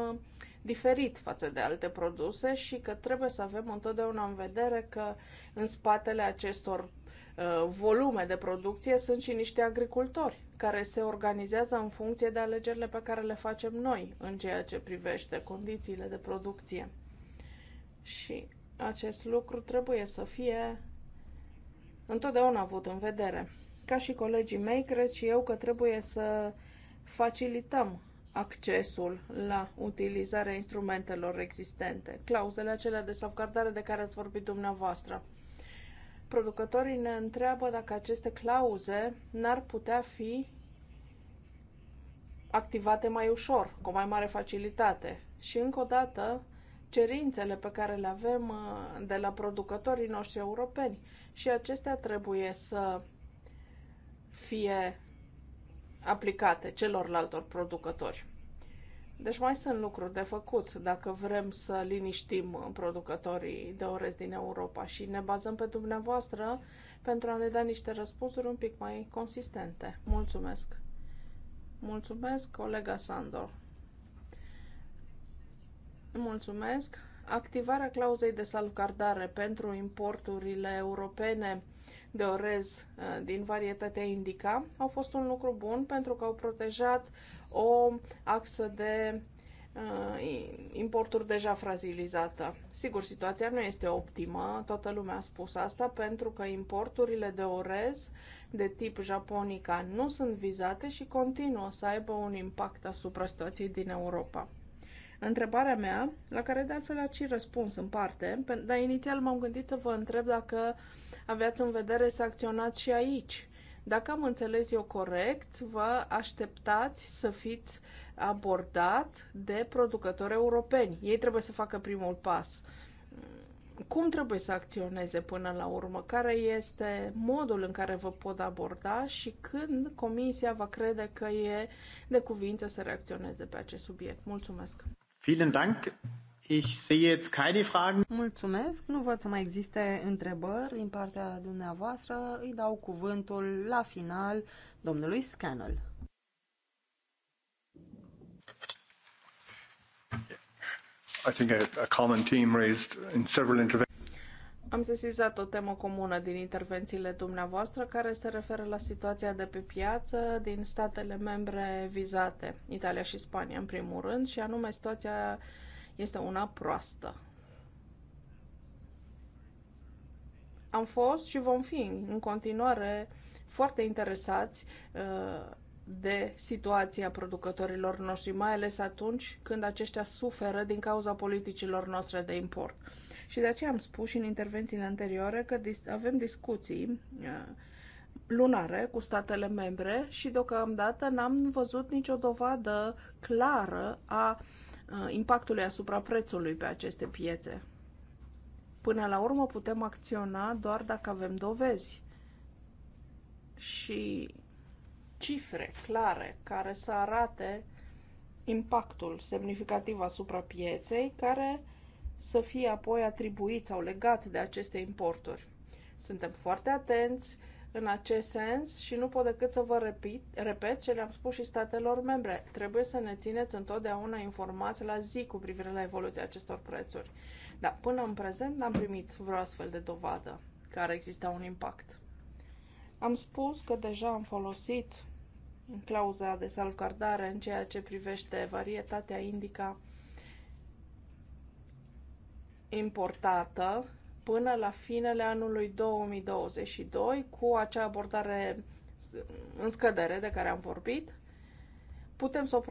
diferit față de alte produse și că trebuie să avem întotdeauna în vedere că în spatele acestor uh, volume de producție sunt și niște agricultori care se organizează în funcție de alegerile pe care le facem noi în ceea ce privește condițiile de producție. Și acest lucru trebuie să fie întotdeauna avut în vedere. Ca și colegii mei, cred și eu că trebuie să facilităm accesul la utilizarea instrumentelor existente, clauzele acelea de salvgardare de care ați vorbit dumneavoastră. Producătorii ne întreabă dacă aceste clauze n-ar putea fi activate mai ușor, cu o mai mare facilitate. Și încă o dată, cerințele pe care le avem uh, de la producătorii noștri europeni și acestea trebuie să fie aplicate celorlaltor producători. Deci mai sunt lucruri de făcut dacă vrem să liniștim producătorii de orez din Europa și ne bazăm pe dumneavoastră pentru a ne da niște răspunsuri un pic mai consistente. Mulțumesc! Mulțumesc, colega Sandor! Mulțumesc! Activarea clauzei de salvgardare pentru importurile europene de orez uh, din varietatea indica au fost un lucru bun pentru că au protejat o axă de uh, importuri deja frazilizată. Sigur, situația nu este optimă, toată lumea a spus asta, pentru că importurile de orez de tip japonica nu sunt vizate și continuă să aibă un impact asupra situației din Europa. Întrebarea mea, la care de altfel ați și răspuns în parte, dar inițial m-am gândit să vă întreb dacă uh, aveați în vedere să acționați și aici. Dacă am înțeles eu corect, vă așteptați să fiți abordat de producători europeni. Ei trebuie să facă primul pas. Cum trebuie să acționeze până la urmă? Care este modul în care vă pot aborda și când Comisia va crede că e de cuvință să reacționeze pe acest subiect? Mulțumesc! Vielen Dank! Ich sehe jetzt keine Fragen. Mulțumesc, nu văd să mai existe întrebări din partea dumneavoastră. Îi dau cuvântul la final domnului Scannel. I think a, a common team raised in several Am sesizat o temă comună din intervențiile dumneavoastră care se referă la situația de pe piață din statele membre vizate, Italia și Spania în primul rând, și anume situația uh, este una proastă. Am fost și vom fi în continuare foarte interesați uh, de situația producătorilor noștri, mai ales atunci când aceștia suferă din cauza politicilor noastre de import. Și de aceea am spus și în intervențiile anterioare că avem discuții uh, lunare cu statele membre și deocamdată n-am văzut nicio dovadă clară a uh, Uh, impactului asupra prețului pe aceste piețe. Până la urmă putem acționa doar dacă avem dovezi și cifre clare care să arate impactul semnificativ asupra pieței, care să fie apoi atribuit sau legat de aceste importuri. Suntem foarte atenți în acest sens și nu pot decât să vă repet, repet ce le-am spus și statelor membre. Trebuie să ne țineți întotdeauna informați la zi cu privire la evoluția acestor prețuri. Dar până în prezent n-am primit vreo astfel de dovadă care exista un impact. Am spus că deja am folosit clauza de salvgardare în ceea ce privește varietatea indica importată până la finele anului 2022 cu acea abordare în scădere de care am vorbit. Putem să o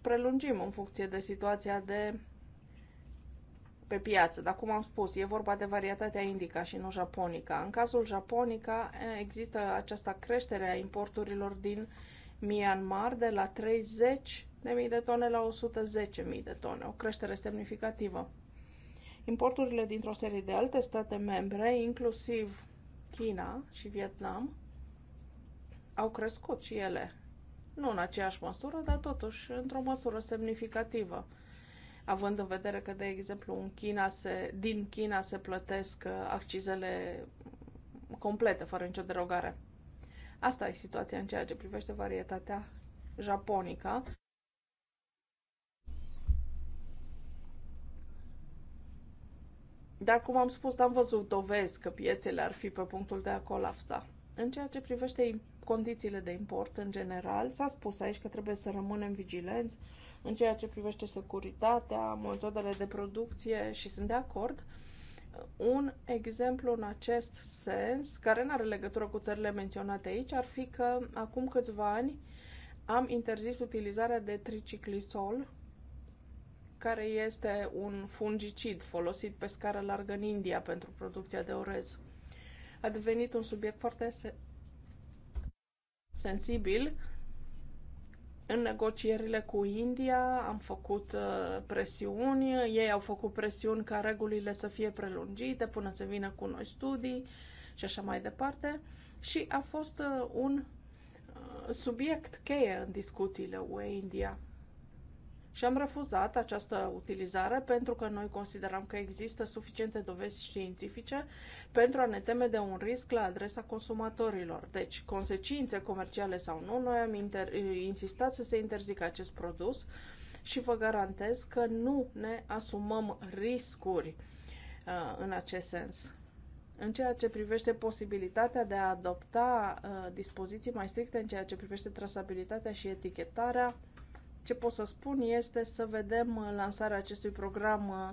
prelungim în funcție de situația de pe piață, dar cum am spus, e vorba de varietatea indica și nu japonica. În cazul japonica există această creștere a importurilor din Myanmar de la 30.000 de tone la 110.000 de tone, o creștere semnificativă. Importurile dintr-o serie de alte state membre, inclusiv China și Vietnam, au crescut și ele. Nu în aceeași măsură, dar totuși într-o măsură semnificativă având în vedere că, de exemplu, în China se, din China se plătesc uh, accizele complete, fără nicio derogare. Asta e situația în ceea ce privește varietatea japonică. Dar, cum am spus, n-am văzut dovezi că piețele ar fi pe punctul de a colapsa. În ceea ce privește condițiile de import în general, s-a spus aici că trebuie să rămânem vigilenți în ceea ce privește securitatea, metodele de producție și sunt de acord. Un exemplu în acest sens, care nu are legătură cu țările menționate aici, ar fi că acum câțiva ani am interzis utilizarea de triciclisol care este un fungicid folosit pe scară largă în India pentru producția de orez. A devenit un subiect foarte se- sensibil. În negocierile cu India am făcut uh, presiuni, ei au făcut presiuni ca regulile să fie prelungite până se vină cu noi studii și așa mai departe. Și a fost uh, un uh, subiect cheie în discuțiile UE-India. Și am refuzat această utilizare pentru că noi considerăm că există suficiente dovezi științifice pentru a ne teme de un risc la adresa consumatorilor. Deci, consecințe comerciale sau nu, noi am inter- insistat să se interzică acest produs și vă garantez că nu ne asumăm riscuri uh, în acest sens. În ceea ce privește posibilitatea de a adopta uh, dispoziții mai stricte în ceea ce privește trasabilitatea și etichetarea, ce pot să spun este să vedem uh, lansarea acestui program uh,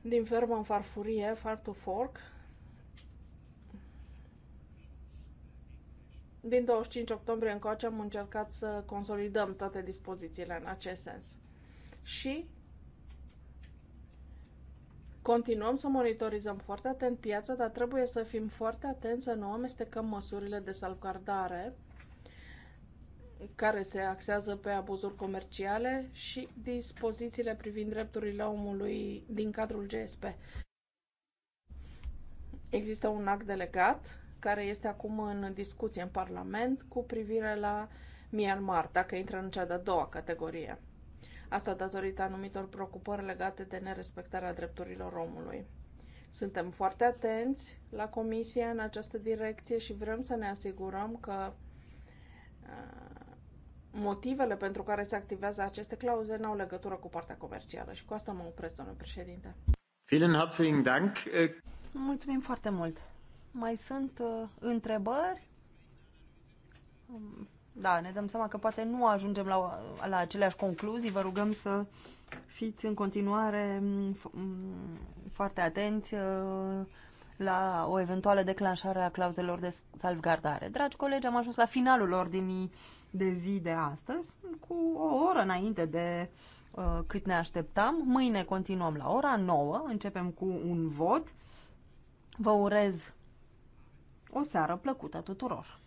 din fermă în farfurie, Farm to Fork, din 25 octombrie încoace am încercat să consolidăm toate dispozițiile în acest sens. Și continuăm să monitorizăm foarte atent piața, dar trebuie să fim foarte atenți să nu amestecăm măsurile de salvgardare care se axează pe abuzuri comerciale și dispozițiile privind drepturile omului din cadrul GSP. Există un act delegat care este acum în discuție în Parlament cu privire la Myanmar, dacă intră în cea de-a doua categorie. Asta datorită anumitor preocupări legate de nerespectarea drepturilor omului. Suntem foarte atenți la comisia în această direcție și vrem să ne asigurăm că uh, motivele pentru care se activează aceste clauze n-au legătură cu partea comercială și cu asta mă opresc, domnule președinte. Vielen herzlichen Dank. Mulțumim foarte mult. Mai sunt uh, întrebări? Da, ne dăm seama că poate nu ajungem la, la aceleași concluzii. Vă rugăm să fiți în continuare mm, mm, foarte atenți uh, la o eventuală declanșare a clauzelor de salvgardare. Dragi colegi, am ajuns la finalul ordinii de zi de astăzi, cu o oră înainte de uh, cât ne așteptam. Mâine continuăm la ora 9, începem cu un vot. Vă urez o seară plăcută tuturor!